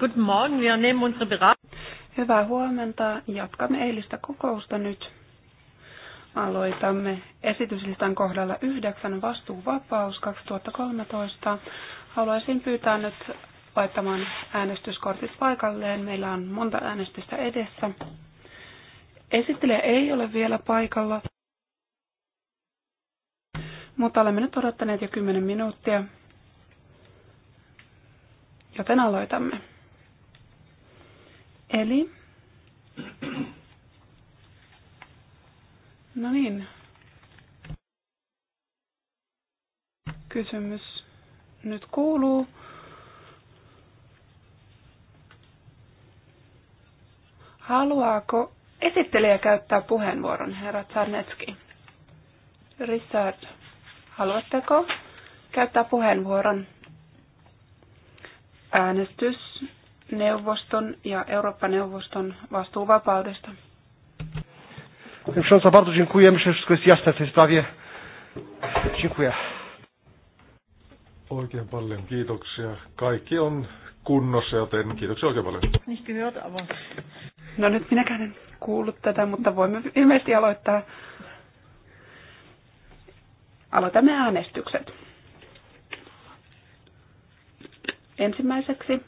Guten Morgen, wir nehmen unsere Beratung. Hyvää huomenta. Jatkamme eilistä kokousta nyt. Aloitamme esityslistan kohdalla yhdeksän vastuuvapaus 2013. Haluaisin pyytää nyt laittamaan äänestyskortit paikalleen. Meillä on monta äänestystä edessä. Esittelijä ei ole vielä paikalla, mutta olemme nyt odottaneet jo 10 minuuttia, joten aloitamme. Eli No niin. Kysymys nyt kuuluu. Haluaako esittelijä käyttää puheenvuoron, herra Tsarnetski? Richard, haluatteko käyttää puheenvuoron? Äänestys neuvoston ja Eurooppa-neuvoston vastuuvapaudesta. Przewodnicząca, bardzo dziękuję. Myślę, że wszystko jest jasne w tej sprawie. Dziękuję. Oikein paljon kiitoksia. Kaikki on kunnossa, joten kiitoksia oikein paljon. No nyt minäkään en kuullut tätä, mutta voimme ilmeisesti aloittaa. Aloitamme äänestykset. Ensimmäiseksi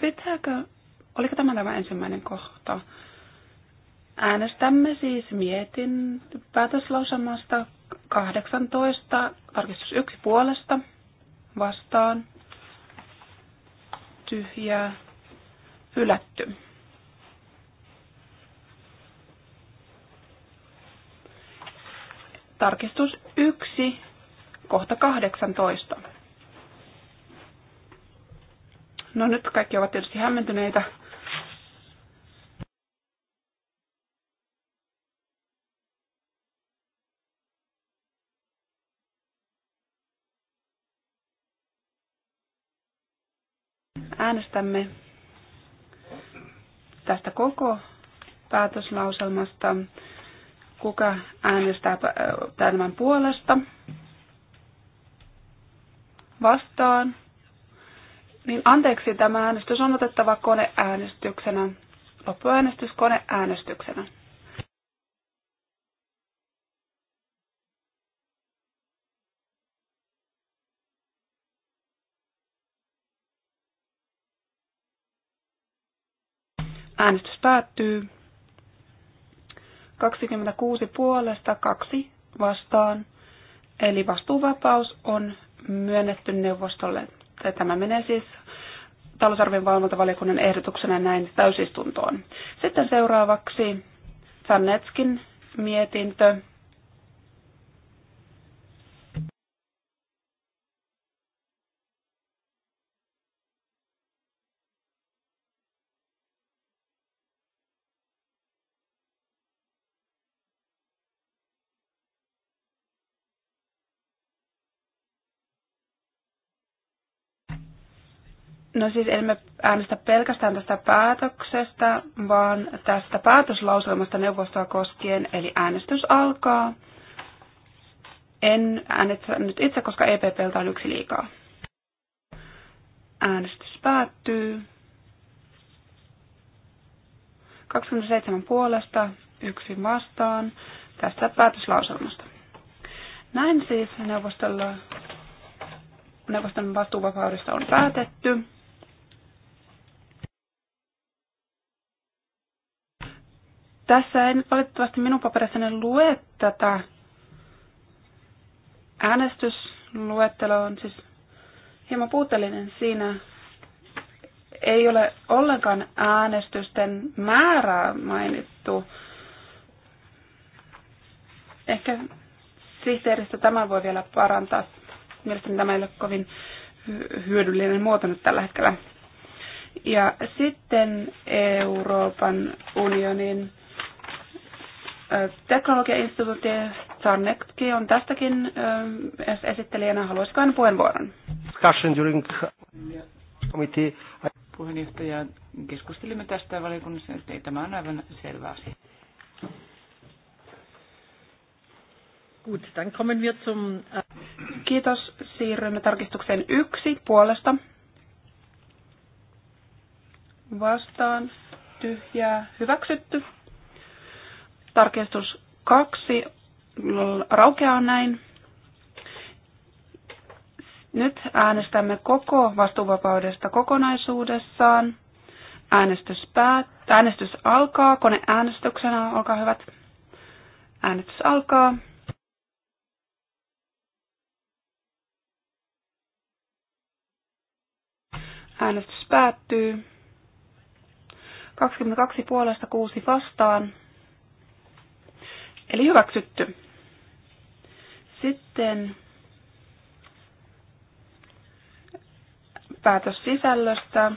Pitääkö, oliko tämä tämä ensimmäinen kohta? Äänestämme siis mietin päätöslausamasta 18, tarkistus 1 puolesta, vastaan, tyhjää, hylätty. Tarkistus 1, kohta 18 No nyt kaikki ovat tietysti hämmentyneitä. Äänestämme tästä koko päätöslauselmasta. Kuka äänestää tämän puolesta? Vastaan. Niin anteeksi, tämä äänestys on otettava koneäänestyksenä, loppuäänestys koneäänestyksenä. Äänestys päättyy. 26 puolesta, 2 vastaan. Eli vastuuvapaus on myönnetty neuvostolle. Tämä menee siis talousarvion valvontavaliokunnan ehdotuksena näin täysistuntoon. Sitten seuraavaksi Sarnetskin mietintö No siis emme äänestä pelkästään tästä päätöksestä, vaan tästä päätöslauselmasta neuvostoa koskien, eli äänestys alkaa. En äänestä nyt itse, koska EPPltä on yksi liikaa. Äänestys päättyy. 27 puolesta, yksi vastaan tästä päätöslauselmasta. Näin siis neuvostolla, neuvoston vastuuvapaudesta on päätetty. Tässä ei nyt valitettavasti minun paperissani lue tätä äänestysluettelo on siis hieman puutteellinen siinä. Ei ole ollenkaan äänestysten määrää mainittu. Ehkä sihteeristä tämä voi vielä parantaa. Mielestäni tämä ei ole kovin hyödyllinen muoto nyt tällä hetkellä. Ja sitten Euroopan unionin Teknologiainstituutti Sarnekki on tästäkin esittelijänä. Haluaisiko hän puheenvuoron? Discussion during committee. Puheenjohtaja, keskustelimme tästä valiokunnassa, että tämä on aivan selvä asia. Gut, dann kommen wir zum... Äh, Kiitos. Siirrymme tarkistukseen yksi puolesta. Vastaan. Tyhjää. Hyväksytty. Tarkistus 2 raukeaa näin. Nyt äänestämme koko vastuuvapaudesta kokonaisuudessaan. Äänestys, päät- äänestys alkaa koneäänestyksenä, olkaa hyvät. Äänestys alkaa. Äänestys päättyy. 22 puolesta 6 vastaan. Eli hyväksytty. Sitten päätös sisällöstä.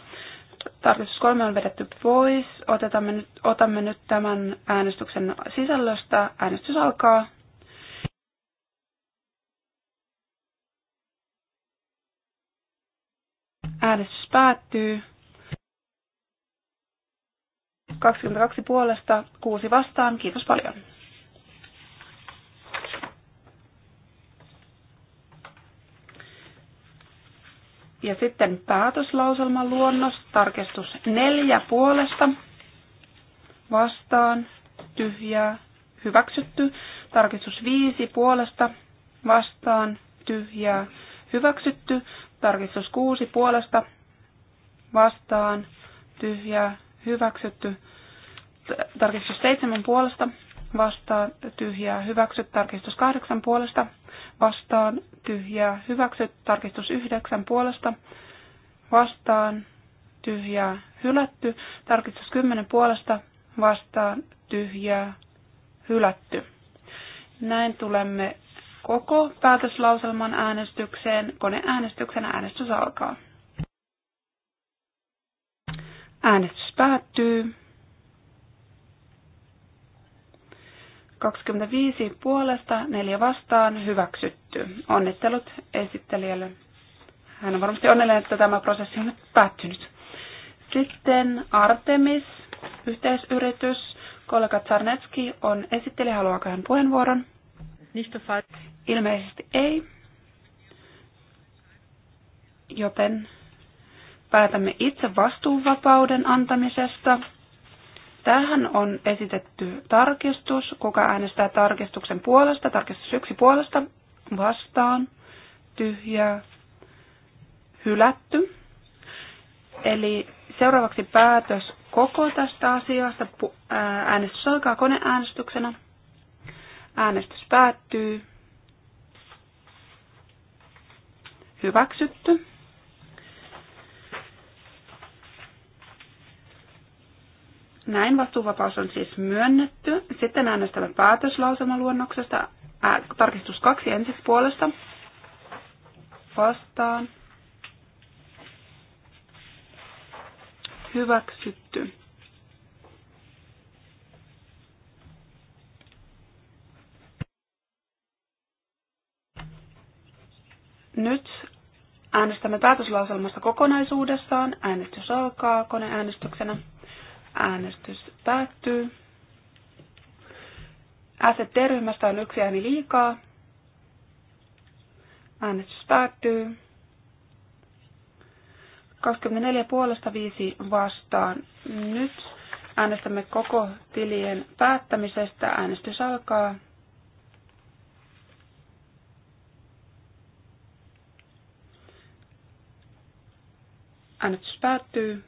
Tarkistus kolme on vedetty pois. Otetamme nyt, otamme nyt tämän äänestyksen sisällöstä. Äänestys alkaa. Äänestys päättyy. 22 puolesta, 6 vastaan. Kiitos paljon. Ja sitten päätöslauselman luonnos, tarkistus neljä puolesta, vastaan, tyhjää, hyväksytty. Tarkistus viisi puolesta, vastaan, tyhjää, hyväksytty. Tarkistus kuusi puolesta, vastaan, tyhjää, hyväksytty. Tarkistus seitsemän puolesta, vastaan tyhjää hyväksyt tarkistus kahdeksan puolesta, vastaan tyhjää hyväksyt tarkistus yhdeksän puolesta, vastaan tyhjää hylätty, tarkistus kymmenen puolesta, vastaan tyhjää hylätty. Näin tulemme koko päätöslauselman äänestykseen. Koneäänestyksen äänestys alkaa. Äänestys päättyy. 25 puolesta, 4 vastaan, hyväksytty. Onnittelut esittelijälle. Hän on varmasti onnellinen, että tämä prosessi on nyt päättynyt. Sitten Artemis, yhteisyritys. Kollega Czarnecki on esittelijä. Haluaako hän puheenvuoron? Ilmeisesti ei. Joten päätämme itse vastuuvapauden antamisesta. Tähän on esitetty tarkistus. Kuka äänestää tarkistuksen puolesta? Tarkistus yksi puolesta. Vastaan. Tyhjää. Hylätty. Eli seuraavaksi päätös koko tästä asiasta. Äänestys alkaa koneäänestyksenä. Äänestys päättyy. Hyväksytty. Näin vastuuvapaus on siis myönnetty. Sitten äänestämme päätöslausemaluonnoksesta. Ää, tarkistus kaksi ensi puolesta. Vastaan. Hyväksytty. Nyt äänestämme päätöslauselmasta kokonaisuudessaan. Äänestys alkaa koneäänestyksenä. Äänestys päättyy. ST-ryhmästä on yksi ääni liikaa. Äänestys päättyy. 24 puolesta 5 vastaan. Nyt äänestämme koko tilien päättämisestä. Äänestys alkaa. Äänestys päättyy.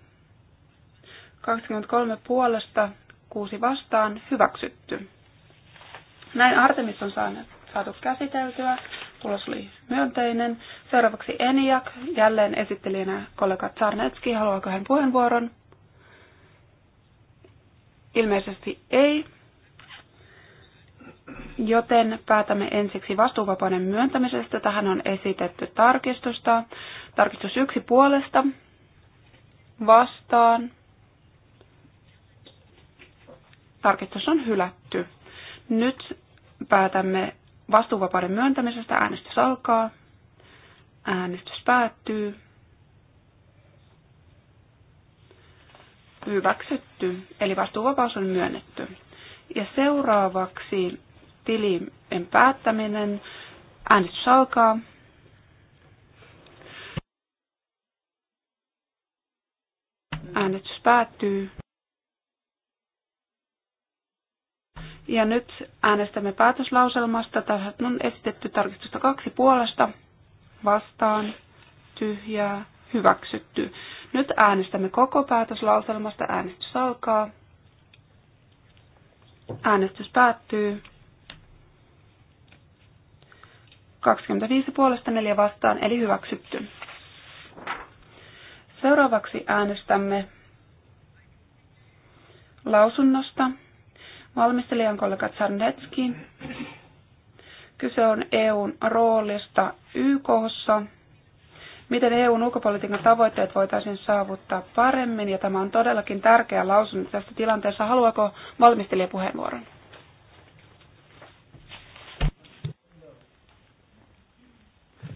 23 puolesta, 6 vastaan, hyväksytty. Näin Artemis on saanut, saatu käsiteltyä. Tulos oli myönteinen. Seuraavaksi Eniak, jälleen esittelijänä kollega Tsarnetski. Haluaako hän puheenvuoron? Ilmeisesti ei. Joten päätämme ensiksi vastuuvapauden myöntämisestä. Tähän on esitetty tarkistusta. Tarkistus yksi puolesta vastaan Tarkistus on hylätty. Nyt päätämme vastuuvapauden myöntämisestä. Äänestys alkaa. Äänestys päättyy. Hyväksytty, eli vastuuvapaus on myönnetty. Ja seuraavaksi tilien päättäminen. Äänestys alkaa. Äänestys päättyy. Ja nyt äänestämme päätöslauselmasta. Tässä on esitetty tarkistusta kaksi puolesta. Vastaan. Tyhjää. Hyväksytty. Nyt äänestämme koko päätöslauselmasta. Äänestys alkaa. Äänestys päättyy. 25 puolesta 4 vastaan, eli hyväksytty. Seuraavaksi äänestämme lausunnosta valmistelijan kollega Tsarnetski. Kyse on EUn roolista YKssa, miten EUn ulkopolitiikan tavoitteet voitaisiin saavuttaa paremmin, ja tämä on todellakin tärkeä lausunto tästä tilanteessa. Haluaako valmistelija puheenvuoron?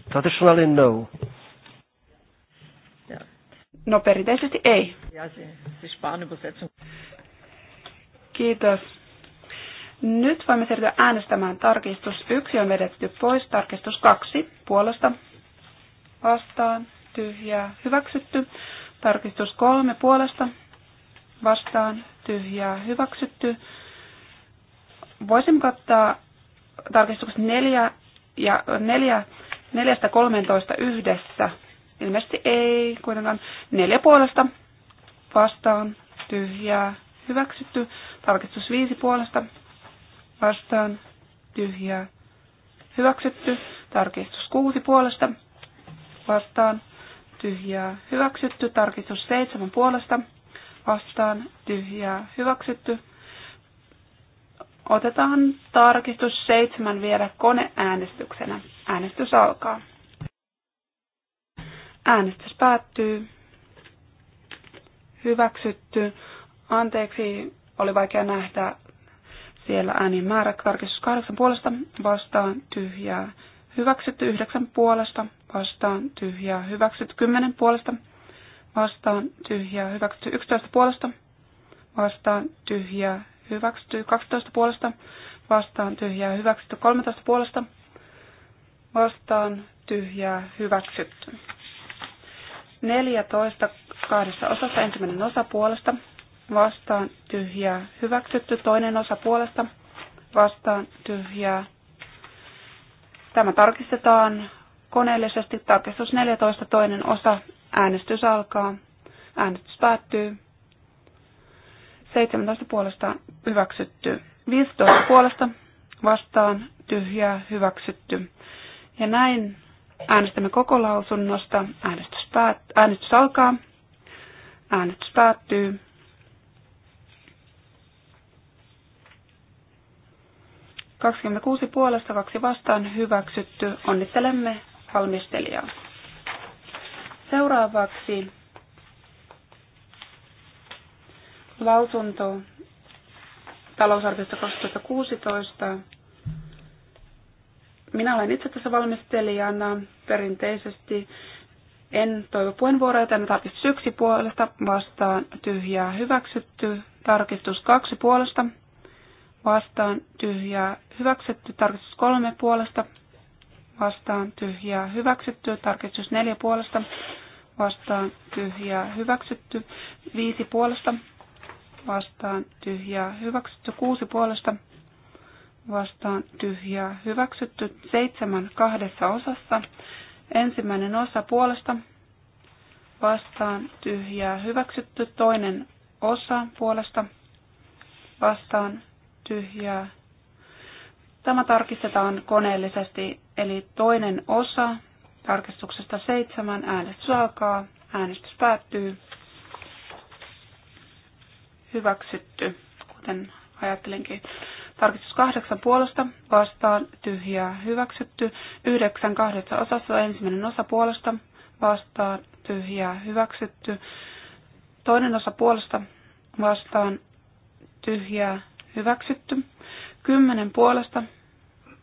Traditionally no. No perinteisesti ei. Kiitos nyt voimme siirtyä äänestämään. Tarkistus 1 on vedetty pois. Tarkistus 2 puolesta vastaan tyhjää hyväksytty. Tarkistus 3 puolesta vastaan tyhjää hyväksytty. Voisimme kattaa tarkistukset 4 ja 4, 4 13 yhdessä. Ilmeisesti ei kuitenkaan. Neljä puolesta vastaan tyhjää hyväksytty. Tarkistus 5 puolesta vastaan, tyhjää, hyväksytty. Tarkistus 6 puolesta, vastaan, tyhjää, hyväksytty. Tarkistus 7 puolesta, vastaan, tyhjää, hyväksytty. Otetaan tarkistus 7 vielä koneäänestyksenä. Äänestys alkaa. Äänestys päättyy. Hyväksytty. Anteeksi, oli vaikea nähdä siellä ääni määrä. Tarkistus kahdeksan puolesta vastaan tyhjää hyväksytty. yhdeksän puolesta vastaan tyhjää hyväksytty. kymmenen puolesta vastaan tyhjää hyväksytty. yksitoista puolesta vastaan tyhjää hyväksytty. kaksitoista puolesta vastaan tyhjää hyväksytty. kolmetoista puolesta vastaan tyhjää hyväksytty. 14 kahdessa osassa ensimmäinen osa puolesta vastaan tyhjää hyväksytty, toinen osa puolesta vastaan tyhjää. Tämä tarkistetaan koneellisesti. Tarkistus 14, toinen osa. Äänestys alkaa. Äänestys päättyy. 17 puolesta hyväksytty. 15 puolesta vastaan tyhjää hyväksytty. Ja näin äänestämme koko lausunnosta. Äänestys, päät- äänestys alkaa. Äänestys päättyy. 26 puolesta, kaksi vastaan hyväksytty. Onnittelemme valmistelijaa. Seuraavaksi lausunto talousarviosta 2016. Minä olen itse tässä valmistelijana perinteisesti. En toivo puheenvuoroja, joten tarkistus yksi puolesta vastaan tyhjää hyväksytty. Tarkistus kaksi puolesta vastaan tyhjää hyväksytty, tarkistus kolme puolesta vastaan tyhjää hyväksytty, tarkistus neljä puolesta vastaan tyhjää hyväksytty, viisi puolesta vastaan tyhjää hyväksytty, kuusi puolesta vastaan tyhjää hyväksytty, seitsemän kahdessa osassa, ensimmäinen osa puolesta vastaan tyhjää hyväksytty, toinen osa puolesta vastaan tyhjää. Tämä tarkistetaan koneellisesti, eli toinen osa tarkistuksesta seitsemän. Äänestys alkaa, äänestys päättyy. Hyväksytty, kuten ajattelinkin. Tarkistus kahdeksan puolesta vastaan tyhjää hyväksytty. Yhdeksän kahdessa osassa ensimmäinen osa puolesta vastaan tyhjää hyväksytty. Toinen osa puolesta vastaan tyhjää hyväksytty. 10 puolesta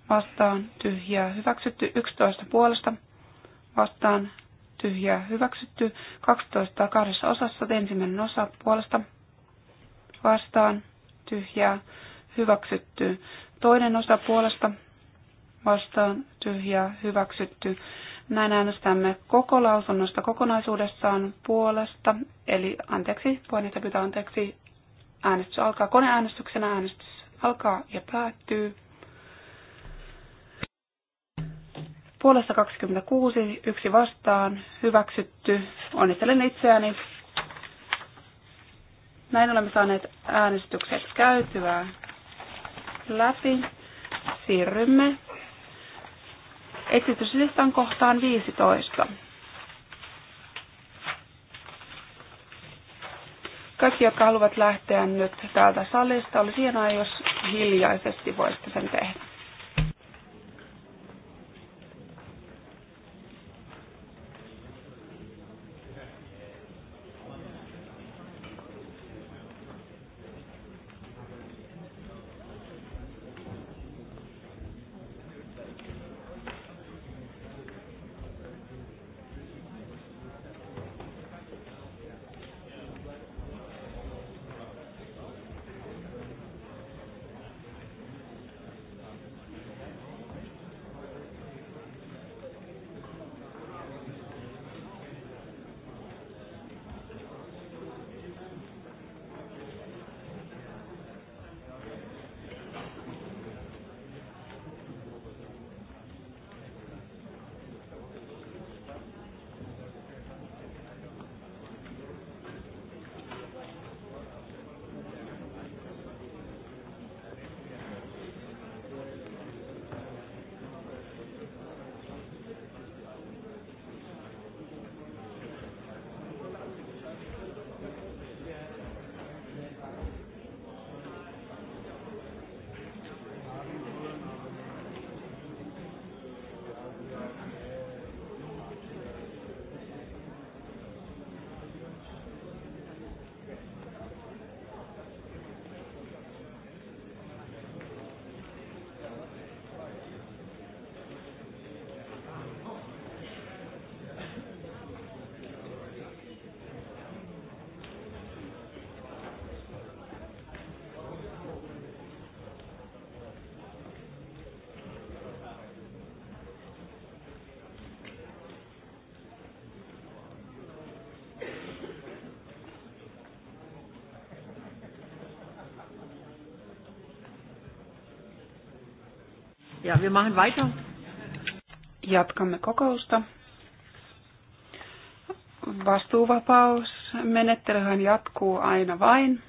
vastaan tyhjää hyväksytty. 11 puolesta vastaan tyhjää hyväksytty. 12 kahdessa osassa ensimmäinen osa puolesta vastaan tyhjää hyväksytty. Toinen osa puolesta vastaan tyhjää hyväksytty. Näin äänestämme koko lausunnosta kokonaisuudessaan puolesta, eli anteeksi, puheenjohtaja pyytää anteeksi Äänestys alkaa Koneäänestyksen Äänestys alkaa ja päättyy. Puolesta 26, yksi vastaan, hyväksytty. Onnittelen itseäni. Näin olemme saaneet äänestykset käytyä läpi. Siirrymme esityslistan kohtaan 15. Kaikki, jotka haluavat lähteä nyt täältä salista, olisi hienoa, jos hiljaisesti voisitte sen tehdä. Ja, wir machen weiter. Jatkamme kokousta. Vastuuvapaus, menettelyhän jatkuu aina vain.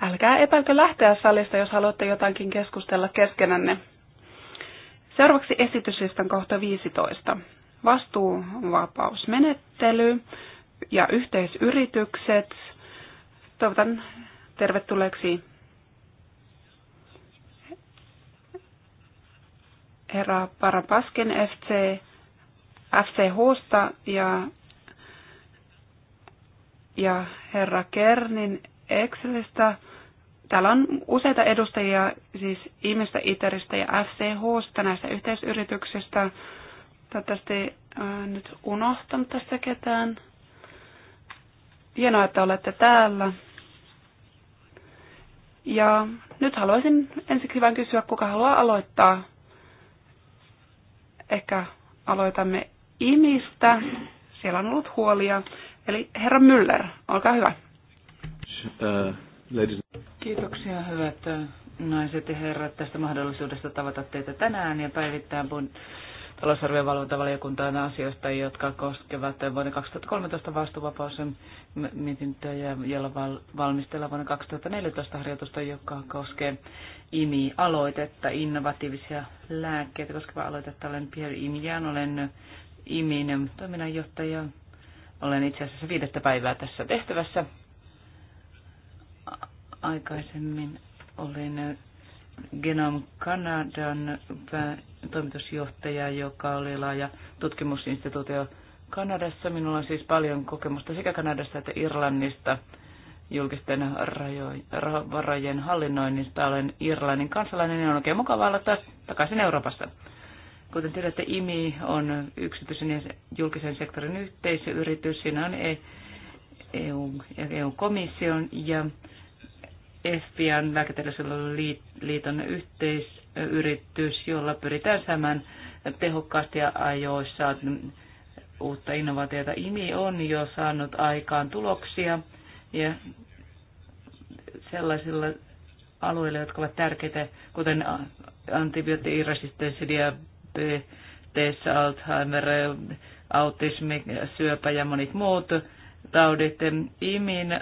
Älkää epäilkö lähteä salista, jos haluatte jotakin keskustella keskenänne. Seuraavaksi esityslistan kohta 15. Vastuuvapausmenettely ja yhteisyritykset. Toivotan tervetulleeksi herra Parapasken FC, FCHsta ja, ja herra Kernin Excelistä. Täällä on useita edustajia siis ihmistä Iteristä ja FCHsta näistä yhteisyrityksistä. Toivottavasti nyt unohtanut tässä ketään. Hienoa, että olette täällä. Ja nyt haluaisin ensiksi vain kysyä, kuka haluaa aloittaa. Ehkä aloitamme imistä. Siellä on ollut huolia. Eli herra Müller, olkaa hyvä. Kiitoksia hyvät naiset ja herrat tästä mahdollisuudesta tavata teitä tänään ja päivittää talousarvion valvontavaliokuntaan asioista, jotka koskevat vuoden 2013 vastuvapausen mietintöä, jolla valmistellaan vuonna 2014 harjoitusta, joka koskee IMI-aloitetta, innovatiivisia lääkkeitä koskeva aloitetta. Olen Pierre Imian, olen IMIin toiminnanjohtaja. Olen itse asiassa viidettä päivää tässä tehtävässä. Aikaisemmin olin Genome Kanadan toimitusjohtaja, joka oli laaja tutkimusinstituutio Kanadassa. Minulla on siis paljon kokemusta sekä Kanadassa että Irlannista julkisten varojen hallinnoinnista. Olen Irlannin kansalainen ja on oikein mukava olla taas takaisin Euroopassa. Kuten tiedätte, IMI on yksityisen ja julkisen sektorin yhteisöyritys. Siinä on EU-komission e ja e EFPIan lääketeollisuuden liiton yhteisyritys, jolla pyritään saamaan tehokkaasti ja ajoissa uutta innovaatiota. IMI on jo saanut aikaan tuloksia ja sellaisilla alueilla, jotka ovat tärkeitä, kuten antibioottiresistenssi, diabetes, Alzheimer, autismi, syöpä ja monet muut taudit. IMIin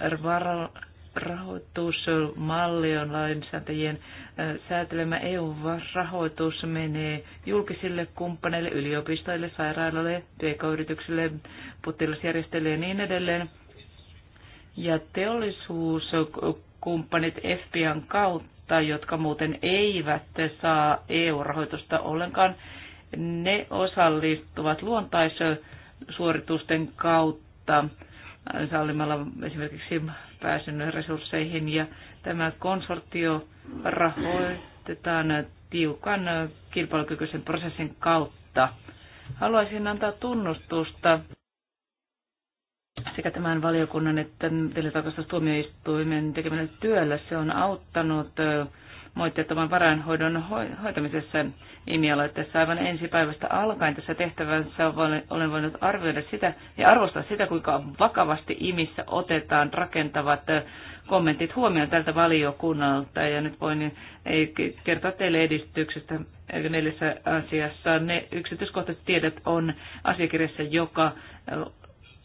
rahoitusmalli on lainsäätäjien säätelemä EU-rahoitus menee julkisille kumppaneille, yliopistoille, sairaaloille, pk-yrityksille, potilasjärjestöille ja niin edelleen. Ja teollisuuskumppanit FPAn kautta, jotka muuten eivät saa EU-rahoitusta ollenkaan, ne osallistuvat luontaisuoritusten kautta sallimalla esimerkiksi pääsyn resursseihin ja tämä konsortio rahoitetaan tiukan kilpailukykyisen prosessin kautta. Haluaisin antaa tunnustusta sekä tämän valiokunnan että tilintarkastustuomioistuimen tekemällä työllä. Se on auttanut moitteettoman varainhoidon hoitamisessa nimialoitteessa aivan ensi päivästä alkaen tässä tehtävässä olen voinut arvioida sitä ja arvostaa sitä, kuinka vakavasti imissä otetaan rakentavat kommentit huomioon tältä valiokunnalta. Ja nyt voin kertoa teille edistyksestä neljässä asiassa. Ne yksityiskohtaiset tiedot on asiakirjassa, joka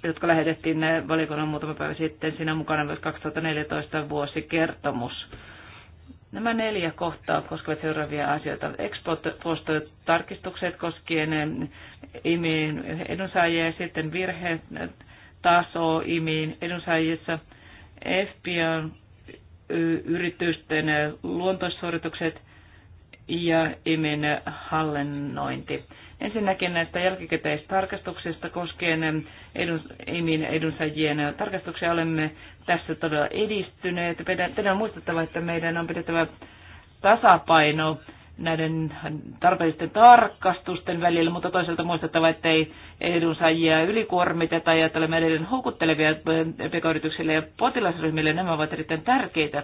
jotka lähetettiin valiokunnan muutama päivä sitten. Siinä mukana myös 2014 vuosikertomus. Nämä neljä kohtaa koskevat seuraavia asioita. Exposto-tarkistukset koskien eh, imiin edunsaajia ja sitten virhetaso imiin edunsaajissa. FPOn yritysten eh, luontoissuoritukset ja imin hallinnointi. Ensinnäkin näistä jälkikäteistarkastuksista koskien edun, edunsaajien tarkastuksia olemme tässä todella edistyneet. Teidän on muistettava, että meidän on pidettävä tasapaino näiden tarpeellisten tarkastusten välillä, mutta toisaalta muistettava, ei edunsaajia ylikuormiteta ja että olemme edelleen houkuttelevia pk ja potilasryhmille. Nämä ovat erittäin tärkeitä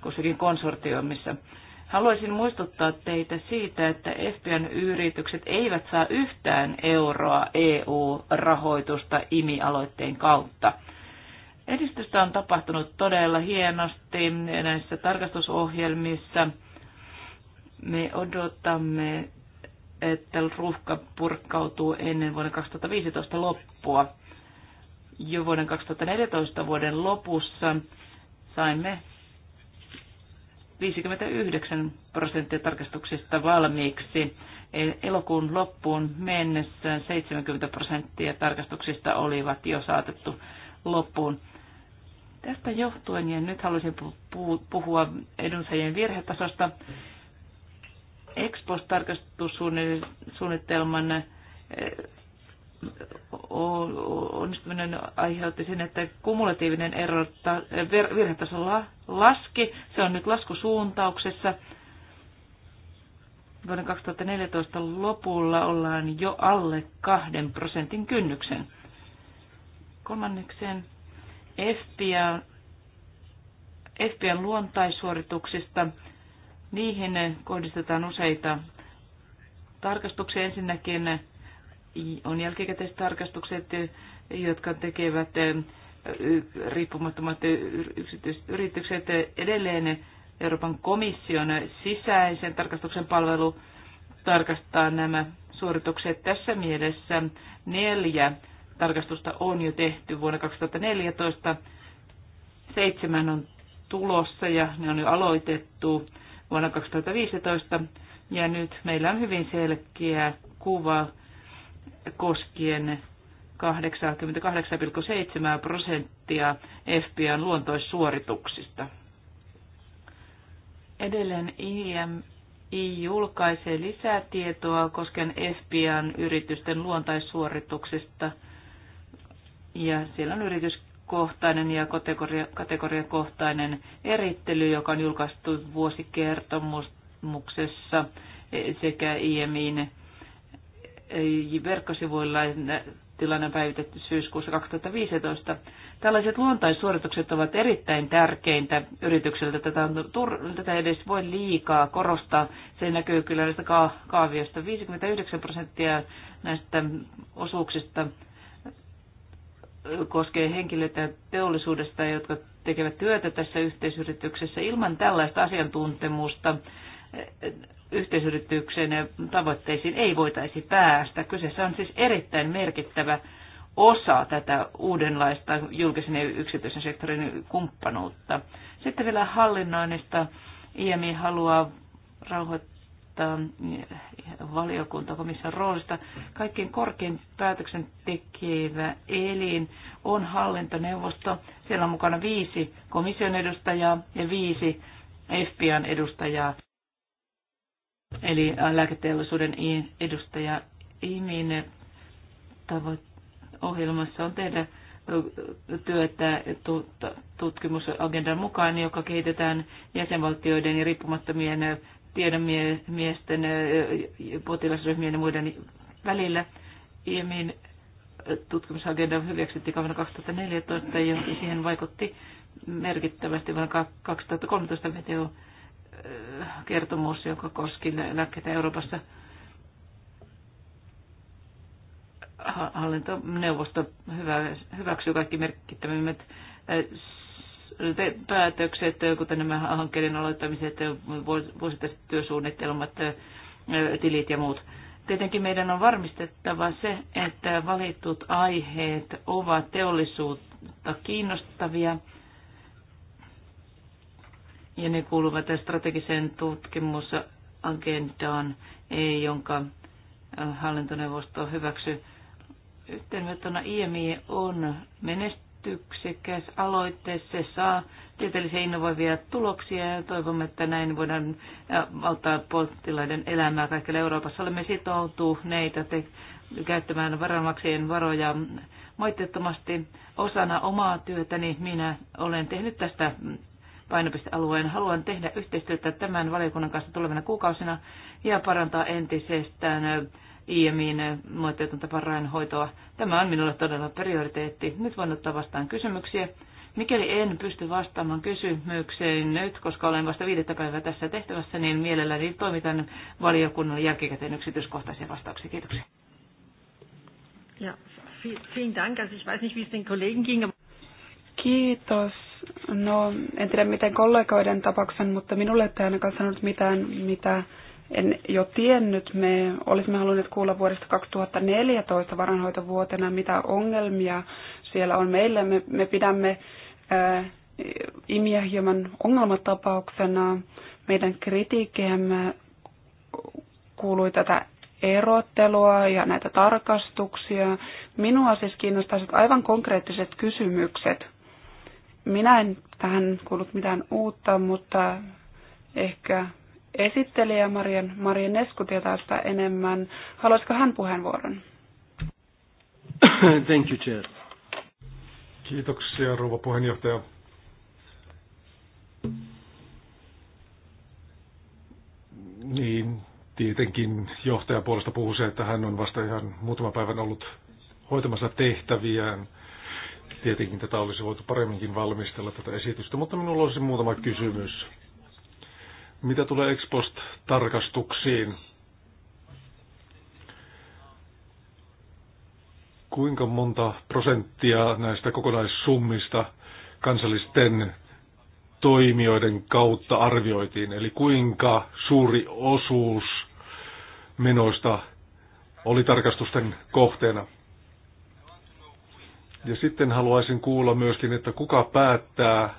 kussakin konsortioimissa. missä Haluaisin muistuttaa teitä siitä, että Espion yritykset eivät saa yhtään euroa EU-rahoitusta IMI-aloitteen kautta. Edistystä on tapahtunut todella hienosti näissä tarkastusohjelmissa. Me odotamme, että ruuhka purkautuu ennen vuoden 2015 loppua. Jo vuoden 2014 vuoden lopussa saimme 59 prosenttia tarkastuksista valmiiksi. E, elokuun loppuun mennessä 70 prosenttia tarkastuksista olivat jo saatettu loppuun. Tästä johtuen, ja nyt haluaisin puhua edunsaajien virhetasosta, Expos-tarkastussuunnitelman e, onnistuminen aiheutti sen, että kumulatiivinen ero virhetaso laski. Se on nyt laskusuuntauksessa. Vuoden 2014 lopulla ollaan jo alle kahden prosentin kynnyksen. Kolmannekseen FP:n luontaisuorituksista Niihin kohdistetaan useita tarkastuksia. Ensinnäkin on jälkikäteistarkastukset, jotka tekevät eh, riippumattomat yksityiset yritykset edelleen Euroopan komission sisäisen tarkastuksen palvelu tarkastaa nämä suoritukset. Tässä mielessä neljä tarkastusta on jo tehty vuonna 2014. Seitsemän on tulossa ja ne on jo aloitettu vuonna 2015. Ja nyt meillä on hyvin selkeä kuva koskien 88,7 prosenttia FBIn luontoissuorituksista. Edelleen IMI julkaisee lisätietoa koskien FBIn yritysten luontaissuorituksista ja siellä on yrityskohtainen ja kategoriakohtainen erittely, joka on julkaistu vuosikertomuksessa sekä IMIin verkkosivuilla tilanne päivitetty syyskuussa 2015. Tällaiset luontaissuoritukset ovat erittäin tärkeintä yritykseltä. Tätä, on, tätä edes voi liikaa korostaa. Se näkyy kyllä näistä kaaviosta. 59 prosenttia näistä osuuksista koskee henkilöitä teollisuudesta, jotka tekevät työtä tässä yhteisyrityksessä ilman tällaista asiantuntemusta yhteisyrityksen tavoitteisiin ei voitaisi päästä. Kyseessä on siis erittäin merkittävä osa tätä uudenlaista julkisen ja yksityisen sektorin kumppanuutta. Sitten vielä hallinnoinnista. IMI haluaa rauhoittaa valiokuntakomission roolista. Kaikkein korkein päätöksentekevä elin on hallintoneuvosto. Siellä on mukana viisi komission edustajaa ja viisi FBIn edustajaa. Eli äh, lääketeollisuuden edustaja Imin ohjelmassa on tehdä työtä tutkimusagendan mukaan, joka kehitetään jäsenvaltioiden ja riippumattomien äh, tiedemiesten, äh, potilasryhmien ja muiden välillä. Imin tutkimusagenda hyväksyttiin vuonna 2014 ja siihen vaikutti merkittävästi vuonna 2013 VTO kertomus, joka koski lääkkeitä Euroopassa. Hallintoneuvosto hyväksyy kaikki merkittävimmät päätökset, kuten nämä hankkeiden aloittamiset, vuosittaiset työsuunnitelmat, tilit ja muut. Tietenkin meidän on varmistettava se, että valitut aiheet ovat teollisuutta kiinnostavia ja ne kuuluvat strategiseen tutkimusagendaan, e, jonka äh, hallintoneuvosto hyväksyi. Yhteenvetona IMI on menestyksekäs aloite. Se saa tieteellisiä innovoivia tuloksia ja toivomme, että näin voidaan äh, auttaa potilaiden elämää kaikille Euroopassa. Olemme sitoutuneita te- käyttämään varanmaksien varoja moitteettomasti. Osana omaa työtäni minä olen tehnyt tästä painopistealueen. Haluan tehdä yhteistyötä tämän valiokunnan kanssa tulevina kuukausina ja parantaa entisestään IEMin tapan hoitoa. Tämä on minulle todella prioriteetti. Nyt voin ottaa vastaan kysymyksiä. Mikäli en pysty vastaamaan kysymykseen nyt, koska olen vasta viidettä päivää tässä tehtävässä, niin mielelläni toimitan valiokunnan jälkikäteen yksityiskohtaisia vastauksia. Kiitoksia. Ja, vielen Dank. Also ich weiß nicht, wie es den Kollegen ging. Kiitos. No, en tiedä miten kollegoiden tapauksen, mutta minulle ei ainakaan sanonut mitään, mitä en jo tiennyt. Me olisimme halunneet kuulla vuodesta 2014 varanhoitovuotena, mitä ongelmia siellä on meillä. Me, me pidämme äh, imiä hieman ongelmatapauksena. Meidän kritiikkiämme kuului tätä erottelua ja näitä tarkastuksia. Minua siis kiinnostaisivat aivan konkreettiset kysymykset. Minä en tähän kuullut mitään uutta, mutta ehkä esittelijä Marian, Marian Nesku tietää sitä enemmän. Haluaisiko hän puheenvuoron? Thank you, Chair. Kiitoksia, rouva puheenjohtaja. Niin, tietenkin johtajan puolesta puhuu se, että hän on vasta ihan muutama päivän ollut hoitamassa tehtäviään – Tietenkin tätä olisi voitu paremminkin valmistella tätä esitystä, mutta minulla olisi muutama kysymys. Mitä tulee ex tarkastuksiin Kuinka monta prosenttia näistä kokonaissummista kansallisten toimijoiden kautta arvioitiin, eli kuinka suuri osuus menoista oli tarkastusten kohteena. Ja sitten haluaisin kuulla myöskin, että kuka päättää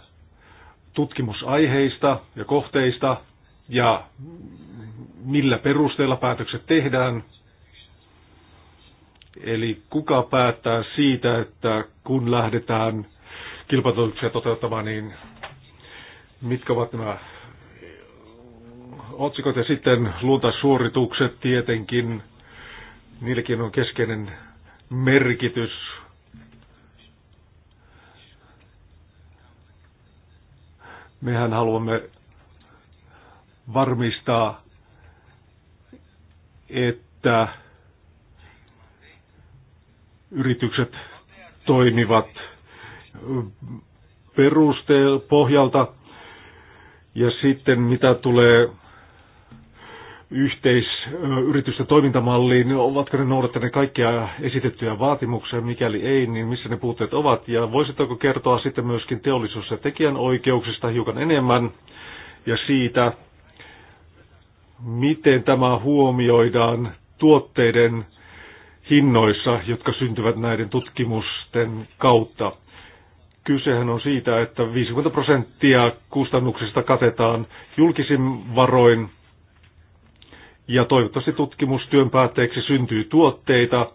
tutkimusaiheista ja kohteista ja millä perusteella päätökset tehdään. Eli kuka päättää siitä, että kun lähdetään kilpailutuksia toteuttamaan, niin mitkä ovat nämä otsikot ja sitten luontasuoritukset tietenkin, niilläkin on keskeinen merkitys Mehän haluamme varmistaa, että yritykset toimivat peruste pohjalta. Ja sitten mitä tulee yhteisyritysten toimintamalliin, ovatko ne noudattaneet kaikkia esitettyjä vaatimuksia, mikäli ei, niin missä ne puutteet ovat, ja voisitteko kertoa sitten myöskin teollisuus- ja tekijänoikeuksista hiukan enemmän, ja siitä, miten tämä huomioidaan tuotteiden hinnoissa, jotka syntyvät näiden tutkimusten kautta. Kysehän on siitä, että 50 prosenttia kustannuksista katetaan julkisin varoin, ja toivottavasti tutkimustyön päätteeksi syntyy tuotteita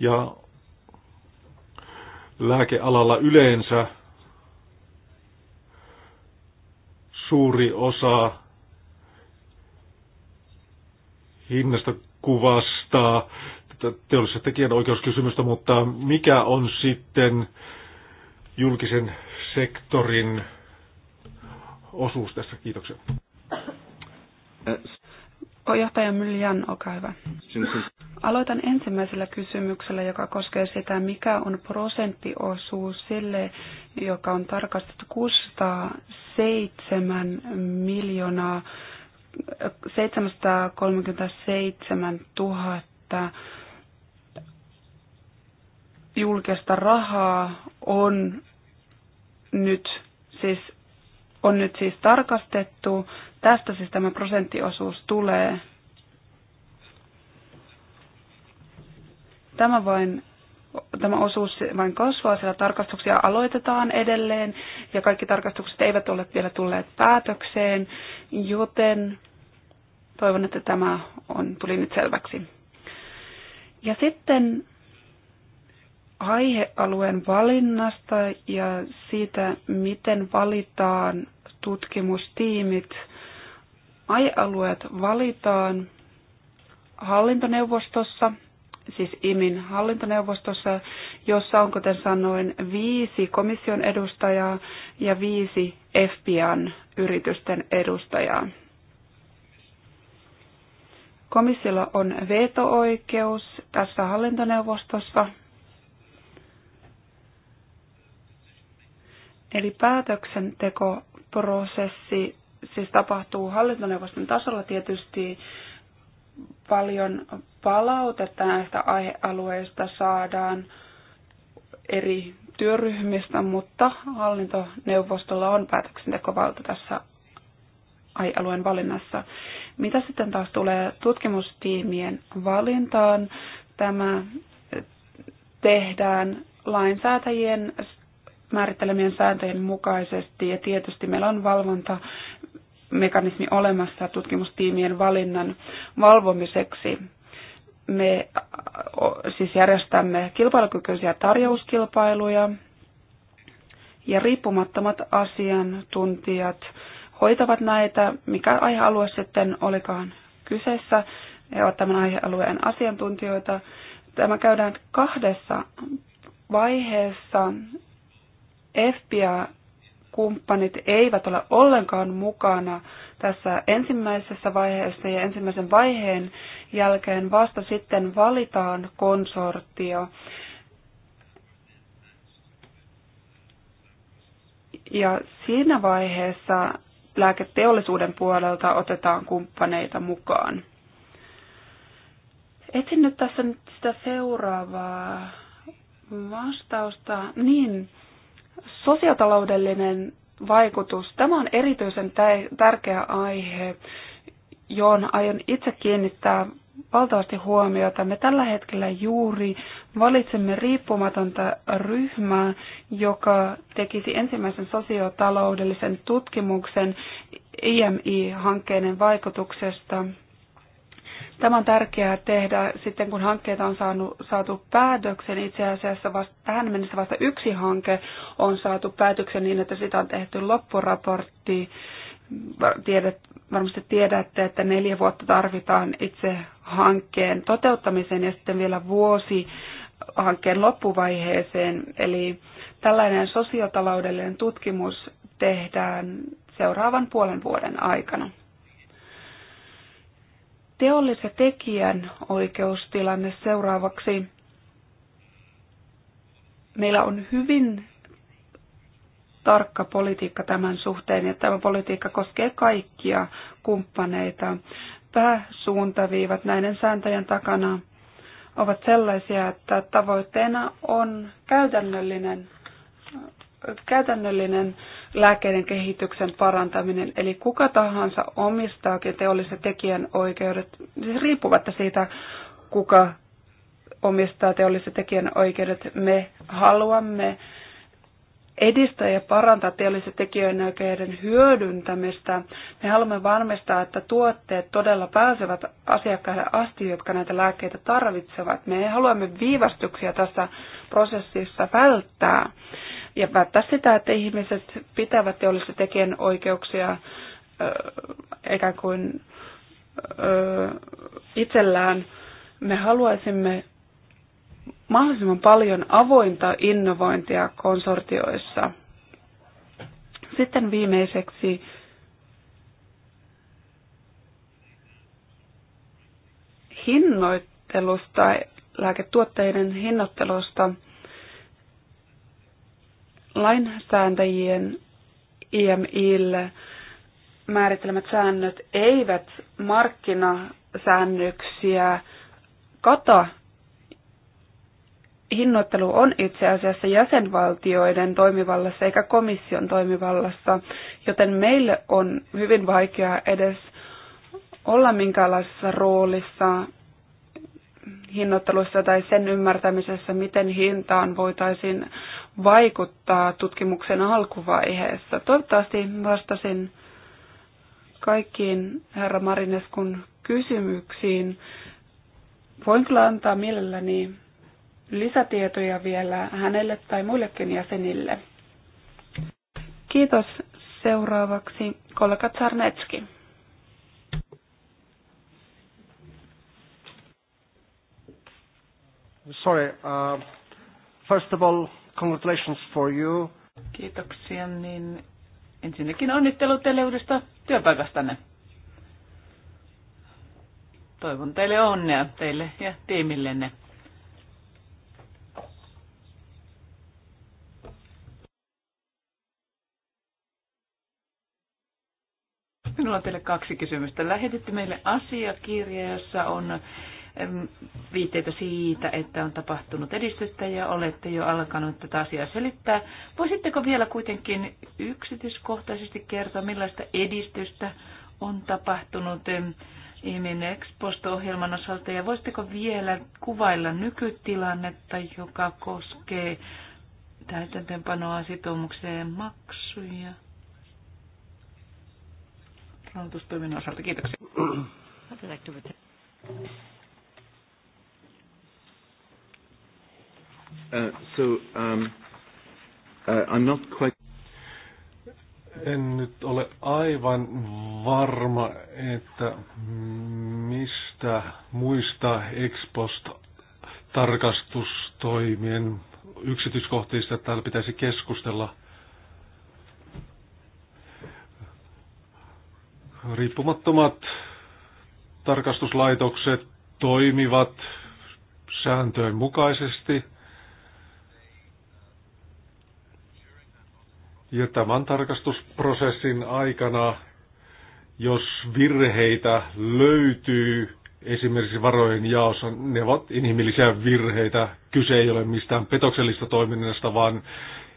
ja lääkealalla yleensä suuri osa hinnasta kuvastaa tekijän oikeuskysymystä, mutta mikä on sitten julkisen sektorin osuus tässä? Kiitoksia. Äh, Johtaja Myljan, olkaa hyvä. Aloitan ensimmäisellä kysymyksellä, joka koskee sitä, mikä on prosenttiosuus sille, joka on tarkastettu 607 miljoonaa 737 000 julkista rahaa on nyt siis on nyt siis tarkastettu Tästä siis tämä prosenttiosuus tulee. Tämä, vain, tämä osuus vain kasvaa, sillä tarkastuksia aloitetaan edelleen ja kaikki tarkastukset eivät ole vielä tulleet päätökseen, joten toivon, että tämä on, tuli nyt selväksi. Ja sitten aihealueen valinnasta ja siitä, miten valitaan tutkimustiimit – aihealueet valitaan hallintoneuvostossa, siis IMIN hallintoneuvostossa, jossa on, kuten sanoin, viisi komission edustajaa ja viisi FBIan yritysten edustajaa. Komissiolla on veto-oikeus tässä hallintoneuvostossa. Eli päätöksentekoprosessi siis tapahtuu hallintoneuvoston tasolla tietysti paljon palautetta näistä aihealueista saadaan eri työryhmistä, mutta hallintoneuvostolla on päätöksentekovalta tässä aihealueen valinnassa. Mitä sitten taas tulee tutkimustiimien valintaan? Tämä tehdään lainsäätäjien määrittelemien sääntöjen mukaisesti ja tietysti meillä on valvonta mekanismi olemassa tutkimustiimien valinnan valvomiseksi. Me siis järjestämme kilpailukykyisiä tarjouskilpailuja ja riippumattomat asiantuntijat hoitavat näitä, mikä aihealue sitten olikaan kyseessä. He ovat tämän aihealueen asiantuntijoita. Tämä käydään kahdessa vaiheessa. FBI kumppanit eivät ole ollenkaan mukana tässä ensimmäisessä vaiheessa ja ensimmäisen vaiheen jälkeen vasta sitten valitaan konsortio. Ja siinä vaiheessa lääketeollisuuden puolelta otetaan kumppaneita mukaan. Etsin nyt tässä nyt sitä seuraavaa vastausta. Niin, Sosiotaloudellinen vaikutus, tämä on erityisen tärkeä aihe, johon aion itse kiinnittää valtavasti huomiota. Me tällä hetkellä juuri valitsemme riippumatonta ryhmää, joka tekisi ensimmäisen sosiotaloudellisen tutkimuksen IMI-hankkeiden vaikutuksesta Tämä on tärkeää tehdä sitten, kun hankkeita on saanut, saatu päätöksen. Itse asiassa vasta, tähän mennessä vasta yksi hanke on saatu päätöksen niin, että sitä on tehty loppuraportti. Tiedät, varmasti tiedätte, että neljä vuotta tarvitaan itse hankkeen toteuttamiseen ja sitten vielä vuosi hankkeen loppuvaiheeseen. Eli tällainen sosiotaloudellinen tutkimus tehdään seuraavan puolen vuoden aikana teollisen tekijän oikeustilanne seuraavaksi. Meillä on hyvin tarkka politiikka tämän suhteen ja tämä politiikka koskee kaikkia kumppaneita. Pääsuuntaviivat näiden sääntöjen takana ovat sellaisia, että tavoitteena on käytännöllinen, käytännöllinen lääkkeiden kehityksen parantaminen. Eli kuka tahansa omistaakin teolliset tekijänoikeudet, siis riippuvatta siitä, kuka omistaa teolliset tekijänoikeudet, me haluamme edistää ja parantaa teollisen tekijänoikeuden hyödyntämistä. Me haluamme varmistaa, että tuotteet todella pääsevät asiakkaille asti, jotka näitä lääkkeitä tarvitsevat. Me haluamme viivästyksiä tässä prosessissa välttää ja välttää sitä, että ihmiset pitävät tekijän oikeuksia ikään kuin itsellään. Me haluaisimme mahdollisimman paljon avointa innovointia konsortioissa. Sitten viimeiseksi hinnoittelusta, lääketuotteiden hinnoittelusta – Lainsääntäjien IMIlle määrittelemät säännöt eivät markkinasäännöksiä kata. Hinnoittelu on itse asiassa jäsenvaltioiden toimivallassa eikä komission toimivallassa, joten meille on hyvin vaikea edes olla minkäänlaisessa roolissa hinnoittelussa tai sen ymmärtämisessä, miten hintaan voitaisiin vaikuttaa tutkimuksen alkuvaiheessa. Toivottavasti vastasin kaikkiin herra Marineskun kysymyksiin. Voin kyllä antaa mielelläni lisätietoja vielä hänelle tai muillekin jäsenille. Kiitos. Seuraavaksi kollega Czarnecki. Sorry. Uh, first of all, congratulations for you. Kiitoksia. Niin ensinnäkin onnittelut teille uudesta työpaikastanne. Toivon teille onnea teille ja tiimillenne. Minulla on teille kaksi kysymystä. Lähetitte meille asiakirja, jossa on viitteitä siitä, että on tapahtunut edistystä ja olette jo alkanut tätä asiaa selittää. Voisitteko vielä kuitenkin yksityiskohtaisesti kertoa, millaista edistystä on tapahtunut IMIN Exposto-ohjelman osalta ja voisitteko vielä kuvailla nykytilannetta, joka koskee täytäntöönpanoa sitoumukseen maksuja? Rahoitustoiminnan osalta. Kiitoksia. Uh, so, um, uh, I'm not quite... En nyt ole aivan varma, että mistä muista Exposta tarkastustoimien yksityiskohtista täällä pitäisi keskustella. Riippumattomat tarkastuslaitokset toimivat sääntöjen mukaisesti – Ja tämän tarkastusprosessin aikana, jos virheitä löytyy, esimerkiksi varojen jaossa, ne ovat inhimillisiä virheitä. Kyse ei ole mistään petoksellista toiminnasta, vaan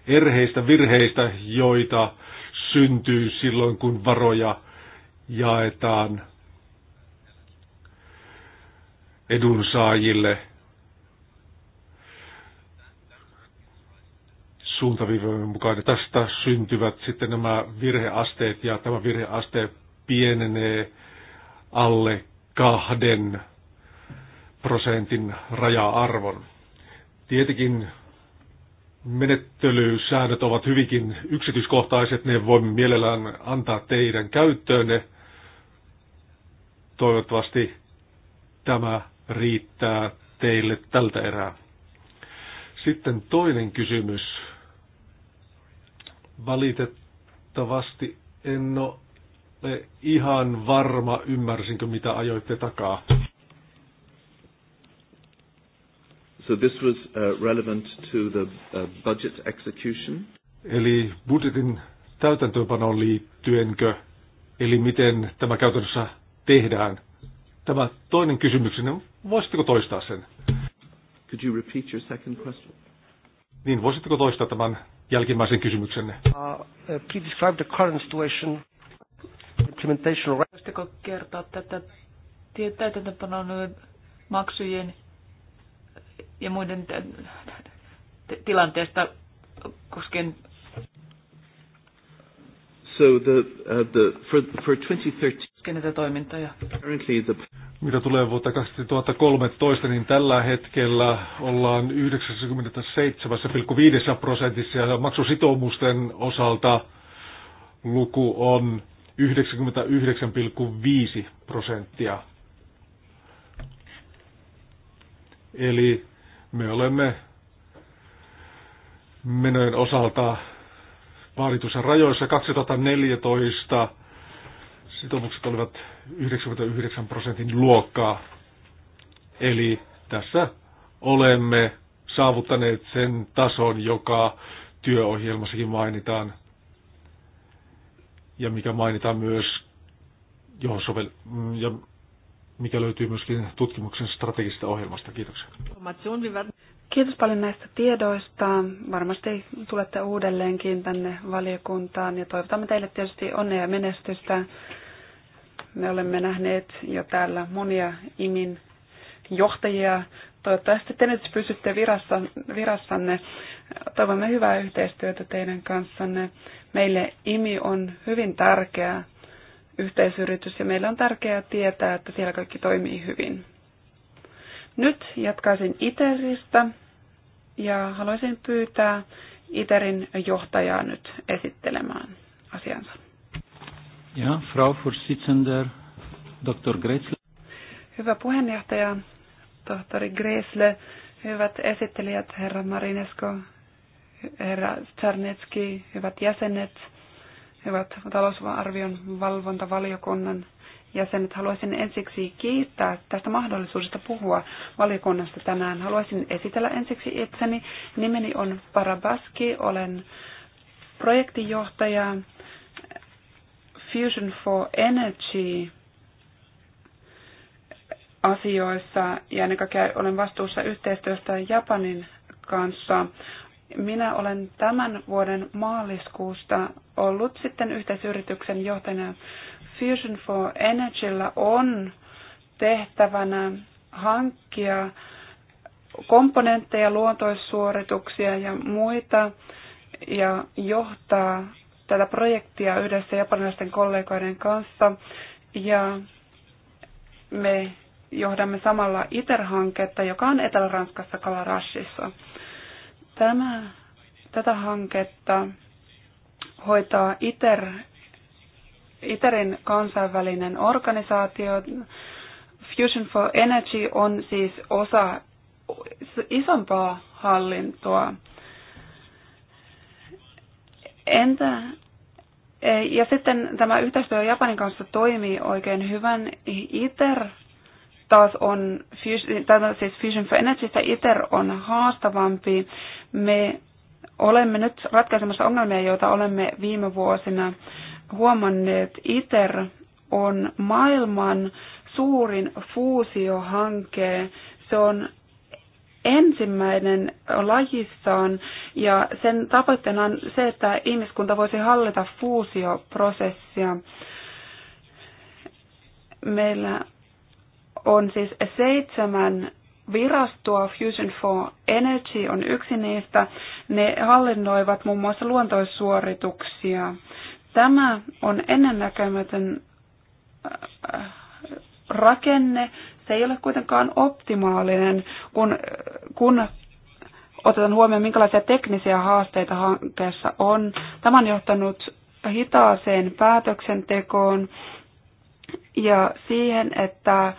erheistä virheistä, joita syntyy silloin, kun varoja jaetaan edunsaajille – suuntaviivojen mukainen. Tästä syntyvät sitten nämä virheasteet ja tämä virheaste pienenee alle kahden prosentin raja-arvon. Tietenkin menettelysäännöt ovat hyvinkin yksityiskohtaiset, ne voimme mielellään antaa teidän käyttöönne. Toivottavasti tämä riittää teille tältä erää. Sitten toinen kysymys. Valitettavasti en ole ihan varma, ymmärsinkö mitä ajoitte takaa. So this was uh, relevant to the uh, budget execution. Eli budjetin täytäntöönpanoon liittyenkö, eli miten tämä käytännössä tehdään. Tämä toinen kysymykseni, voisitteko toistaa sen? Could you repeat your second question? Niin, voisitteko toistaa tämän jälkimmäisen kysymyksenne. Uh, uh, please describe the current situation. Implementation. Voisitteko kertoa tätä täytäntöpanon maksujen ja muiden tilanteesta koskien So the, uh, the, for, for 2013, Kenettä toimintoja. Currently the... Mitä tulee vuotta 2013, niin tällä hetkellä ollaan 97,5 prosentissa ja maksusitoumusten osalta luku on 99,5 prosenttia. Eli me olemme menojen osalta vaaditussa rajoissa 2014 sitoumukset olivat 99 prosentin luokkaa. Eli tässä olemme saavuttaneet sen tason, joka työohjelmassakin mainitaan ja mikä mainitaan myös, johon sovel, mm, ja mikä löytyy myöskin tutkimuksen strategisesta ohjelmasta. Kiitoksia. Kiitos paljon näistä tiedoista. Varmasti tulette uudelleenkin tänne valiokuntaan ja toivotamme teille tietysti onnea ja menestystä me olemme nähneet jo täällä monia IMIN johtajia. Toivottavasti te nyt pysytte virassa, virassanne. Toivomme hyvää yhteistyötä teidän kanssanne. Meille IMI on hyvin tärkeä yhteisyritys ja meillä on tärkeää tietää, että siellä kaikki toimii hyvin. Nyt jatkaisin ITERistä ja haluaisin pyytää ITERin johtajaa nyt esittelemään asiansa. Ja, Frau Vorsitzender, Dr. Gräßle. Hyvä puheenjohtaja, tohtori Gräßle, hyvät esittelijät, herra Marinesko, herra Czarnecki, hyvät jäsenet, hyvät talousarvion valvontavaliokunnan jäsenet. Haluaisin ensiksi kiittää tästä mahdollisuudesta puhua valiokunnasta tänään. Haluaisin esitellä ensiksi itseni. Nimeni on Parabaski, olen projektijohtaja Fusion for Energy asioissa ja ennen kaikkea olen vastuussa yhteistyöstä Japanin kanssa. Minä olen tämän vuoden maaliskuusta ollut sitten yhteisyrityksen johtajana. Fusion for Energyllä on tehtävänä hankkia komponentteja, luontoissuorituksia ja muita ja johtaa tätä projektia yhdessä japanilaisten kollegoiden kanssa ja me johdamme samalla ITER-hanketta, joka on Etelä-Ranskassa Kalarashissa. Tämä, tätä hanketta hoitaa ITER, ITERin kansainvälinen organisaatio. Fusion for Energy on siis osa isompaa hallintoa. Entä, e, ja sitten tämä yhteistyö Japanin kanssa toimii oikein hyvän. ITER taas on, no, siis Fusion for Energy, ITER on haastavampi. Me olemme nyt ratkaisemassa ongelmia, joita olemme viime vuosina huomanneet. ITER on maailman suurin fuusiohanke. Se on ensimmäinen lajissaan ja sen tavoitteena on se, että ihmiskunta voisi hallita fuusioprosessia. Meillä on siis seitsemän virastoa, Fusion for Energy on yksi niistä. Ne hallinnoivat muun muassa luontoissuorituksia. Tämä on ennennäkemätön äh, rakenne, se ei ole kuitenkaan optimaalinen, kun, kun otetaan huomioon, minkälaisia teknisiä haasteita hankkeessa on. Tämä on johtanut hitaaseen päätöksentekoon ja siihen, että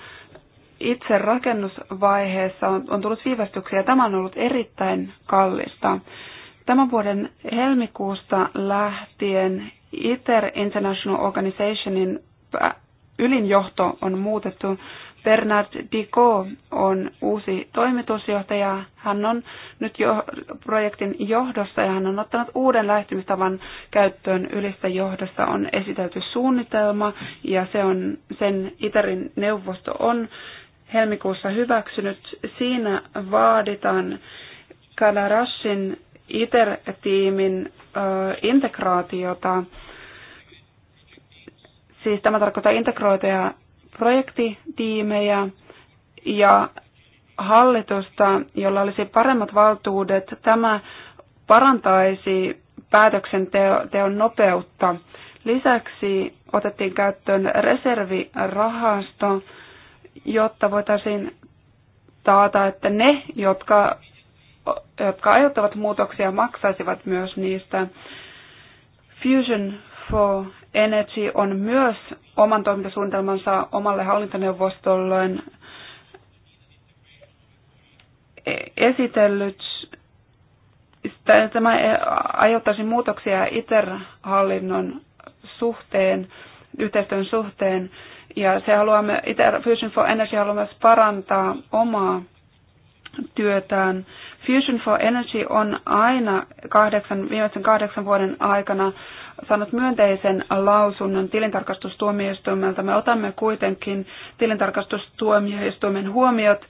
itse rakennusvaiheessa on, on tullut viivästyksiä. Tämä on ollut erittäin kallista. Tämän vuoden helmikuusta lähtien ITER International Organizationin ylinjohto on muutettu Bernard Dico on uusi toimitusjohtaja. Hän on nyt jo projektin johdossa ja hän on ottanut uuden lähtemistavan käyttöön. Ylistä johdossa on esitelty suunnitelma ja se on, sen Itärin neuvosto on helmikuussa hyväksynyt. Siinä vaaditaan Kalarashin ITER-tiimin integraatiota. Siis tämä tarkoittaa integroituja projektitiimejä ja hallitusta, jolla olisi paremmat valtuudet. Tämä parantaisi päätöksenteon nopeutta. Lisäksi otettiin käyttöön reservirahasto, jotta voitaisiin taata, että ne, jotka, jotka aiheuttavat muutoksia, maksaisivat myös niistä. Fusion for Energy on myös oman toimintasuunnitelmansa omalle hallintoneuvostolleen e- esitellyt. Tämä aiheuttaisi muutoksia ITER-hallinnon suhteen, yhteistyön suhteen, ja se haluaa, ITER Fusion for Energy haluaa myös parantaa omaa työtään. Fusion for Energy on aina kahdeksan, viimeisen kahdeksan vuoden aikana saanut myönteisen lausunnon tilintarkastustuomioistuimelta. Me otamme kuitenkin tilintarkastustuomioistuimen huomiot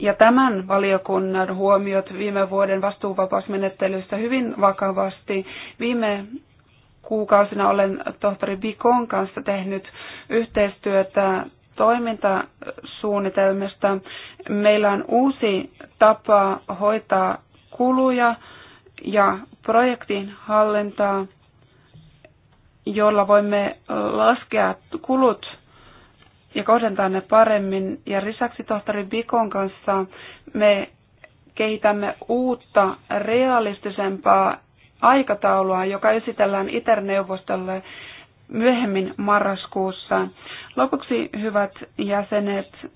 ja tämän valiokunnan huomiot viime vuoden vastuuvapausmenettelyssä hyvin vakavasti. Viime kuukausina olen tohtori Bikon kanssa tehnyt yhteistyötä toimintasuunnitelmista. Meillä on uusi tapa hoitaa kuluja ja projektin hallintaa jolla voimme laskea kulut ja kohdentaa ne paremmin. Ja lisäksi tohtori Bikon kanssa me kehitämme uutta, realistisempaa aikataulua, joka esitellään ITER-neuvostolle myöhemmin marraskuussa. Lopuksi, hyvät jäsenet,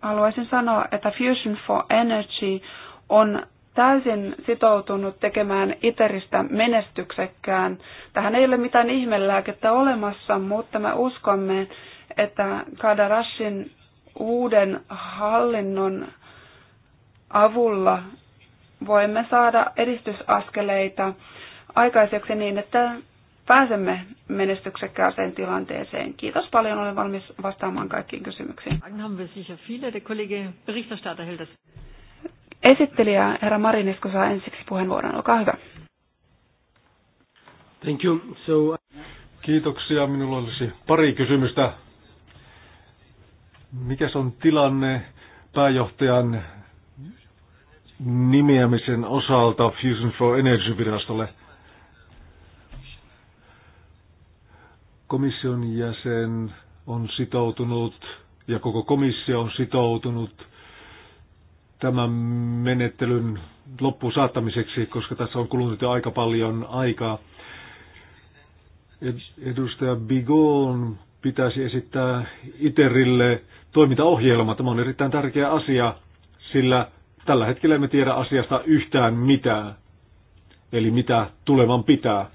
haluaisin sanoa, että Fusion for Energy on täysin sitoutunut tekemään ITERistä menestyksekkään. Tähän ei ole mitään ihmelääkettä olemassa, mutta me uskomme, että Kadarashin uuden hallinnon avulla voimme saada edistysaskeleita aikaiseksi niin, että pääsemme menestyksekkääseen tilanteeseen. Kiitos paljon, olen valmis vastaamaan kaikkiin kysymyksiin. Esittelijä herra Marinesko saa ensiksi puheenvuoron. Olkaa hyvä. Thank you. So... Uh, Kiitoksia. Minulla olisi pari kysymystä. Mikä on tilanne pääjohtajan nimeämisen osalta Fusion for Energy-virastolle? Komission jäsen on sitoutunut ja koko komissio on sitoutunut tämän menettelyn loppuun saattamiseksi, koska tässä on kulunut jo aika paljon aikaa. Edustaja Bigon pitäisi esittää ITERille toimintaohjelma. Tämä on erittäin tärkeä asia, sillä tällä hetkellä emme tiedä asiasta yhtään mitään, eli mitä tulevan pitää.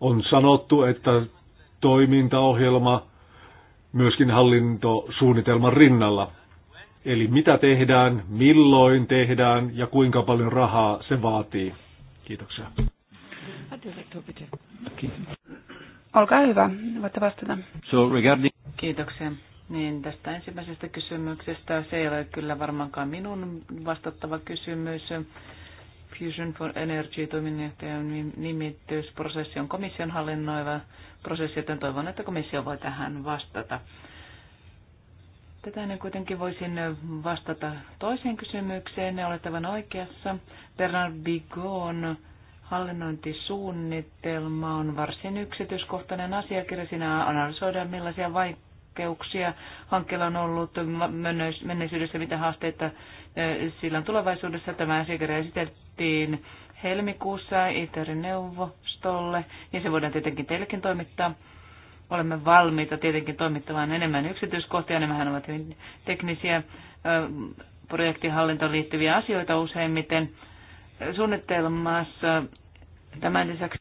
On sanottu, että toimintaohjelma myöskin hallintosuunnitelman rinnalla. Eli mitä tehdään, milloin tehdään ja kuinka paljon rahaa se vaatii. Kiitoksia. Olkaa hyvä, voitte vastata. So regarding... Kiitoksia. Niin, tästä ensimmäisestä kysymyksestä, se ei ole kyllä varmaankaan minun vastattava kysymys. Fusion for Energy toiminnanjohtajan nimitysprosessi on komission hallinnoiva prosessi, joten toivon, että komissio voi tähän vastata. Tätä ennen kuitenkin voisin vastata toiseen kysymykseen. Ne olet aivan oikeassa. Bernard Bigon hallinnointisuunnitelma on varsin yksityiskohtainen asiakirja. Siinä analysoidaan millaisia vaikeuksia hankkeella on ollut menneisyydessä, mitä haasteita sillä on tulevaisuudessa. Tämä asiakirja esitettiin helmikuussa ITER-neuvostolle ja niin se voidaan tietenkin teillekin toimittaa olemme valmiita tietenkin toimittamaan enemmän yksityiskohtia. Nämähän ovat hyvin teknisiä projektihallintoon liittyviä asioita useimmiten. Suunnitelmassa tämän lisäksi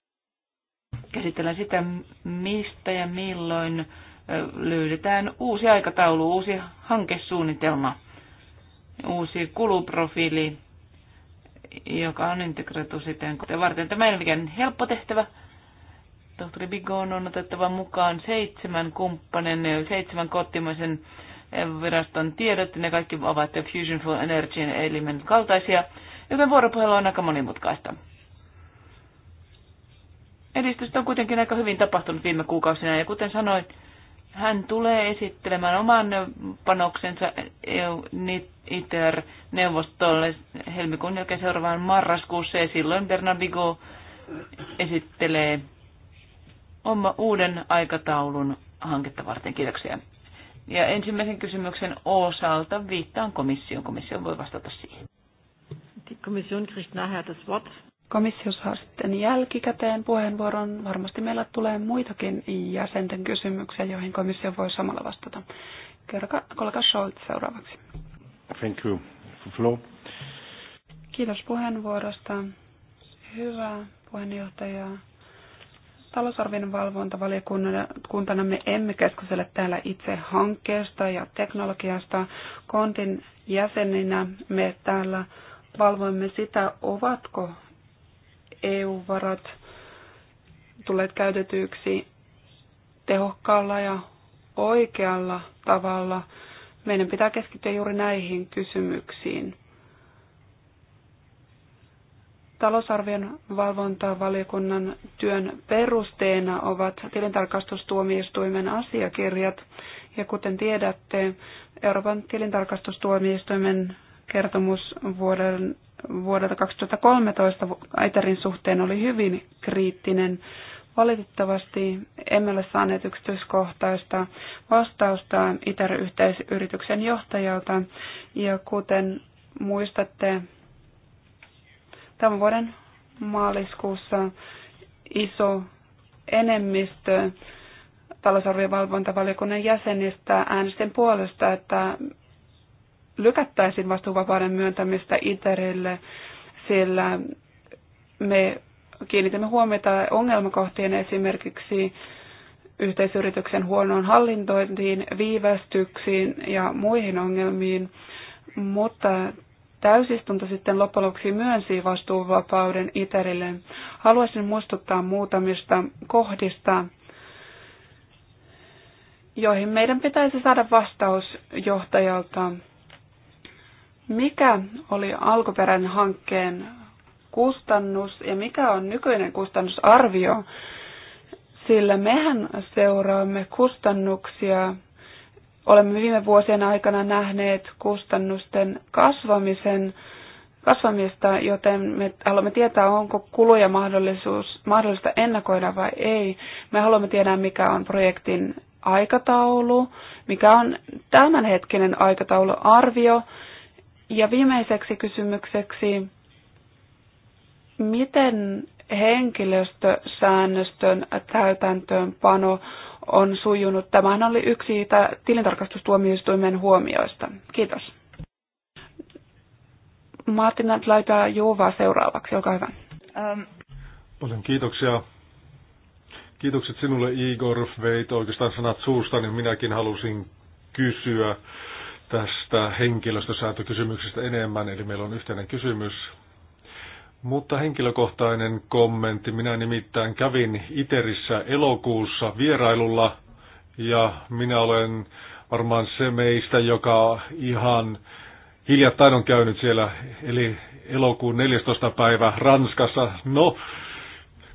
käsitellään sitä, mistä ja milloin löydetään uusi aikataulu, uusi hankesuunnitelma, uusi kuluprofiili, joka on integroitu siten, kuten varten. Tämä ei ole mikään helppo tehtävä, Tohtori Bigon on otettava mukaan seitsemän kumppanen, seitsemän kotimaisen eh, viraston tiedot. Ne kaikki ovat Fusion for Energy elimen kaltaisia, joten vuoropuhelu on aika monimutkaista. Edistystä on kuitenkin aika hyvin tapahtunut viime kuukausina ja kuten sanoin, hän tulee esittelemään oman panoksensa ITER-neuvostolle helmikuun jälkeen seuraavaan marraskuussa ja silloin Bernard Bigot esittelee oma uuden aikataulun hanketta varten. Kiitoksia. Ja ensimmäisen kysymyksen osalta viittaan komission. Komissio voi vastata siihen. Komission Komissio saa sitten jälkikäteen puheenvuoron. Varmasti meillä tulee muitakin jäsenten kysymyksiä, joihin komissio voi samalla vastata. Kerka, kollega Scholz seuraavaksi. Thank you. Flo. Kiitos puheenvuorosta. Hyvä puheenjohtaja. Talousarvion valvontavaliokuntana me emme keskustele täällä itse hankkeesta ja teknologiasta. Kontin jäseninä me täällä valvoimme sitä, ovatko EU-varat tulleet käytetyiksi tehokkaalla ja oikealla tavalla. Meidän pitää keskittyä juuri näihin kysymyksiin. Talousarvion valvontavaliokunnan työn perusteena ovat tilintarkastustuomioistuimen asiakirjat. Ja kuten tiedätte, Euroopan tilintarkastustuomioistuimen kertomus vuoden, vuodelta 2013 Aiterin suhteen oli hyvin kriittinen. Valitettavasti emme ole saaneet yksityiskohtaista vastausta Itäryhteisyrityksen johtajalta. Ja kuten muistatte, tämän vuoden maaliskuussa iso enemmistö valvontavaliokunnan jäsenistä äänestin puolesta, että lykättäisiin vastuuvapauden myöntämistä ITERille, sillä me kiinnitämme huomiota ongelmakohtien esimerkiksi yhteisyrityksen huonoon hallintointiin, viivästyksiin ja muihin ongelmiin, mutta täysistunto sitten loppujen lopuksi myönsi vastuuvapauden Iterille. Haluaisin muistuttaa muutamista kohdista, joihin meidän pitäisi saada vastaus johtajalta. Mikä oli alkuperäinen hankkeen kustannus ja mikä on nykyinen kustannusarvio? Sillä mehän seuraamme kustannuksia olemme viime vuosien aikana nähneet kustannusten kasvamisen, kasvamista, joten me haluamme tietää, onko kuluja mahdollisuus, mahdollista ennakoida vai ei. Me haluamme tietää, mikä on projektin aikataulu, mikä on tämänhetkinen aikatauluarvio. Ja viimeiseksi kysymykseksi, miten henkilöstösäännöstön täytäntöönpano on sujunut. Tämähän oli yksi tilintarkastustuomioistuimen huomioista. Kiitos. Martina Laitaa Juva seuraavaksi, olkaa hyvä. Ähm. Paljon kiitoksia. Kiitokset sinulle Igor, veit oikeastaan sanat suusta, niin minäkin halusin kysyä tästä henkilöstösääntökysymyksestä enemmän. Eli meillä on yhteinen kysymys mutta henkilökohtainen kommentti. Minä nimittäin kävin Iterissä elokuussa vierailulla ja minä olen varmaan se meistä, joka ihan hiljattain on käynyt siellä, eli elokuun 14. päivä Ranskassa. No,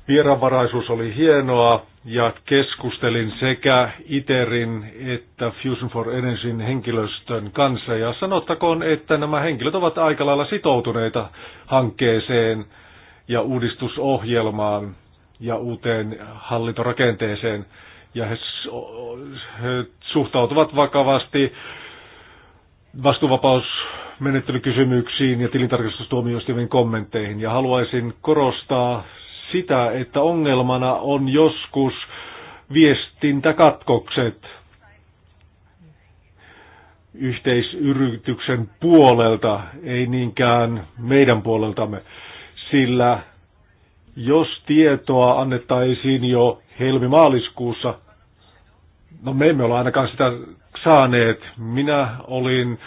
Vieraanvaraisuus oli hienoa ja keskustelin sekä ITERin että Fusion for Energyn henkilöstön kanssa ja sanottakoon, että nämä henkilöt ovat aika lailla sitoutuneita hankkeeseen ja uudistusohjelmaan ja uuteen hallintorakenteeseen ja he, he suhtautuvat vakavasti vastuuvapaus menettelykysymyksiin ja tilintarkastustuomioistuimen kommentteihin. Ja haluaisin korostaa sitä, että ongelmana on joskus viestintäkatkokset yhteisyrityksen puolelta, ei niinkään meidän puoleltamme, sillä jos tietoa annettaisiin jo helmimaaliskuussa, no me emme ole ainakaan sitä saaneet. Minä olin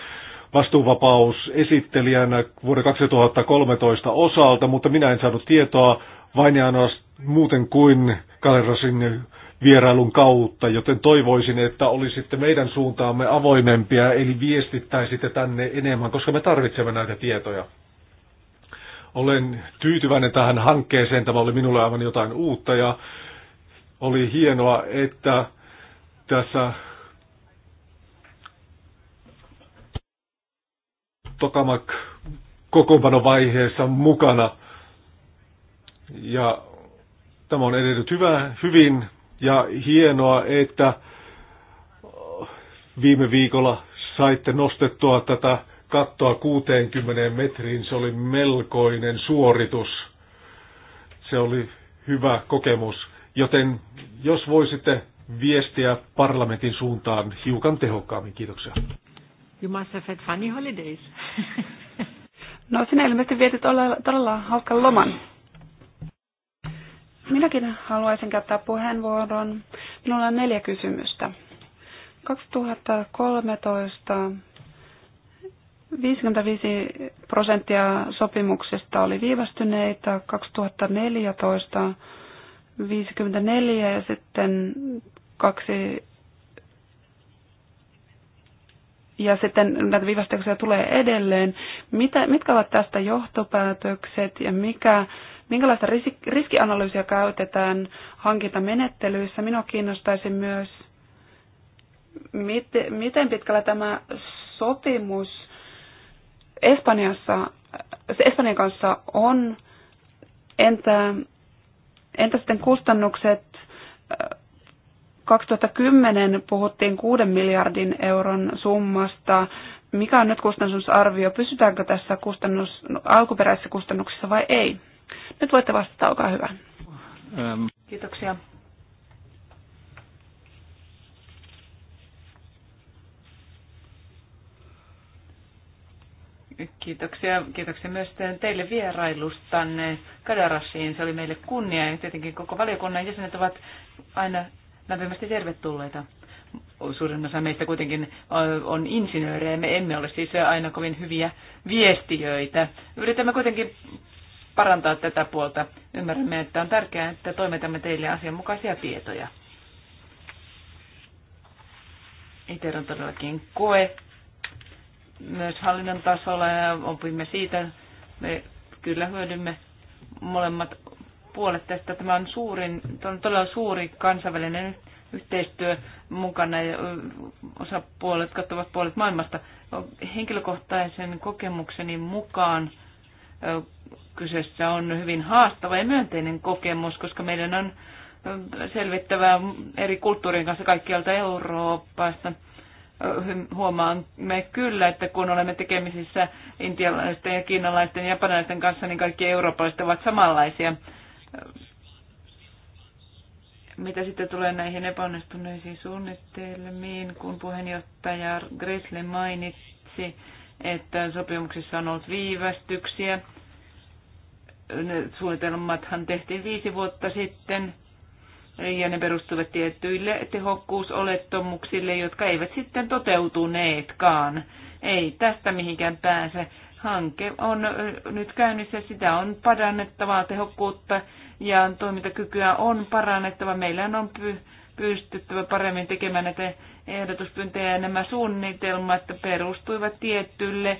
vastuuvapausesittelijänä vuoden 2013 osalta, mutta minä en saanut tietoa vain ja muuten kuin Kalerosin vierailun kautta, joten toivoisin, että olisitte meidän suuntaamme avoimempia, eli viestittäisitte tänne enemmän, koska me tarvitsemme näitä tietoja. Olen tyytyväinen tähän hankkeeseen, tämä oli minulle aivan jotain uutta ja oli hienoa, että tässä Tokamak kokoonpanovaiheessa mukana – ja tämä on edennyt hyvä, hyvin ja hienoa, että äh, viime viikolla saitte nostettua tätä kattoa 60 metriin. Se oli melkoinen suoritus. Se oli hyvä kokemus. Joten jos voisitte viestiä parlamentin suuntaan hiukan tehokkaammin. Kiitoksia. You must have had funny holidays. no sinä ilmeisesti vietit todella, todella hauskan loman. Minäkin haluaisin käyttää puheenvuoron. Minulla on neljä kysymystä. 2013 55 prosenttia sopimuksista oli viivästyneitä, 2014 54 ja sitten kaksi ja sitten näitä viivästyksiä tulee edelleen. Mitä, mitkä ovat tästä johtopäätökset ja mikä Minkälaista riskianalyysiä käytetään hankintamenettelyissä? Minua kiinnostaisi myös, miten pitkällä tämä sopimus Espanjassa, Espanjan kanssa on. Entä, entä sitten kustannukset? 2010 puhuttiin 6 miljardin euron summasta. Mikä on nyt kustannusarvio? Pysytäänkö tässä kustannus, alkuperäisissä kustannuksissa vai ei? Nyt voitte vastata, olkaa hyvä. Ähm. Kiitoksia. Kiitoksia, kiitoksia myös teille vierailustanne Kadarashiin. Se oli meille kunnia ja tietenkin koko valiokunnan jäsenet ovat aina lämpimästi tervetulleita. Suurin osa meistä kuitenkin on insinöörejä, me emme ole siis aina kovin hyviä viestiöitä. Yritämme kuitenkin parantaa tätä puolta. Ymmärrämme, että on tärkeää, että toimitamme teille asianmukaisia tietoja. ITER on todellakin koe myös hallinnon tasolla ja opimme siitä. Me kyllä hyödymme molemmat puolet tästä. Tämä on, suurin, on todella suuri kansainvälinen yhteistyö mukana ja osapuolet kattavat puolet maailmasta. Henkilökohtaisen kokemukseni mukaan – Kyseessä on hyvin haastava ja myönteinen kokemus, koska meidän on selvittävää eri kulttuurien kanssa kaikkialta Euroopasta. Huomaamme kyllä, että kun olemme tekemisissä intialaisten ja kiinalaisten ja japanilaisten kanssa, niin kaikki eurooppalaiset ovat samanlaisia. Mitä sitten tulee näihin epäonnistuneisiin suunnitelmiin, kun puheenjohtaja Gresle mainitsi että sopimuksissa on ollut viivästyksiä. Ne suunnitelmathan tehtiin viisi vuotta sitten ja ne perustuvat tiettyille tehokkuusolettomuksille, jotka eivät sitten toteutuneetkaan. Ei tästä mihinkään pääse. Hanke on nyt käynnissä, sitä on parannettavaa tehokkuutta ja toimintakykyä on parannettava. Meillä on py- pystyttävä paremmin tekemään näitä ehdotuspyyntöjä. Ja nämä suunnitelmat perustuivat tietylle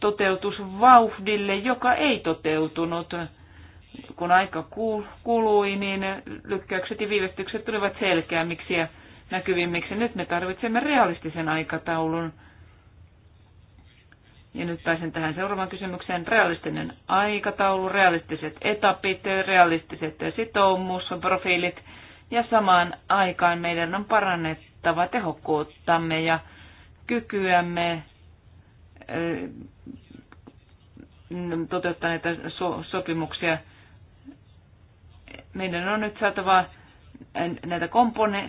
toteutusvauhdille, joka ei toteutunut. Kun aika kului, niin lykkäykset ja viivästykset tulivat selkeämmiksi ja näkyvimmiksi. Nyt me tarvitsemme realistisen aikataulun. Ja nyt pääsen tähän seuraavaan kysymykseen. Realistinen aikataulu, realistiset etapit, realistiset sitoumusprofiilit. profiilit ja samaan aikaan meidän on parannettava tehokkuuttamme ja kykyämme eh, toteuttaa näitä so- sopimuksia. Meidän on nyt saatava näitä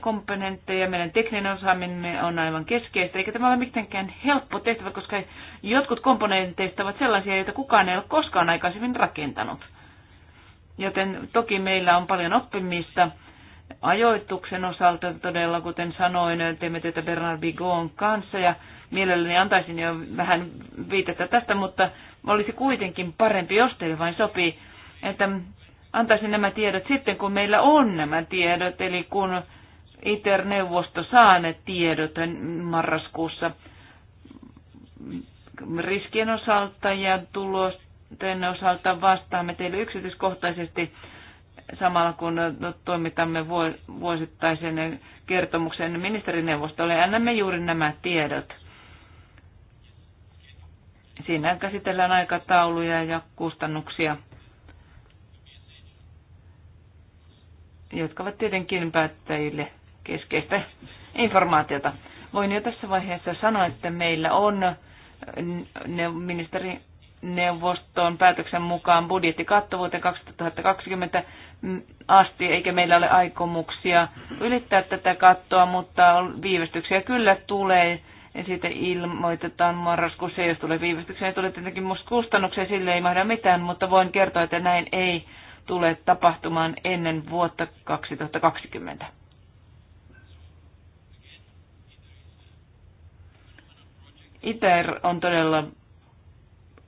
komponentteja, meidän tekninen osaaminen on aivan keskeistä, eikä tämä ole mitenkään helppo tehtävä, koska jotkut komponenteista ovat sellaisia, joita kukaan ei ole koskaan aikaisemmin rakentanut. Joten toki meillä on paljon oppimista ajoituksen osalta todella, kuten sanoin, teemme tätä Bernard Bigon kanssa ja mielelläni antaisin jo vähän viitettä tästä, mutta olisi kuitenkin parempi, jos teille vain sopii, että antaisin nämä tiedot sitten, kun meillä on nämä tiedot, eli kun ITER-neuvosto saa ne tiedot marraskuussa riskien osalta ja tulosten osalta vastaamme teille yksityiskohtaisesti samalla kun toimitamme vuosittaisen kertomuksen ministerineuvostolle. Annamme juuri nämä tiedot. Siinä käsitellään aikatauluja ja kustannuksia, jotka ovat tietenkin päättäjille keskeistä informaatiota. Voin jo tässä vaiheessa sanoa, että meillä on ministerineuvoston päätöksen mukaan budjettikattavuuteen 2020 asti, eikä meillä ole aikomuksia ylittää tätä kattoa, mutta viivästyksiä kyllä tulee. Ja siitä ilmoitetaan marraskuussa, jos tulee viivästyksiä, niin tulee tietenkin kustannuksia, sille ei mahda mitään, mutta voin kertoa, että näin ei tule tapahtumaan ennen vuotta 2020. ITER on todella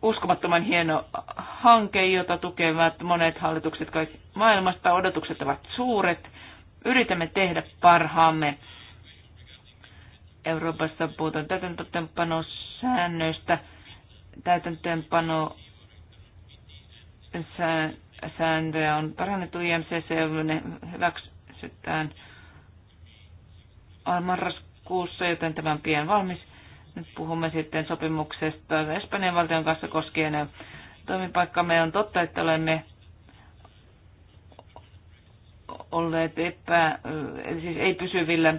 uskomattoman hieno hanke, jota tukevat monet hallitukset kaikki maailmasta. Odotukset ovat suuret. Yritämme tehdä parhaamme. Euroopassa puhutaan täytäntöönpanosäännöistä. Täytäntöönpano sääntöjä on parannettu IMCC, hyväksytään marraskuussa, joten tämä on pian valmis. Nyt puhumme sitten sopimuksesta Espanjan valtion kanssa koskien toimipaikkamme. On totta, että olemme olleet epä, siis ei pysyvillä,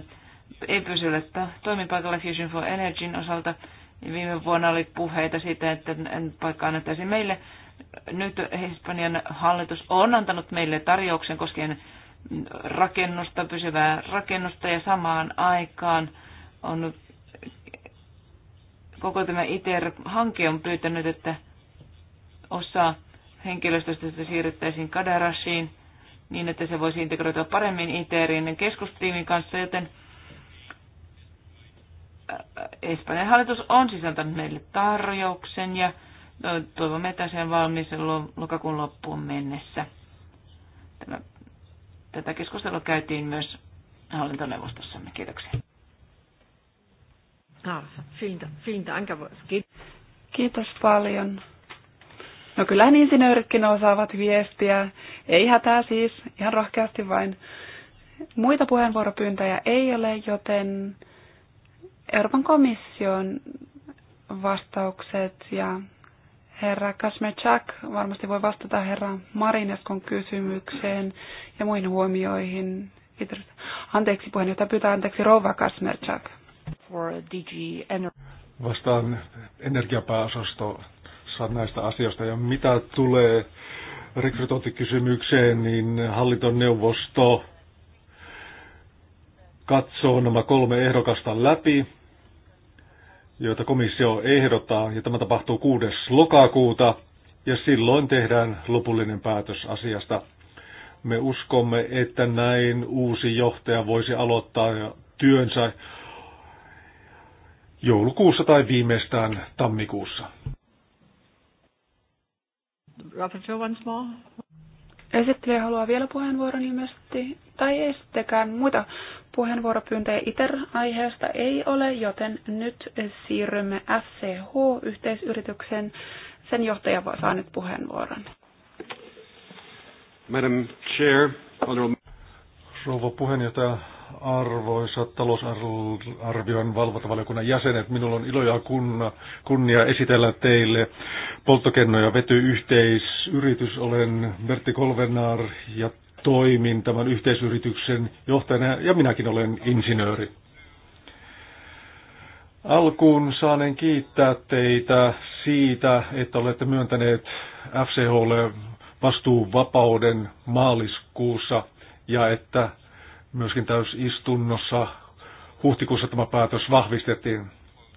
ei pysyvillä toimipaikalla Fusion for Energyn osalta. Viime vuonna oli puheita siitä, että paikka annettaisiin meille. Nyt Espanjan hallitus on antanut meille tarjouksen koskien rakennusta, pysyvää rakennusta ja samaan aikaan on koko tämä ITER-hanke on pyytänyt, että osa henkilöstöstä siirrettäisiin Kadarashiin niin, että se voisi integroitua paremmin ITERin keskustiimin kanssa, joten äh, äh, Espanjan hallitus on sisältänyt meille tarjouksen ja no, toivomme, että sen valmis lokakuun loppuun mennessä. tätä keskustelua käytiin myös hallintoneuvostossamme. Kiitoksia. Ah, Kiitos paljon. No kyllähän insinööritkin osaavat viestiä. Ei hätää siis, ihan rohkeasti vain. Muita puheenvuoropyyntöjä ei ole, joten Euroopan komission vastaukset ja herra Kasmechak varmasti voi vastata herra Marineskon kysymykseen ja muihin huomioihin. Anteeksi puheenjohtaja, pyytää anteeksi rouva Kasmechak for DG Energy. Vastaan energiapääosasto näistä asioista. Ja mitä tulee rekrytointikysymykseen, niin hallintoneuvosto katsoo nämä kolme ehdokasta läpi, joita komissio ehdottaa, ja tämä tapahtuu 6. lokakuuta, ja silloin tehdään lopullinen päätös asiasta. Me uskomme, että näin uusi johtaja voisi aloittaa työnsä joulukuussa tai viimeistään tammikuussa. Rapporteur Esittelijä haluaa vielä puheenvuoron ilmeisesti, tai ei sittenkään muita puheenvuoropyyntöjä ITER-aiheesta ei ole, joten nyt siirrymme FCH-yhteisyrityksen. Sen johtaja saa nyt puheenvuoron. Madam Chair, Rouva puheenjohtaja, arvoisat talousarvion valvontavaliokunnan jäsenet, minulla on ilo ja kunna, kunnia esitellä teille polttokenno- ja vetyyhteisyritys. Olen Bertti Kolvenaar ja toimin tämän yhteisyrityksen johtajana ja minäkin olen insinööri. Alkuun saanen kiittää teitä siitä, että olette myöntäneet FCHlle vastuuvapauden maaliskuussa ja että Myöskin täysistunnossa huhtikuussa tämä päätös vahvistettiin.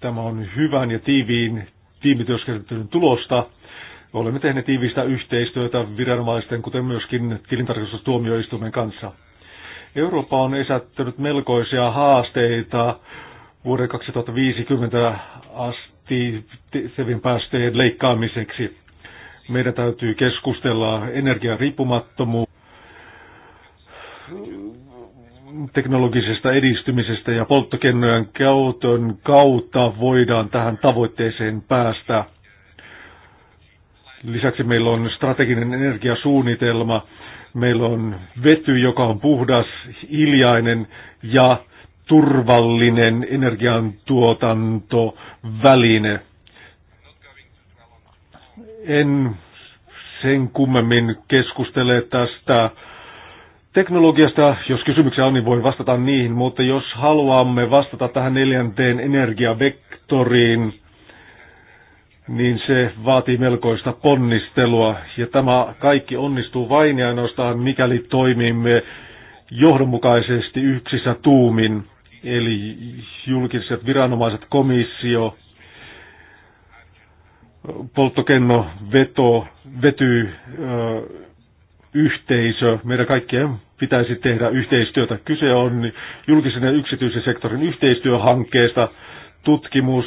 Tämä on hyvän ja tiiviin tiimityöskentelyn tulosta. Olemme tehneet tiivistä yhteistyötä viranomaisten, kuten myöskin tilintarkastustuomioistuimen kanssa. Eurooppa on esättänyt melkoisia haasteita vuoden 2050 asti sevin päästöjen leikkaamiseksi. Meidän täytyy keskustella energiariippumattomuus teknologisesta edistymisestä ja polttokennojen käytön kautta voidaan tähän tavoitteeseen päästä. Lisäksi meillä on strateginen energiasuunnitelma, meillä on vety, joka on puhdas, hiljainen ja turvallinen energiantuotantoväline. En sen kummemmin keskustele tästä teknologiasta, jos kysymyksiä on, niin voi vastata niihin, mutta jos haluamme vastata tähän neljänteen energiavektoriin, niin se vaatii melkoista ponnistelua. Ja tämä kaikki onnistuu vain ja ainoastaan, mikäli toimimme johdonmukaisesti yksissä tuumin, eli julkiset viranomaiset, komissio, polttokenno, veto, vety, ö, yhteisö, meidän kaikkien pitäisi tehdä yhteistyötä. Kyse on julkisen ja yksityisen sektorin yhteistyöhankkeesta, tutkimus,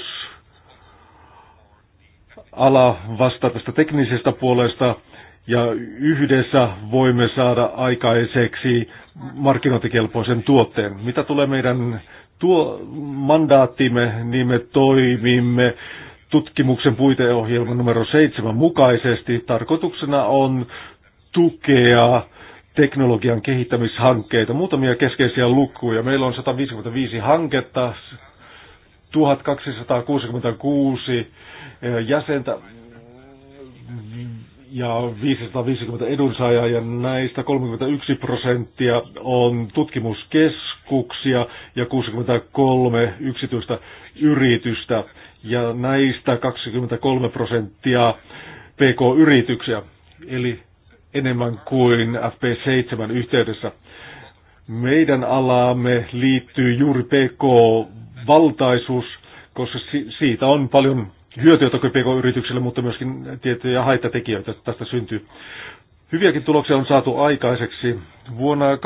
ala vastaa tästä teknisestä puolesta ja yhdessä voimme saada aikaiseksi markkinointikelpoisen tuotteen. Mitä tulee meidän tuo mandaattimme, niin me toimimme tutkimuksen puiteohjelman numero seitsemän mukaisesti. Tarkoituksena on tukea teknologian kehittämishankkeita. Muutamia keskeisiä lukuja. Meillä on 155 hanketta, 1266 eh, jäsentä ja 550 edunsaajaa ja näistä 31 prosenttia on tutkimuskeskuksia ja 63 yksityistä yritystä ja näistä 23 prosenttia PK-yrityksiä. Eli enemmän kuin FP7 yhteydessä. Meidän alaamme liittyy juuri PK-valtaisuus, koska siitä on paljon hyötyä toki PK-yrityksille, mutta myöskin tiettyjä haittatekijöitä tästä syntyy. Hyviäkin tuloksia on saatu aikaiseksi. Vuonna 2012-2013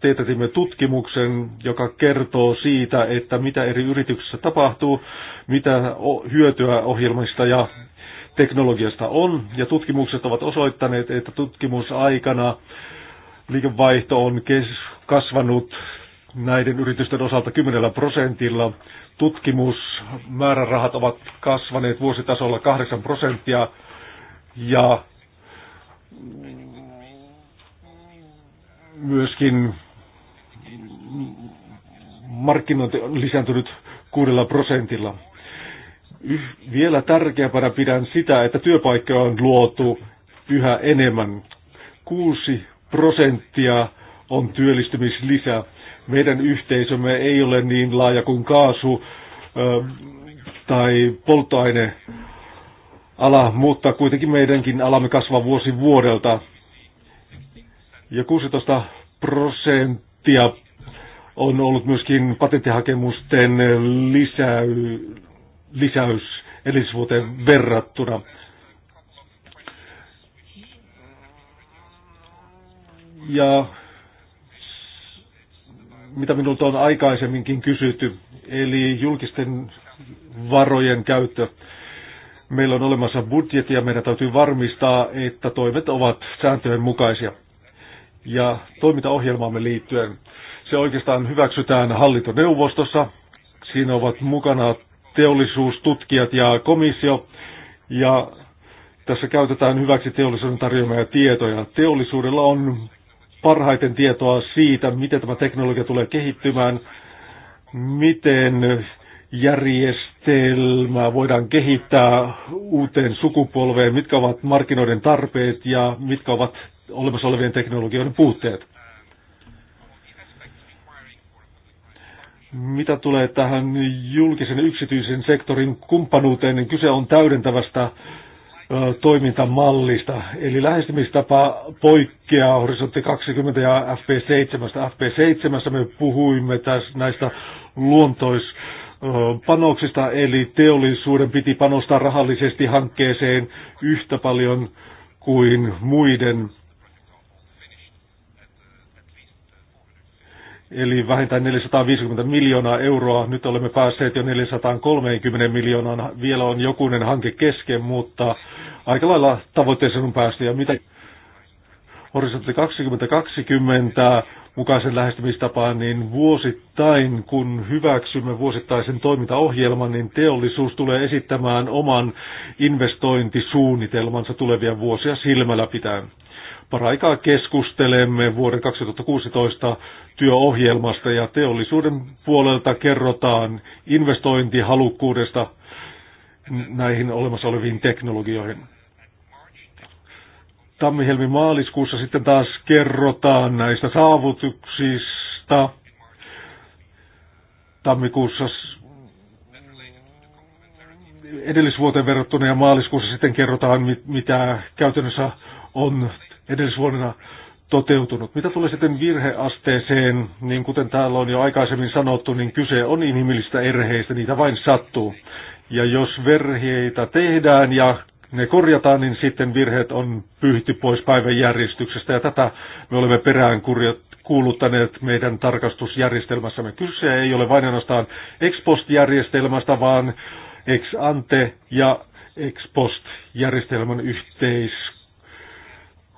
teetimme tutkimuksen, joka kertoo siitä, että mitä eri yrityksissä tapahtuu, mitä hyötyä ohjelmista ja teknologiasta on, ja tutkimukset ovat osoittaneet, että tutkimusaikana liikevaihto on kasvanut näiden yritysten osalta 10 prosentilla. Tutkimusmäärärahat ovat kasvaneet vuositasolla 8 prosenttia ja myöskin markkinointi on lisääntynyt 6 prosentilla vielä tärkeämpänä pidän sitä, että työpaikkoja on luotu yhä enemmän. 6 prosenttia on työllistymislisä. Meidän yhteisömme ei ole niin laaja kuin kaasu ö, tai ala, mutta kuitenkin meidänkin alamme kasvaa vuosi vuodelta. Ja 16 prosenttia on ollut myöskin patenttihakemusten lisä, lisäys edellisvuoteen verrattuna. Ja mitä minulta on aikaisemminkin kysytty, eli julkisten varojen käyttö. Meillä on olemassa budjetti ja meidän täytyy varmistaa, että toimet ovat sääntöjen mukaisia. Ja toimintaohjelmaamme liittyen, se oikeastaan hyväksytään hallintoneuvostossa. Siinä ovat mukana teollisuustutkijat ja komissio, ja tässä käytetään hyväksi teollisuuden tarjoamia tietoja. Teollisuudella on parhaiten tietoa siitä, miten tämä teknologia tulee kehittymään, miten järjestelmää voidaan kehittää uuteen sukupolveen, mitkä ovat markkinoiden tarpeet ja mitkä ovat olemassa olevien teknologioiden puutteet. Mitä tulee tähän julkisen yksityisen sektorin kumppanuuteen, niin kyse on täydentävästä toimintamallista. Eli lähestymistapa poikkeaa Horisontti 20 ja FP7. FP7 me puhuimme tässä näistä luontoispanoksista, eli teollisuuden piti panostaa rahallisesti hankkeeseen yhtä paljon kuin muiden eli vähintään 450 miljoonaa euroa. Nyt olemme päässeet jo 430 miljoonaan. Vielä on jokunen hanke kesken, mutta aika lailla tavoitteeseen on päästy. Ja mitä horisontti 2020 mukaisen lähestymistapaan, niin vuosittain, kun hyväksymme vuosittaisen toimintaohjelman, niin teollisuus tulee esittämään oman investointisuunnitelmansa tulevia vuosia silmällä pitäen. Paraikaa keskustelemme vuoden 2016 työohjelmasta ja teollisuuden puolelta kerrotaan investointihalukkuudesta näihin olemassa oleviin teknologioihin. Tammihelmi maaliskuussa sitten taas kerrotaan näistä saavutuksista. Tammikuussa edellisvuoteen verrattuna ja maaliskuussa sitten kerrotaan, mitä käytännössä on edellisvuonna toteutunut. Mitä tulee sitten virheasteeseen, niin kuten täällä on jo aikaisemmin sanottu, niin kyse on inhimillistä erheistä, niitä vain sattuu. Ja jos verheitä tehdään ja ne korjataan, niin sitten virheet on pyyhty pois päivän järjestyksestä ja tätä me olemme perään kuuluttaneet meidän tarkastusjärjestelmässämme. Kyse ei ole vain ainoastaan ex järjestelmästä vaan ex ante ja ex post järjestelmän yhteis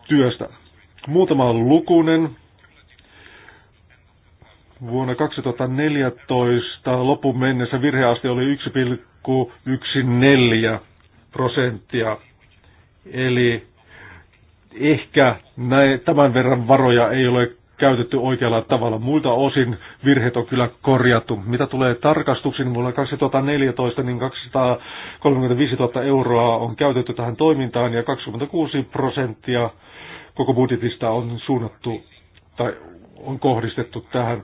työstä. Muutama lukunen. Vuonna 2014 lopun mennessä virheaste oli 1,14 prosenttia. Eli ehkä näin, tämän verran varoja ei ole käytetty oikealla tavalla. Muilta osin virheet on kyllä korjattu. Mitä tulee tarkastuksiin, vuonna 2014 niin 235 000 euroa on käytetty tähän toimintaan ja 26 prosenttia koko budjetista on suunnattu tai on kohdistettu tähän.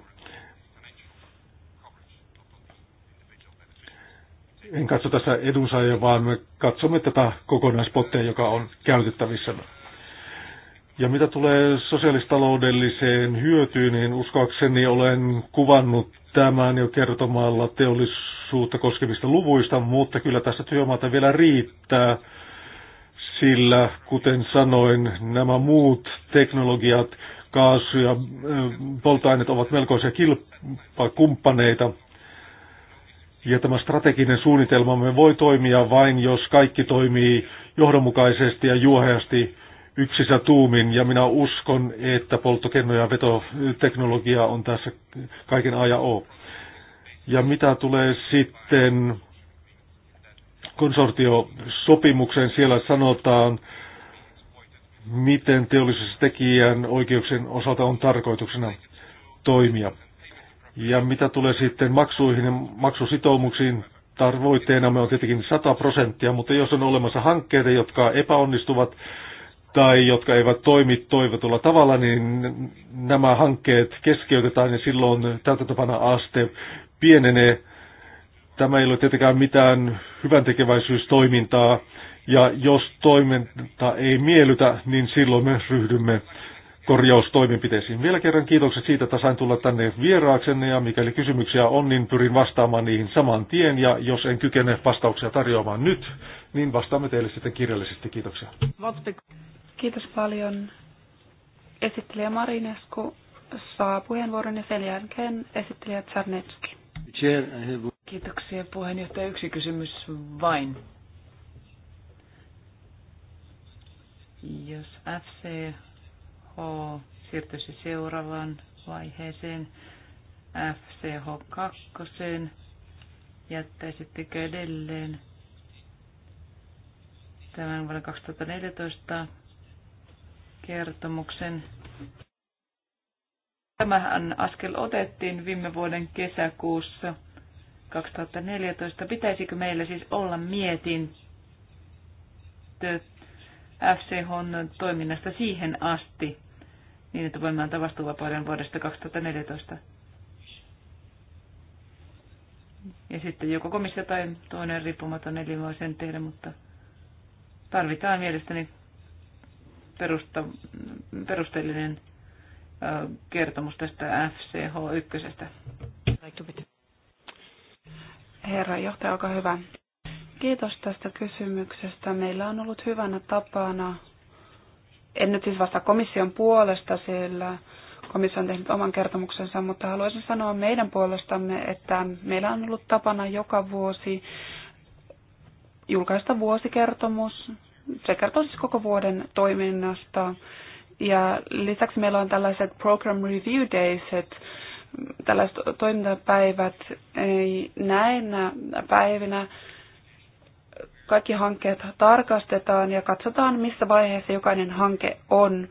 En katso tässä edunsaajia, vaan me katsomme tätä kokonaispotteja, joka on käytettävissä. Ja mitä tulee sosiaalistaloudelliseen hyötyyn, niin uskoakseni olen kuvannut tämän jo kertomalla teollisuutta koskevista luvuista, mutta kyllä tässä työmaata vielä riittää sillä kuten sanoin, nämä muut teknologiat, kaasu ja polttoaineet ovat melkoisia kilpakumppaneita. Ja tämä strateginen suunnitelmamme voi toimia vain, jos kaikki toimii johdonmukaisesti ja juoheasti yksissä tuumin. Ja minä uskon, että polttokenno- ja vetoteknologia on tässä kaiken ajan O. Ja mitä tulee sitten konsortiosopimuksen. Siellä sanotaan, miten teollisuustekijän oikeuksien osalta on tarkoituksena toimia. Ja mitä tulee sitten maksuihin ja maksusitoumuksiin, me on tietenkin 100 prosenttia, mutta jos on olemassa hankkeita, jotka epäonnistuvat tai jotka eivät toimi toivotulla tavalla, niin nämä hankkeet keskeytetään ja silloin täytäntöpana aste pienenee Tämä ei ole tietenkään mitään hyvän tekeväisyystoimintaa, ja jos toiminta ei miellytä, niin silloin me ryhdymme korjaustoimenpiteisiin. Vielä kerran kiitokset siitä, että sain tulla tänne vieraaksenne ja mikäli kysymyksiä on, niin pyrin vastaamaan niihin saman tien ja jos en kykene vastauksia tarjoamaan nyt, niin vastaamme teille sitten kirjallisesti. Kiitoksia. Kiitos paljon. Esittelijä Marinesku saa puheenvuoron ja sen jälkeen esittelijä Czarnecki. Chair, I have... Kiitoksia puheenjohtaja. Yksi kysymys vain. Jos FCH siirtyisi seuraavaan vaiheeseen, FCH2, jättäisittekö edelleen tämän vuoden 2014 kertomuksen Tämähän askel otettiin viime vuoden kesäkuussa 2014. Pitäisikö meillä siis olla mietintö fch toiminnasta siihen asti, niin että voimme antaa vastuuvapauden vuodesta 2014? Ja sitten joko komissio tai toinen riippumaton elin voi sen tehdä, mutta tarvitaan mielestäni perusta, perusteellinen kertomus tästä FCH1. Herra johtaja, olkaa hyvä. Kiitos tästä kysymyksestä. Meillä on ollut hyvänä tapana, en nyt siis vasta komission puolesta, sillä komissio on tehnyt oman kertomuksensa, mutta haluaisin sanoa meidän puolestamme, että meillä on ollut tapana joka vuosi julkaista vuosikertomus. Se kertoo siis koko vuoden toiminnasta ja lisäksi meillä on tällaiset program review että tällaiset toimintapäivät näinä päivinä kaikki hankkeet tarkastetaan ja katsotaan, missä vaiheessa jokainen hanke on.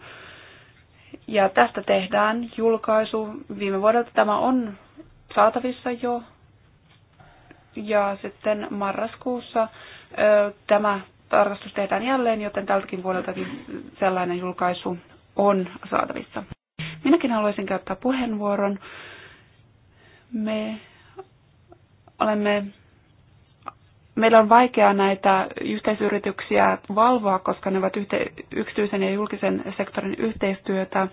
Ja tästä tehdään julkaisu. Viime vuodelta tämä on saatavissa jo. Ja sitten marraskuussa ö, tämä tarkastus tehdään jälleen, joten tältäkin vuodeltakin sellainen julkaisu on saatavissa. Minäkin haluaisin käyttää puheenvuoron. Me olemme, meillä on vaikeaa näitä yhteisyrityksiä valvoa, koska ne ovat yhte, yksityisen ja julkisen sektorin yhteistyötä.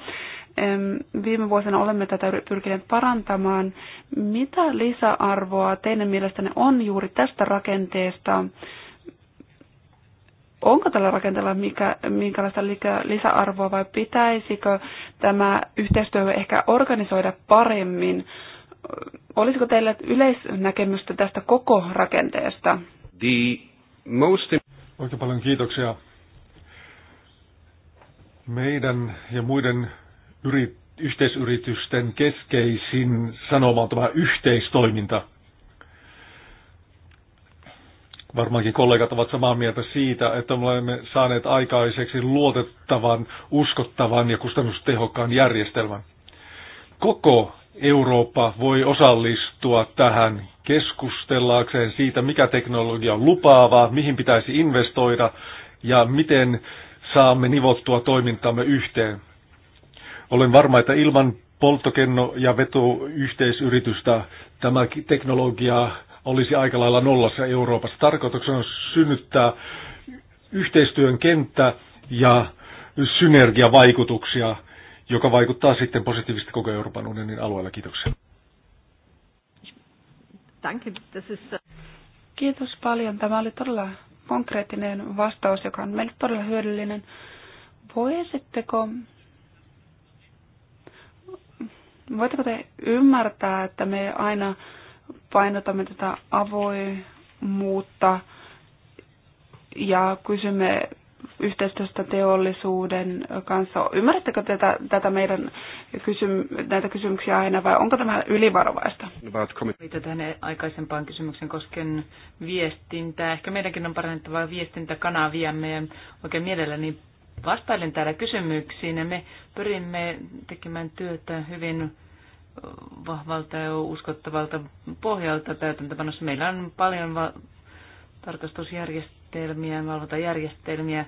Viime vuosina olemme tätä pyrkineet parantamaan. Mitä lisäarvoa teidän mielestänne on juuri tästä rakenteesta? onko tällä rakenteella mikä, minkälaista lisäarvoa vai pitäisikö tämä yhteistyö ehkä organisoida paremmin? Olisiko teillä yleisnäkemystä tästä koko rakenteesta? The most... Oikein paljon kiitoksia. Meidän ja muiden yrit, yhteisyritysten keskeisin sanoma on tämä yhteistoiminta – Varmaankin kollegat ovat samaa mieltä siitä, että me olemme saaneet aikaiseksi luotettavan, uskottavan ja kustannustehokkaan järjestelmän. Koko Eurooppa voi osallistua tähän keskustellaakseen siitä, mikä teknologia on lupaavaa, mihin pitäisi investoida ja miten saamme nivottua toimintamme yhteen. Olen varma, että ilman polttokenno- ja vetoyhteisyritystä tämä teknologia olisi aika lailla nollassa Euroopassa. Tarkoituksena on synnyttää yhteistyön kenttä ja synergiavaikutuksia, joka vaikuttaa sitten positiivisesti koko Euroopan unionin alueella. Kiitoksia. Äh, Kiitos paljon. Tämä oli todella konkreettinen vastaus, joka on meille todella hyödyllinen. Voisitteko, voitteko te ymmärtää, että me aina painotamme tätä avoimuutta ja kysymme yhteistyöstä teollisuuden kanssa. Ymmärrättekö tätä, tätä meidän kysym, näitä kysymyksiä aina vai onko tämä ylivarovaista? Mitä tähän aikaisempaan kysymyksen kosken viestintää? Ehkä meidänkin on parannettava viestintäkanavia. ja oikein mielelläni vastailen täällä kysymyksiin. Ja me pyrimme tekemään työtä hyvin vahvalta ja uskottavalta pohjalta täytäntöpanossa. Meillä on paljon va- tarkastusjärjestelmiä, valvontajärjestelmiä.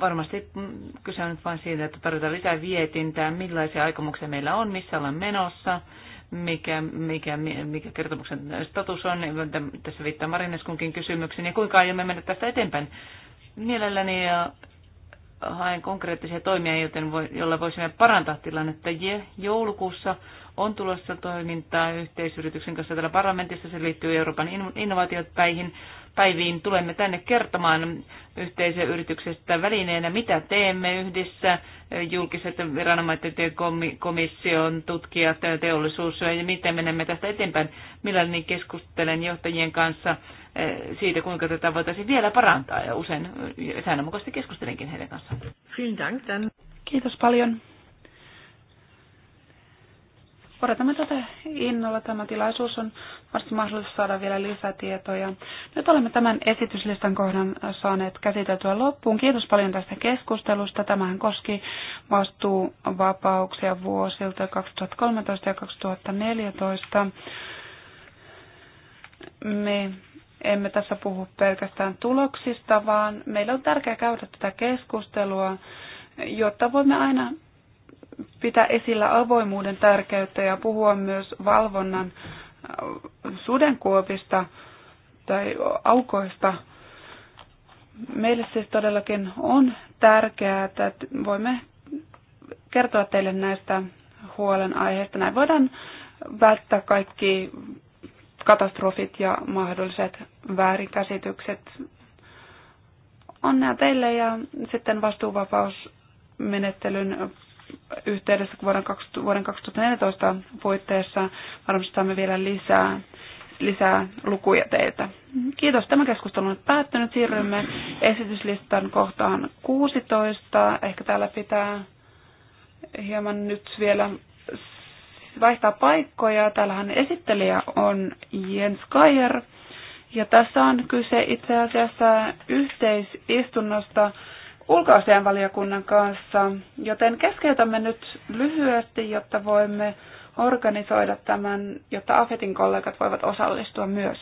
Varmasti kyse on nyt vain siitä, että tarvitaan lisää vietintää, millaisia aikomuksia meillä on, missä ollaan menossa, mikä, mikä, mikä kertomuksen status on. Tässä viittaa Marineskunkin kysymyksen ja kuinka aiomme mennä tästä eteenpäin. Mielelläni ja haen konkreettisia toimia, joten voi, jolla voisimme parantaa tilannetta. Je, joulukuussa on tulossa toimintaa yhteisyrityksen kanssa täällä parlamentissa. Se liittyy Euroopan innovaatiopäihin. Päiviin tulemme tänne kertomaan yhteisen yrityksestä välineenä, mitä teemme yhdessä, julkiset viranomaiset, ja komission, tutkijat, teollisuus ja miten menemme tästä eteenpäin. Milläni keskustelen johtajien kanssa eh, siitä, kuinka tätä voitaisiin vielä parantaa ja usein säännönmukaisesti keskustelenkin heidän kanssaan. Kiitos paljon odotamme tätä innolla. Tämä tilaisuus on varsin mahdollista saada vielä lisätietoja. Nyt olemme tämän esityslistan kohdan saaneet käsiteltyä loppuun. Kiitos paljon tästä keskustelusta. Tämähän koski vastuuvapauksia vuosilta 2013 ja 2014. Me emme tässä puhu pelkästään tuloksista, vaan meillä on tärkeää käydä tätä keskustelua, jotta voimme aina pitää esillä avoimuuden tärkeyttä ja puhua myös valvonnan äh, sudenkuopista tai aukoista. Meille siis todellakin on tärkeää, että voimme kertoa teille näistä huolenaiheista. Näin voidaan välttää kaikki katastrofit ja mahdolliset väärinkäsitykset. Onnea teille ja sitten vastuuvapausmenettelyn yhteydessä vuoden, vuoden 2014 puitteissa varmistamme vielä lisää, lisää lukuja teiltä. Kiitos. Tämä keskustelu on päättynyt. Siirrymme esityslistan kohtaan 16. Ehkä täällä pitää hieman nyt vielä vaihtaa paikkoja. Täällähän esittelijä on Jens Kajer. Ja tässä on kyse itse asiassa yhteisistunnosta ulkoasianvaliokunnan kanssa, joten keskeytämme nyt lyhyesti, jotta voimme organisoida tämän, jotta AFETin kollegat voivat osallistua myös.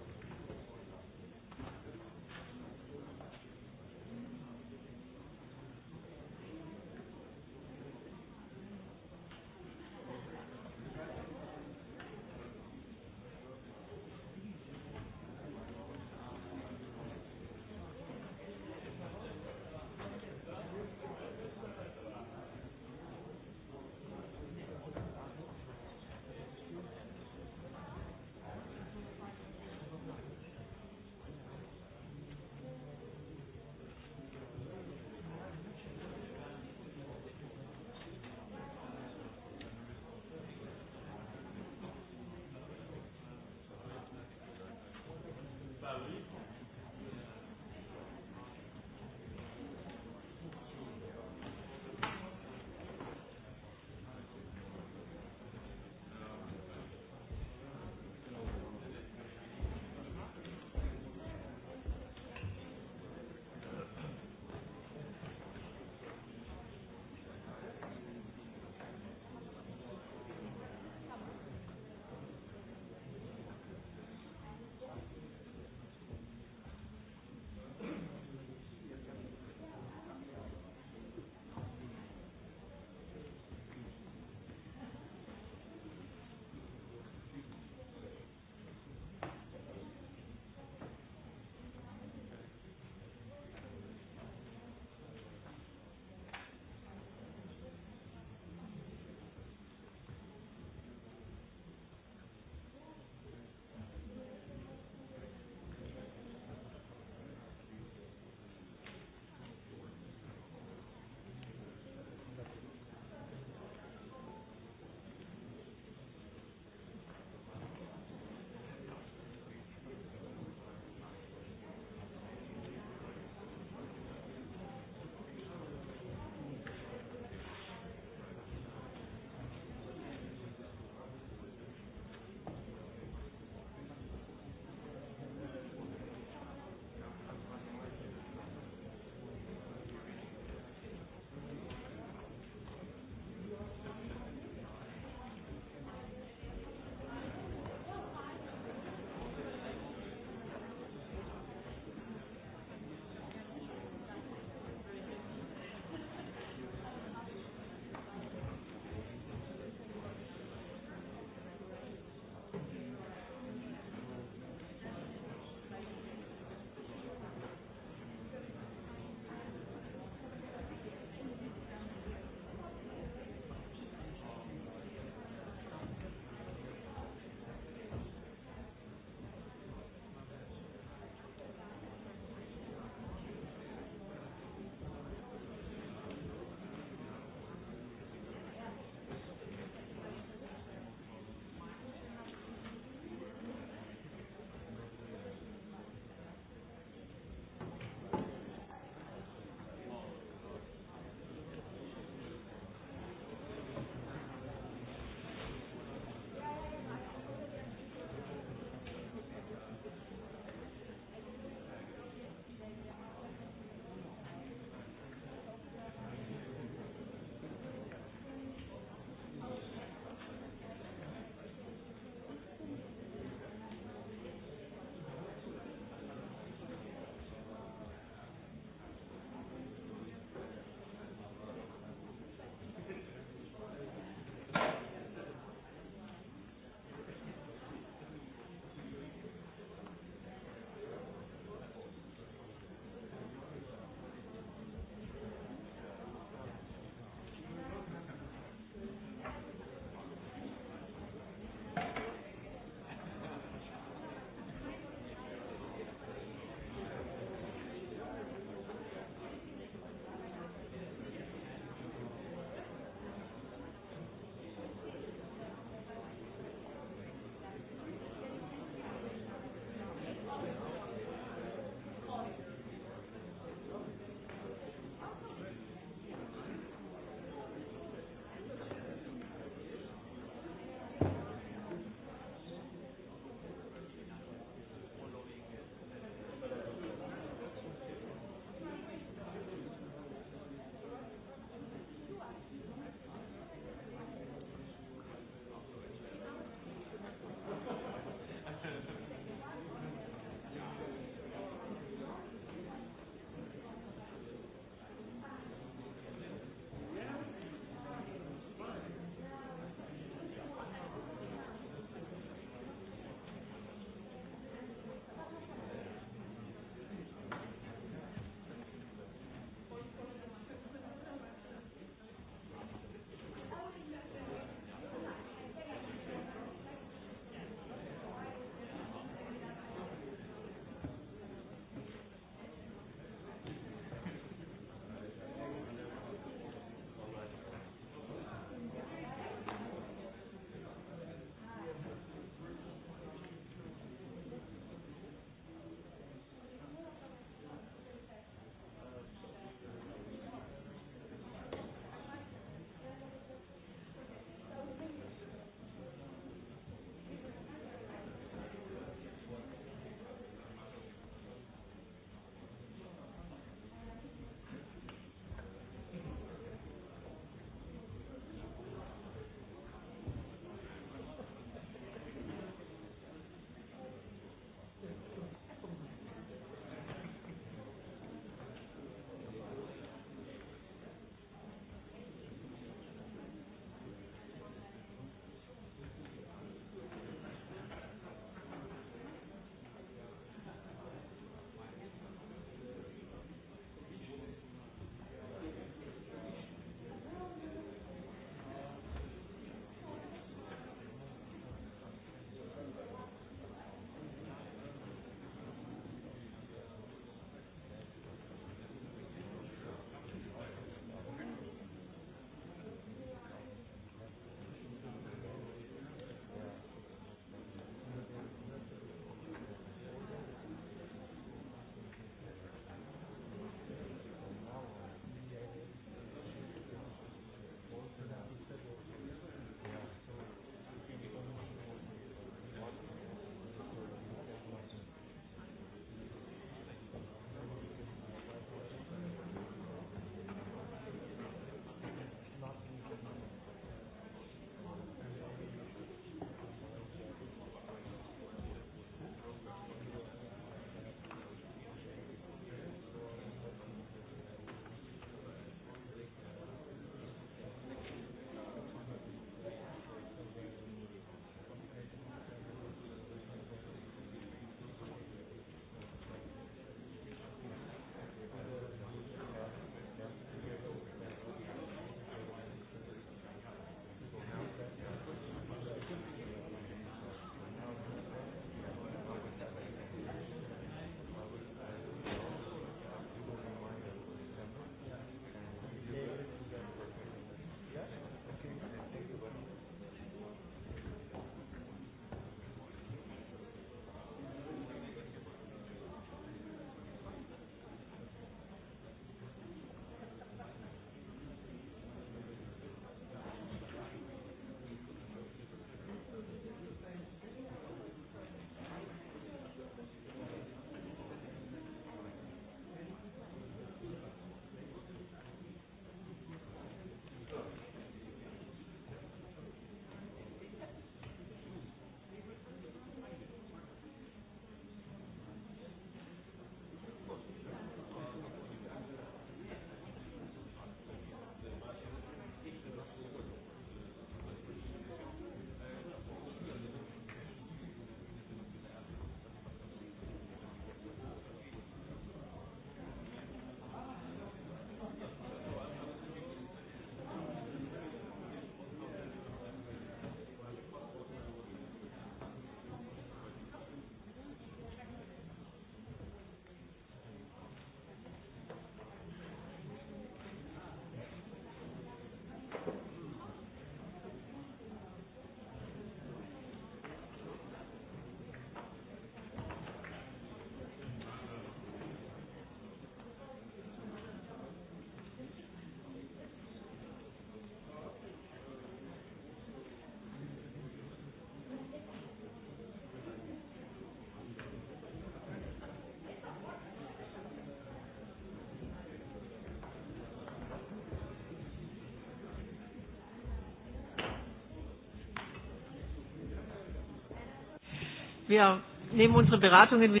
Wir nehmen unsere Beratungen.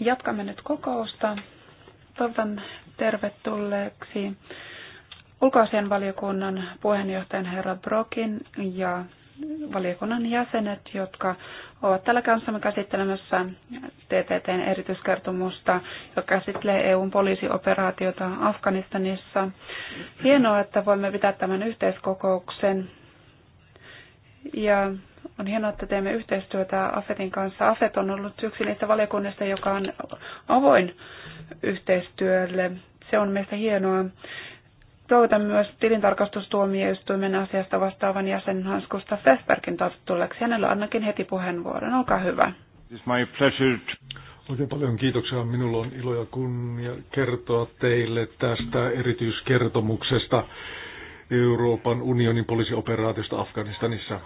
Jatkamme nyt kokousta. Toivotan tervetulleeksi ulkoisen valiokunnan puheenjohtajan herra Brokin ja valiokunnan jäsenet, jotka ovat täällä kanssamme käsittelemässä TTTn erityiskertomusta, joka käsittelee EUn poliisioperaatiota Afganistanissa. Hienoa, että voimme pitää tämän yhteiskokouksen. Ja on hienoa, että teemme yhteistyötä AFETin kanssa. AFET on ollut yksi niistä valiokunnista, joka on avoin yhteistyölle. Se on meistä hienoa. Toivotan myös tilintarkastustuomioistuimen asiasta vastaavan jäsen Hans Gustav Fessbergin tulleeksi. Hänellä annakin heti puheenvuoron. Olkaa hyvä. It's my pleasure Oikein paljon kiitoksia. Minulla on ilo ja kunnia kertoa teille tästä erityiskertomuksesta Euroopan unionin poliisioperaatiosta Afganistanissa.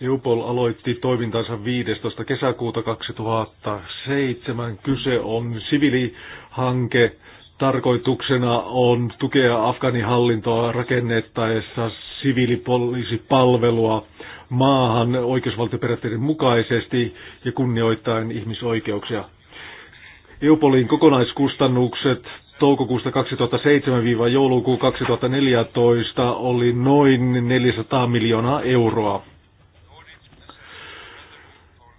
EUPOL aloitti toimintansa 15. kesäkuuta 2007. Kyse on siviilihanke. Tarkoituksena on tukea Afganihallintoa rakennettaessa siviilipoliisipalvelua maahan oikeusvaltioperiaatteiden mukaisesti ja kunnioittain ihmisoikeuksia. EUPOLin kokonaiskustannukset toukokuusta 2007-joulukuun 2014 oli noin 400 miljoonaa euroa.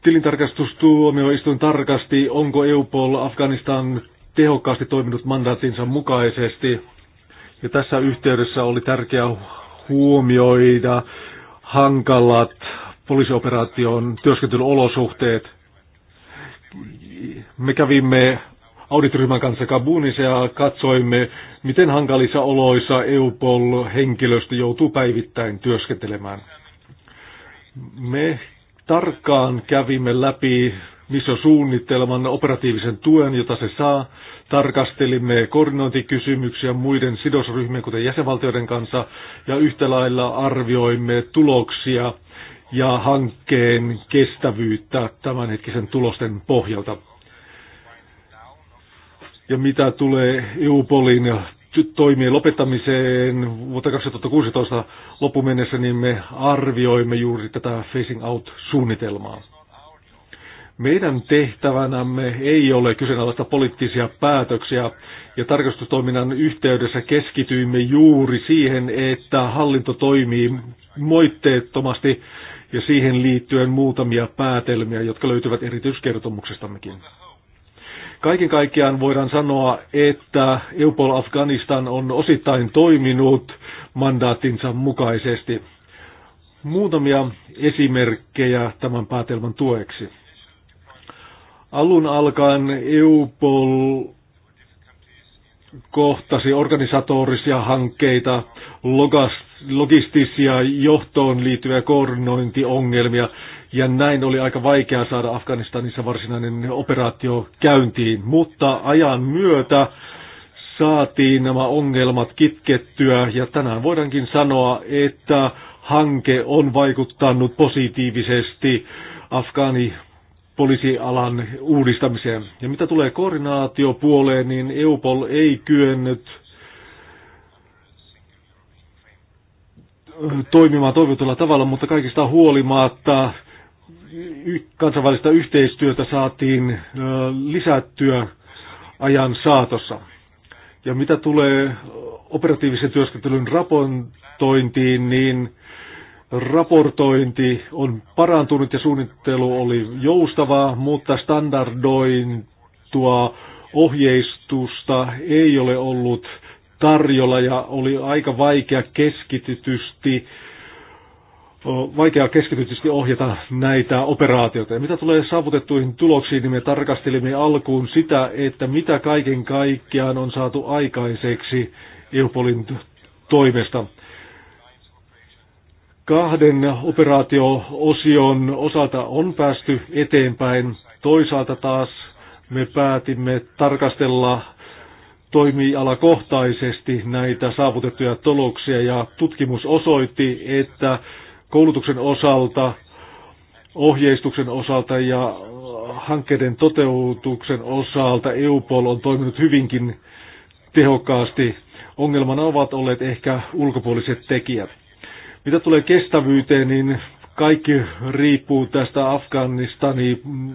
Tilintarkastustuomioistuin tarkasti, onko EUPOL Afganistan tehokkaasti toiminut mandaatinsa mukaisesti. Ja tässä yhteydessä oli tärkeää huomioida hankalat poliisioperaation työskentelyolosuhteet. Me kävimme auditryhmän kanssa Kabunissa ja katsoimme, miten hankalissa oloissa EUPOL-henkilöstö joutuu päivittäin työskentelemään. Me tarkkaan kävimme läpi missiosuunnitelman operatiivisen tuen, jota se saa. Tarkastelimme koordinointikysymyksiä muiden sidosryhmien, kuten jäsenvaltioiden kanssa, ja yhtä lailla arvioimme tuloksia ja hankkeen kestävyyttä tämänhetkisen tulosten pohjalta. Ja mitä tulee EUPOLin toimien lopettamiseen vuotta 2016 loppuun mennessä, niin me arvioimme juuri tätä phasing out-suunnitelmaa. Meidän tehtävänämme ei ole kyseenalaista poliittisia päätöksiä ja tarkastustoiminnan yhteydessä keskityimme juuri siihen, että hallinto toimii moitteettomasti ja siihen liittyen muutamia päätelmiä, jotka löytyvät erityiskertomuksestammekin. Kaiken kaikkiaan voidaan sanoa, että EUPOL Afganistan on osittain toiminut mandaattinsa mukaisesti. Muutamia esimerkkejä tämän päätelmän tueksi. Alun alkaen EUPOL kohtasi organisatorisia hankkeita, logistisia johtoon liittyviä koordinointiongelmia ja näin oli aika vaikea saada Afganistanissa varsinainen operaatio käyntiin, mutta ajan myötä saatiin nämä ongelmat kitkettyä ja tänään voidaankin sanoa, että hanke on vaikuttanut positiivisesti Afgaani poliisialan uudistamiseen. Ja mitä tulee koordinaatiopuoleen, niin EUPOL ei kyennyt toimimaan toivotulla tavalla, mutta kaikista huolimatta kansainvälistä yhteistyötä saatiin lisättyä ajan saatossa. Ja mitä tulee operatiivisen työskentelyn raportointiin, niin raportointi on parantunut ja suunnittelu oli joustavaa, mutta standardointua ohjeistusta ei ole ollut tarjolla ja oli aika vaikea keskitytysti äh, vaikea keskitytysti ohjata näitä operaatioita. Ja mitä tulee saavutettuihin tuloksiin, niin me tarkastelimme alkuun sitä, että mitä kaiken kaikkiaan on saatu aikaiseksi EUPOLin toimesta. Kahden operaatio-osion osalta on päästy eteenpäin. Toisaalta taas me päätimme tarkastella toimialakohtaisesti näitä saavutettuja tuloksia ja tutkimus osoitti, että koulutuksen osalta, ohjeistuksen osalta ja äh, hankkeiden toteutuksen osalta EUPOL on toiminut hyvinkin tehokkaasti. Ongelmana ovat olleet ehkä ulkopuoliset tekijät. Mitä tulee kestävyyteen, niin kaikki riippuu tästä Afganistanin mm,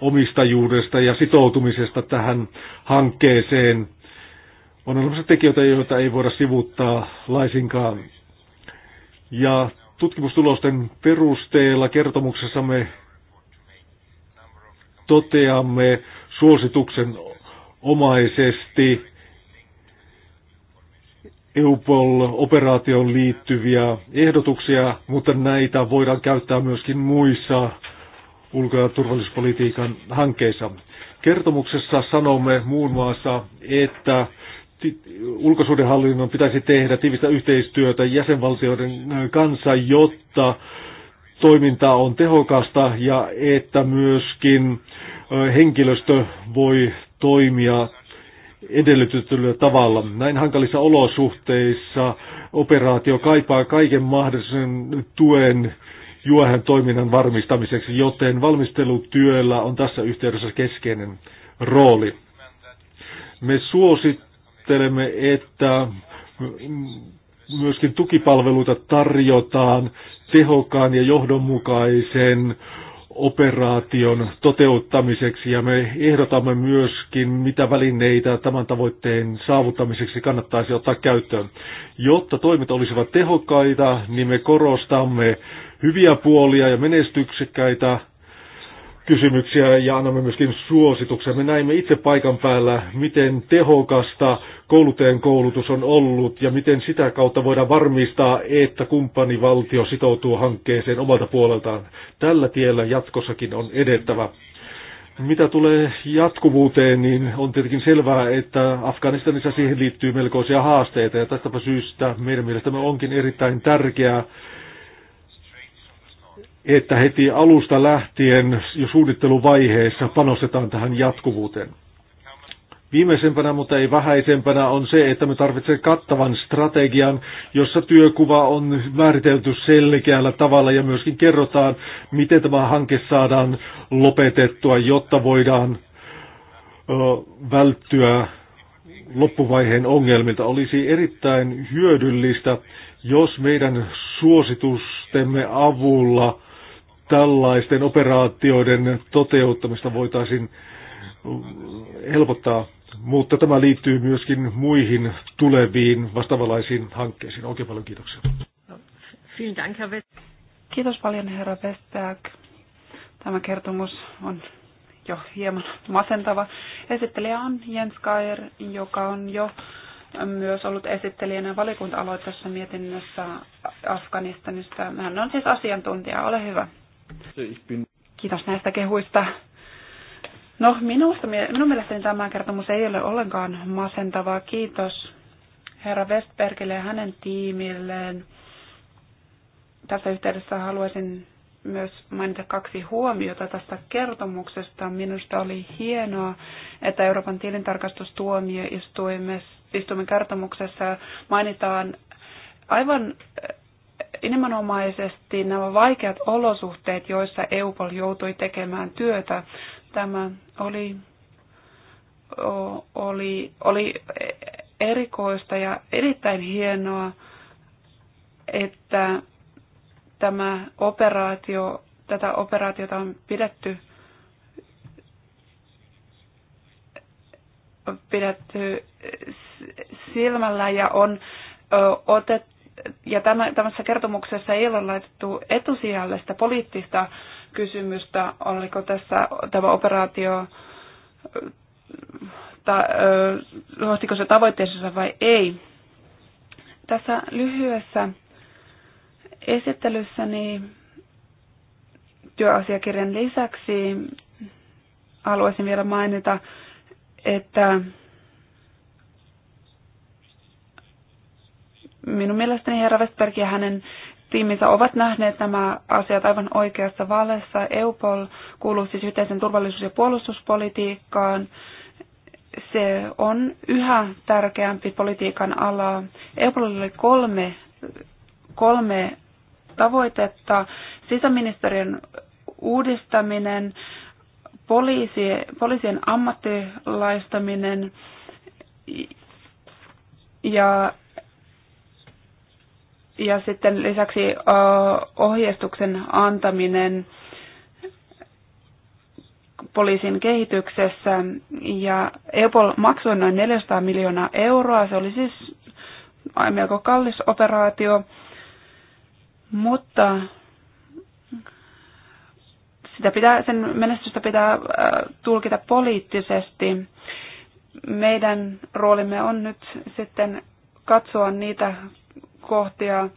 omistajuudesta ja sitoutumisesta tähän hankkeeseen. On olemassa tekijöitä, joita ei voida sivuttaa laisinkaan. Ja tutkimustulosten perusteella kertomuksessamme toteamme suosituksen omaisesti EUPOL-operaatioon liittyviä ehdotuksia, mutta näitä voidaan käyttää myöskin muissa ulko- ja turvallisuuspolitiikan hankkeissa. Kertomuksessa sanomme muun muassa, että ulkosuhdehallinnon pitäisi tehdä tiivistä yhteistyötä jäsenvaltioiden kanssa, jotta toiminta on tehokasta ja että myöskin henkilöstö voi toimia edellytetyllä tavalla. Näin hankalissa olosuhteissa operaatio kaipaa kaiken mahdollisen tuen juohen toiminnan varmistamiseksi, joten valmistelutyöllä on tässä yhteydessä keskeinen rooli. Me suosit ajattelemme, että myöskin tukipalveluita tarjotaan tehokkaan ja johdonmukaisen operaation toteuttamiseksi ja me ehdotamme myöskin, mitä välineitä tämän tavoitteen saavuttamiseksi kannattaisi ottaa käyttöön. Jotta toimet olisivat tehokkaita, niin me korostamme hyviä puolia ja menestyksekkäitä kysymyksiä ja annamme myöskin suosituksia. Me näimme itse paikan päällä, miten tehokasta kouluteen koulutus on ollut ja miten sitä kautta voidaan varmistaa, että kumppanivaltio sitoutuu hankkeeseen omalta puoleltaan. Tällä tiellä jatkossakin on edettävä. Mitä tulee jatkuvuuteen, niin on tietenkin selvää, että Afganistanissa siihen liittyy melkoisia haasteita ja tästäpä syystä meidän mielestämme onkin erittäin tärkeää, että heti alusta lähtien jo suunnitteluvaiheessa panostetaan tähän jatkuvuuteen. Viimeisempänä, mutta ei vähäisempänä, on se, että me tarvitsemme kattavan strategian, jossa työkuva on määritelty selkeällä tavalla ja myöskin kerrotaan, miten tämä hanke saadaan lopetettua, jotta voidaan ö, välttyä loppuvaiheen ongelmilta. Olisi erittäin hyödyllistä, jos meidän suositustemme avulla – tällaisten operaatioiden toteuttamista voitaisiin helpottaa, mutta tämä liittyy myöskin muihin tuleviin vastaavanlaisiin hankkeisiin. Oikein paljon kiitoksia. Kiitos paljon herra Vestberg. Tämä kertomus on jo hieman masentava. Esittelijä on Jens Kair, joka on jo myös ollut esittelijänä valikunta aloittaessa mietinnössä Afganistanista. Hän on siis asiantuntija. Ole hyvä. Kiitos näistä kehuista. No, minusta, minun mielestäni tämä kertomus ei ole ollenkaan masentavaa. Kiitos herra Westbergille ja hänen tiimilleen. Tässä yhteydessä haluaisin myös mainita kaksi huomiota tästä kertomuksesta. Minusta oli hienoa, että Euroopan tilintarkastustuomioistuimen kertomuksessa mainitaan aivan nimenomaisesti nämä vaikeat olosuhteet, joissa EUPOL joutui tekemään työtä. Tämä oli, oli, oli erikoista ja erittäin hienoa, että tämä operaatio, tätä operaatiota on pidetty, pidetty silmällä ja on otettu ja tämän, tämässä kertomuksessa ei ole laitettu etusijalle sitä poliittista kysymystä, oliko tässä tämä operaatio, ta, ö, se tavoitteensa vai ei. Tässä lyhyessä esittelyssäni työasiakirjan lisäksi haluaisin vielä mainita, että minun mielestäni herra Westberg ja hänen tiiminsä ovat nähneet nämä asiat aivan oikeassa valessa. EUPOL kuuluu siis yhteisen turvallisuus- ja puolustuspolitiikkaan. Se on yhä tärkeämpi politiikan ala. EUPOLilla oli kolme, kolme tavoitetta. Sisäministeriön uudistaminen, poliisi, poliisien ammattilaistaminen ja ja sitten lisäksi ohjeistuksen antaminen poliisin kehityksessä. Ja EUPOL maksoi noin 400 miljoonaa euroa. Se oli siis melko kallis operaatio, mutta sitä pitää, sen menestystä pitää tulkita poliittisesti. Meidän roolimme on nyt sitten katsoa niitä kohtia,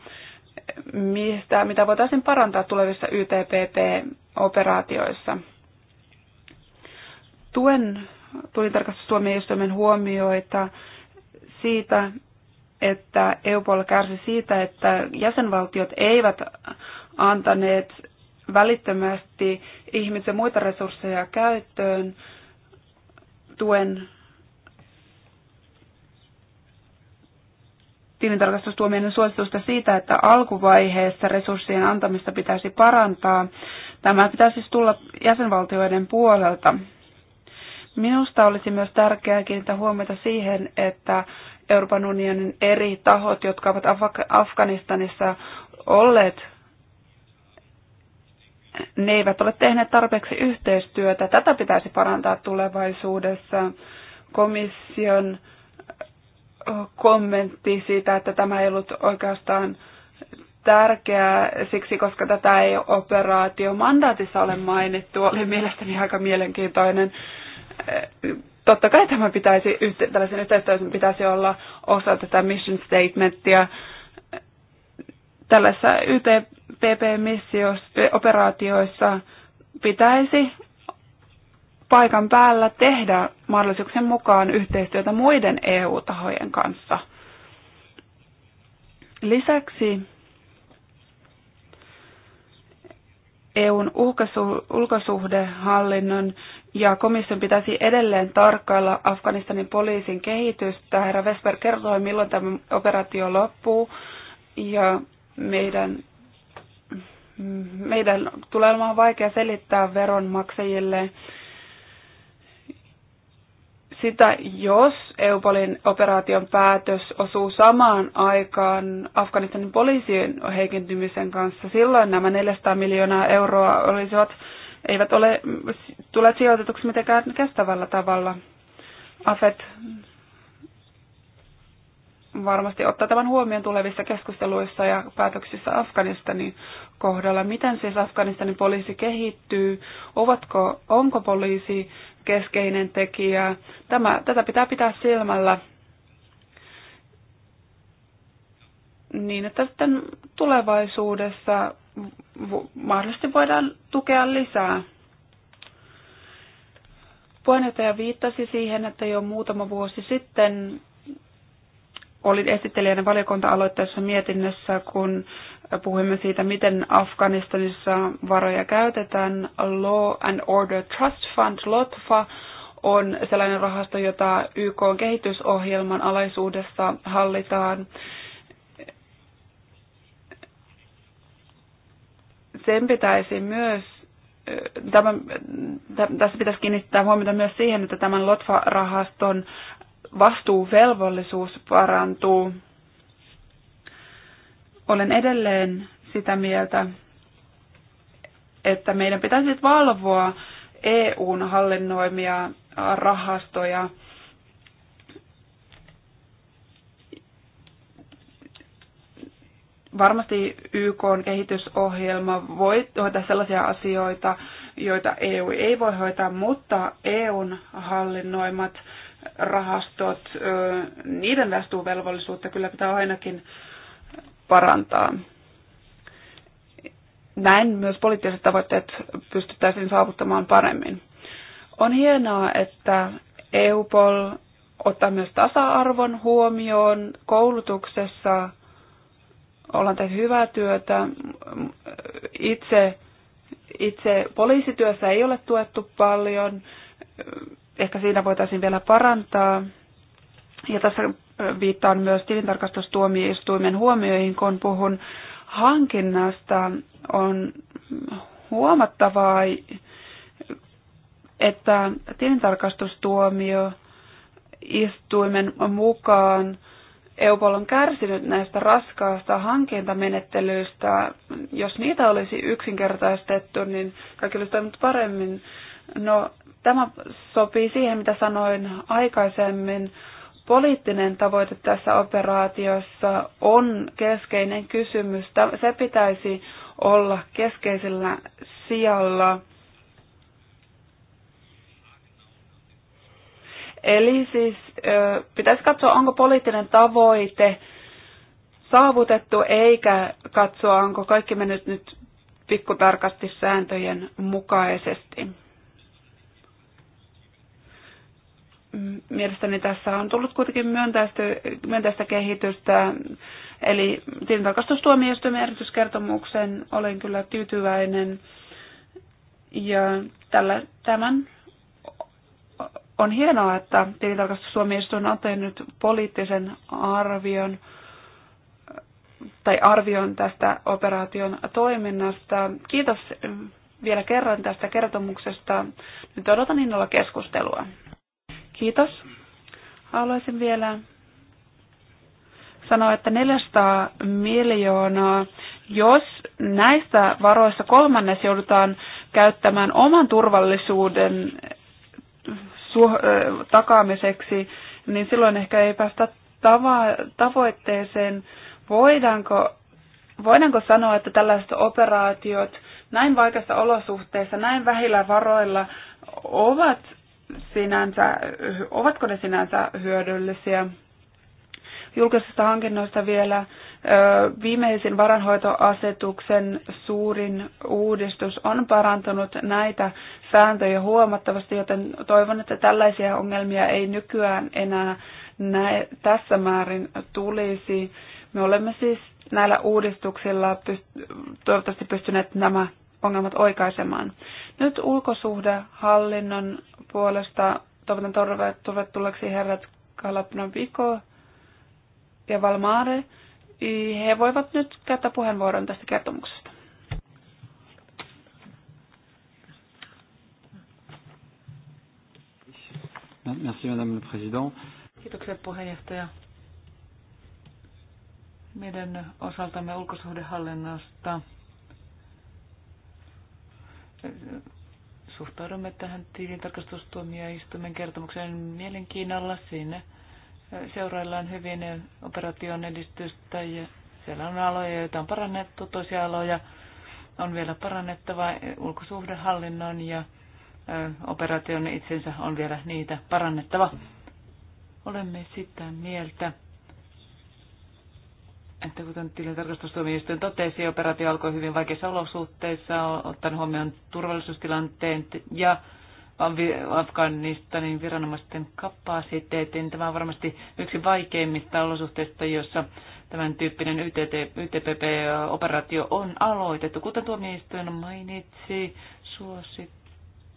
mistä, mitä voitaisiin parantaa tulevissa YTPP-operaatioissa. Tuen tulintarkastustuomioistuimen huomioita siitä, että EUPOL kärsi siitä, että jäsenvaltiot eivät antaneet välittömästi ihmisen muita resursseja käyttöön tuen tilintarkastustuomioiden suositusta siitä, että alkuvaiheessa resurssien antamista pitäisi parantaa. Tämä pitäisi siis tulla jäsenvaltioiden puolelta. Minusta olisi myös tärkeää kiinnittää huomiota siihen, että Euroopan unionin eri tahot, jotka ovat Afganistanissa olleet, ne eivät ole tehneet tarpeeksi yhteistyötä. Tätä pitäisi parantaa tulevaisuudessa. Komission kommentti siitä, että tämä ei ollut oikeastaan tärkeää siksi, koska tätä ei operaatio mandaatissa ole mainittu, oli mielestäni aika mielenkiintoinen. Totta kai tämä pitäisi, tällaisen yhteistyön pitäisi olla osa tätä mission statementtia. Tällaisessa YTPP-operaatioissa pitäisi paikan päällä tehdä mahdollisuuksien mukaan yhteistyötä muiden EU-tahojen kanssa. Lisäksi EUn ulkosuhdehallinnon ja komission pitäisi edelleen tarkkailla Afganistanin poliisin kehitystä. Herra Vesper kertoi, milloin tämä operaatio loppuu ja meidän, meidän tulee olemaan vaikea selittää veronmaksajille, sitä, jos EUPOLin operaation päätös osuu samaan aikaan Afganistanin poliisien heikentymisen kanssa, silloin nämä 400 miljoonaa euroa olisivat, eivät ole tule sijoitetuksi mitenkään kestävällä tavalla. AFET varmasti ottaa tämän huomioon tulevissa keskusteluissa ja päätöksissä Afganistanin kohdalla. Miten siis Afganistanin poliisi kehittyy? Ovatko, onko poliisi keskeinen tekijä. Tämä, tätä pitää pitää silmällä niin, että sitten tulevaisuudessa mahdollisesti voidaan tukea lisää. Puheenjohtaja viittasi siihen, että jo muutama vuosi sitten olin esittelijänä valiokunta-aloitteessa mietinnössä, kun Puhuimme siitä, miten Afganistanissa varoja käytetään. Law and Order Trust Fund, LOTFA, on sellainen rahasto, jota YK kehitysohjelman alaisuudessa hallitaan. Sen pitäisi myös, tämä tässä pitäisi kiinnittää huomiota myös siihen, että tämän LOTFA-rahaston vastuuvelvollisuus parantuu olen edelleen sitä mieltä, että meidän pitäisi valvoa EUn hallinnoimia rahastoja. Varmasti YK on kehitysohjelma voi hoitaa sellaisia asioita, joita EU ei voi hoitaa, mutta EUn hallinnoimat rahastot, niiden vastuuvelvollisuutta kyllä pitää ainakin parantaa. Näin myös poliittiset tavoitteet pystyttäisiin saavuttamaan paremmin. On hienoa, että EUPOL ottaa myös tasa-arvon huomioon koulutuksessa. Ollaan tehty hyvää työtä. Itse, itse poliisityössä ei ole tuettu paljon. Ehkä siinä voitaisiin vielä parantaa. Ja tässä viittaan myös tilintarkastustuomioistuimen huomioihin, kun puhun hankinnasta, on huomattavaa, että tilintarkastustuomioistuimen mukaan EUPOL on kärsinyt näistä raskaasta hankintamenettelyistä. Jos niitä olisi yksinkertaistettu, niin kaikki olisi toiminut paremmin. No, tämä sopii siihen, mitä sanoin aikaisemmin poliittinen tavoite tässä operaatiossa on keskeinen kysymys. Se pitäisi olla keskeisellä sijalla. Eli siis pitäisi katsoa, onko poliittinen tavoite saavutettu, eikä katsoa, onko kaikki mennyt nyt pikkutarkasti sääntöjen mukaisesti. mielestäni tässä on tullut kuitenkin myönteistä, myönteistä kehitystä. Eli tilintarkastustuomioistuimen erityiskertomuksen olen kyllä tyytyväinen. Ja tällä, tämän on hienoa, että tilintarkastustuomioistuin on tehnyt poliittisen arvion tai arvion tästä operaation toiminnasta. Kiitos vielä kerran tästä kertomuksesta. Nyt odotan innolla keskustelua. Kiitos. Haluaisin vielä sanoa, että 400 miljoonaa, jos näistä varoista kolmannes joudutaan käyttämään oman turvallisuuden takaamiseksi, niin silloin ehkä ei päästä tavoitteeseen. Voidaanko, voidaanko sanoa, että tällaiset operaatiot näin vaikeassa olosuhteessa näin vähillä varoilla ovat sinänsä, ovatko ne sinänsä hyödyllisiä. Julkisista hankinnoista vielä viimeisin varanhoitoasetuksen suurin uudistus on parantanut näitä sääntöjä huomattavasti, joten toivon, että tällaisia ongelmia ei nykyään enää näe, tässä määrin tulisi. Me olemme siis näillä uudistuksilla pyst- toivottavasti pystyneet nämä ongelmat oikaisemaan. Nyt ulkosuhdehallinnon puolesta toivotan tervetulleeksi herrat Kalapnon Viko ja Valmaare. He voivat nyt käyttää puheenvuoron tästä kertomuksesta. Merci, Madame le Président. Kiitoksia puheenjohtaja. Meidän osaltamme ulkosuhdehallinnosta suhtaudumme tähän tilintarkastustuomioistuimen kertomukseen mielenkiinnolla. Siinä seuraillaan hyvin operaation edistystä ja siellä on aloja, joita on parannettu, toisia aloja on vielä parannettava ulkosuhdehallinnon ja operaation itsensä on vielä niitä parannettava. Olemme sitä mieltä, että kuten tilintarkastustuomioistuin totesi, operaatio alkoi hyvin vaikeissa olosuhteissa, ottaen huomioon turvallisuustilanteen ja Afganistanin viranomaisten kapasiteetin. Tämä on varmasti yksi vaikeimmista olosuhteista, jossa tämän tyyppinen YTPP-operaatio on aloitettu. Kuten tuomioistuin mainitsi, suosittu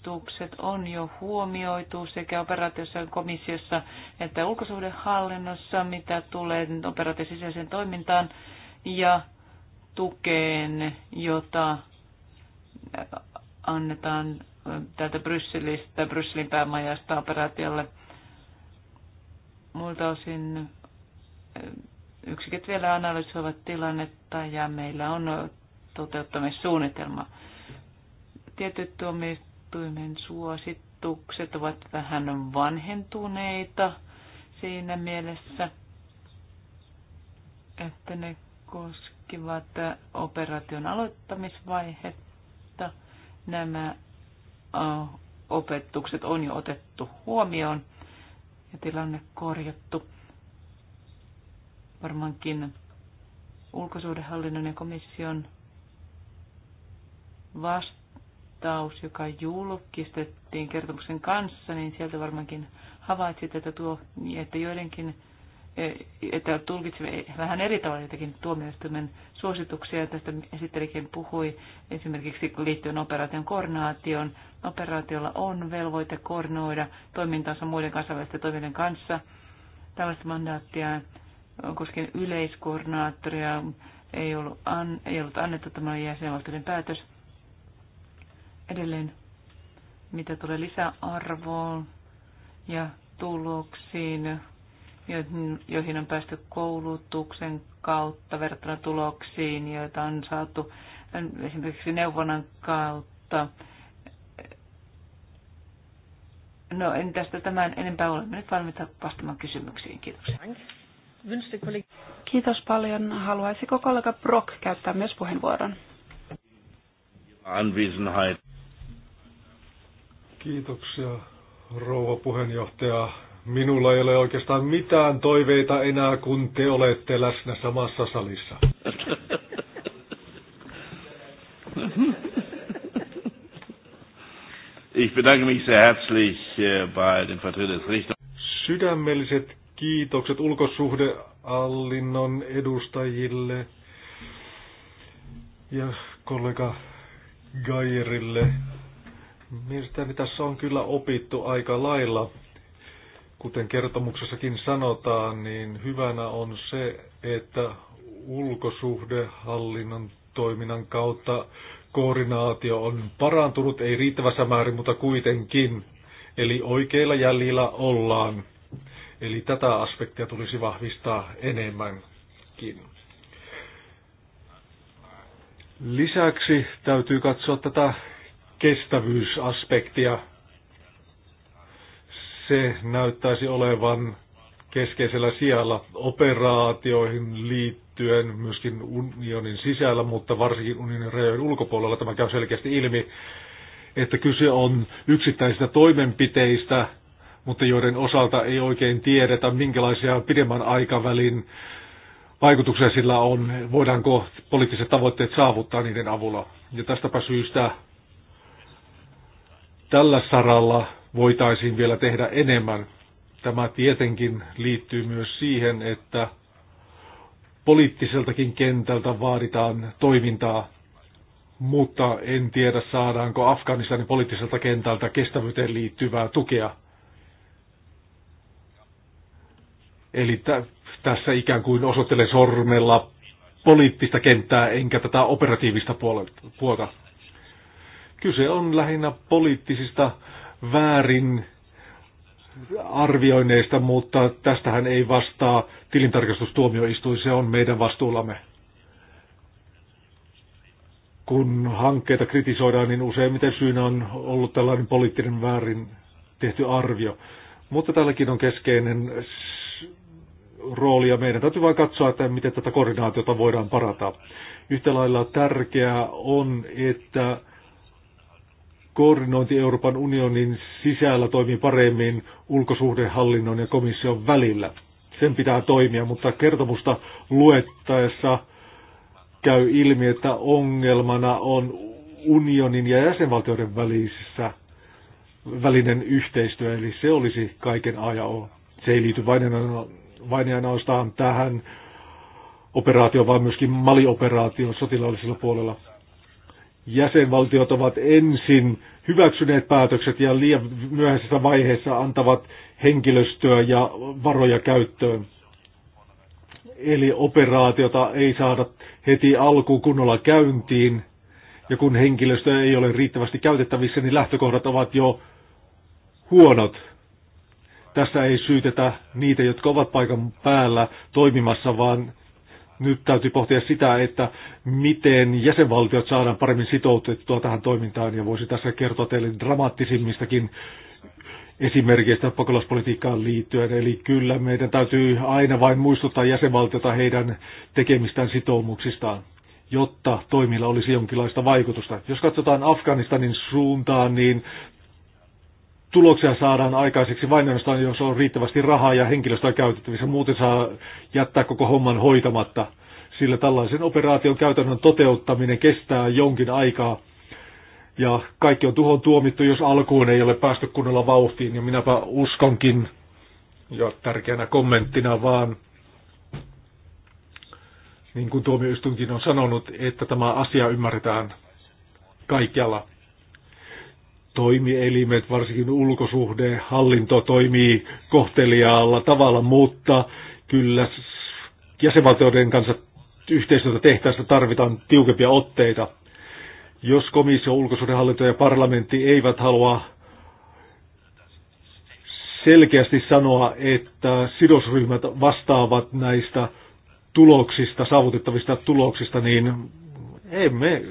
suositukset on jo huomioitu sekä operaatiossa komissiossa että ulkosuhdehallinnossa, mitä tulee operaation sisäiseen toimintaan ja tukeen, jota annetaan täältä Brysselistä, Brysselin päämajasta operaatiolle. Muilta osin eh, yksiköt vielä analysoivat tilannetta ja meillä on toteuttamissuunnitelma. Tietyt tuomioistuimet tuomioistuimen suositukset ovat vähän vanhentuneita siinä mielessä, että ne koskivat operaation aloittamisvaihetta. Nämä opetukset on jo otettu huomioon ja tilanne korjattu. Varmaankin ulkosuudenhallinnon ja komission vastuun viittaus, joka julkistettiin kertomuksen kanssa, niin sieltä varmaankin havaitsit, että, tuo, että joidenkin e, että tulkitsimme vähän eri tavalla jotakin tuomioistuimen suosituksia. Tästä esittelikin puhui esimerkiksi liittyen operaation koordinaation. Operaatiolla on velvoite koordinoida toimintansa muiden kansainvälisten toimijoiden kanssa. Tällaista mandaattia koskien yleiskoordinaattoria ei ollut, an, ei ollut annettu tämän jäsenvaltioiden päätös. Edelleen, mitä tulee lisäarvoon ja tuloksiin, joihin on päästy koulutuksen kautta verrattuna tuloksiin, joita on saatu esimerkiksi neuvonnan kautta. No en tästä tämän enempää ole. Nyt valmiita vastaamaan kysymyksiin. Kiitoksia. Kiitos paljon. Haluaisiko kollega Brock käyttää myös puheenvuoron? Anwesenheit. Kiitoksia, rouva puheenjohtaja. Minulla ei ole oikeastaan mitään toiveita enää, kun te olette läsnä samassa salissa. Ich bedanke mich sehr herzlich äh, bei den Vertretern des Sydämelliset kiitokset ulkosuhdeallinnon edustajille ja kollega Gaierille Mielestäni tässä on kyllä opittu aika lailla. Kuten kertomuksessakin sanotaan, niin hyvänä on se, että ulkosuhdehallinnon toiminnan kautta koordinaatio on parantunut, ei riittävässä määrin, mutta kuitenkin. Eli oikeilla jäljillä ollaan. Eli tätä aspektia tulisi vahvistaa enemmänkin. Lisäksi täytyy katsoa tätä kestävyysaspektia. Se näyttäisi olevan keskeisellä sijalla operaatioihin liittyen myöskin unionin sisällä, mutta varsinkin unionin rajojen ulkopuolella tämä käy selkeästi ilmi, että kyse on yksittäisistä toimenpiteistä, mutta joiden osalta ei oikein tiedetä, minkälaisia pidemmän aikavälin vaikutuksia sillä on, voidaanko poliittiset tavoitteet saavuttaa niiden avulla. Ja tästäpä syystä tällä saralla voitaisiin vielä tehdä enemmän. Tämä tietenkin liittyy myös siihen, että poliittiseltakin kentältä vaaditaan toimintaa, mutta en tiedä saadaanko Afganistanin poliittiselta kentältä kestävyyteen liittyvää tukea. Eli tässä ikään kuin osoittelen sormella poliittista kenttää enkä tätä operatiivista puolta. Kyse on lähinnä poliittisista väärin arvioineista, mutta tästähän ei vastaa tilintarkastustuomioistuin, se on meidän vastuullamme. Kun hankkeita kritisoidaan, niin useimmiten syynä on ollut tällainen poliittinen väärin tehty arvio. Mutta tälläkin on keskeinen rooli ja meidän täytyy vain katsoa, että miten tätä koordinaatiota voidaan parata. Yhtä lailla tärkeää on, että koordinointi Euroopan unionin sisällä toimii paremmin ulkosuhdehallinnon ja komission välillä. Sen pitää toimia, mutta kertomusta luettaessa käy ilmi, että ongelmana on unionin ja jäsenvaltioiden välisissä välinen yhteistyö, eli se olisi kaiken ajan Se ei liity vain, vain ainoastaan tähän operaatioon, vaan myöskin malioperaatioon sotilaallisella puolella jäsenvaltiot ovat ensin hyväksyneet päätökset ja liian myöhäisessä vaiheessa antavat henkilöstöä ja varoja käyttöön. Eli operaatiota ei saada heti alkuun kunnolla käyntiin, ja kun henkilöstö ei ole riittävästi käytettävissä, niin lähtökohdat ovat jo huonot. Tässä ei syytetä niitä, jotka ovat paikan päällä toimimassa, vaan nyt täytyy pohtia sitä, että miten jäsenvaltiot saadaan paremmin sitoutettua tähän toimintaan ja voisi tässä kertoa teille dramaattisimmistakin esimerkkeistä pakolaispolitiikkaan liittyen. Eli kyllä meidän täytyy aina vain muistuttaa jäsenvaltiota heidän tekemistään sitoumuksistaan jotta toimilla olisi jonkinlaista vaikutusta. Jos katsotaan Afganistanin suuntaan, niin tuloksia saadaan aikaiseksi vain ainoastaan, jos on riittävästi rahaa ja henkilöstöä käytettävissä. Muuten saa jättää koko homman hoitamatta, sillä tällaisen operaation käytännön toteuttaminen kestää jonkin aikaa. Ja kaikki on tuhon tuomittu, jos alkuun ei ole päästy kunnolla vauhtiin, ja minäpä uskonkin, ja tärkeänä kommenttina vaan, niin kuin tuomioistuinkin on sanonut, että tämä asia ymmärretään kaikkialla toimielimet, varsinkin ulkosuhde, hallinto toimii kohteliaalla tavalla, mutta kyllä jäsenvaltioiden kanssa yhteistyötä tehtäessä tarvitaan tiukempia otteita. Jos komissio, ulkosuhdehallinto ja parlamentti eivät halua selkeästi sanoa, että sidosryhmät vastaavat näistä tuloksista, saavutettavista tuloksista, niin emme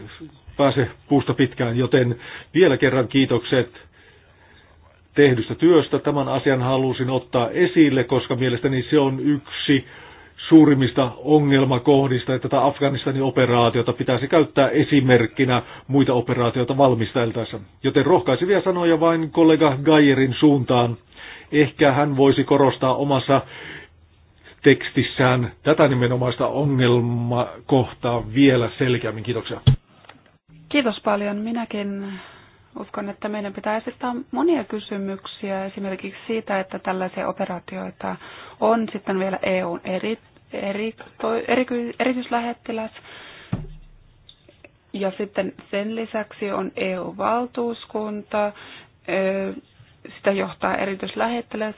pääse puusta pitkään, joten vielä kerran kiitokset tehdystä työstä. Tämän asian halusin ottaa esille, koska mielestäni se on yksi suurimmista ongelmakohdista, että tätä Afganistanin operaatiota pitäisi käyttää esimerkkinä muita operaatioita valmisteltaessa. Joten rohkaisivia sanoja vain kollega Gajerin suuntaan. Ehkä hän voisi korostaa omassa tekstissään tätä nimenomaista ongelmakohtaa vielä selkeämmin. Kiitoksia. Kiitos paljon. Minäkin uskon, että meidän pitää esittää monia kysymyksiä esimerkiksi siitä, että tällaisia operaatioita on sitten vielä EUn eri, eri, toi, eri, erityislähettiläs. Ja sitten sen lisäksi on EU-valtuuskunta, sitä johtaa erityislähettiläs,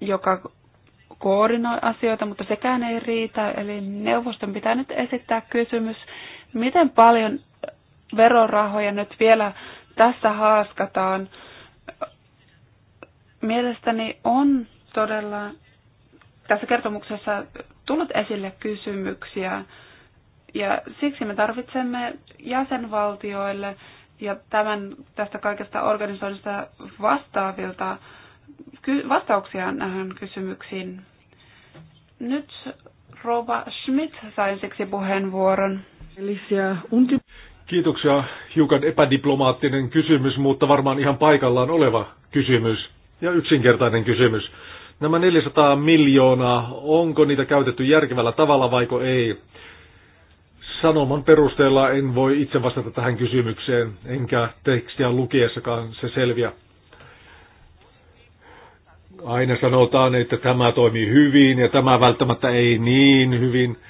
joka koordinoi asioita, mutta sekään ei riitä. Eli neuvoston pitää nyt esittää kysymys, miten paljon verorahoja nyt vielä tässä haaskataan. Mielestäni on todella tässä kertomuksessa tullut esille kysymyksiä ja siksi me tarvitsemme jäsenvaltioille ja tämän, tästä kaikesta organisoinnista vastaavilta vastauksia näihin kysymyksiin. Nyt Rova Schmidt sai siksi puheenvuoron. Kiitoksia. Hiukan epädiplomaattinen kysymys, mutta varmaan ihan paikallaan oleva kysymys ja yksinkertainen kysymys. Nämä 400 miljoonaa, onko niitä käytetty järkevällä tavalla vaiko ei? Sanoman perusteella en voi itse vastata tähän kysymykseen, enkä tekstiä lukiessakaan se selviä. Aina sanotaan, että tämä toimii hyvin ja tämä välttämättä ei niin hyvin –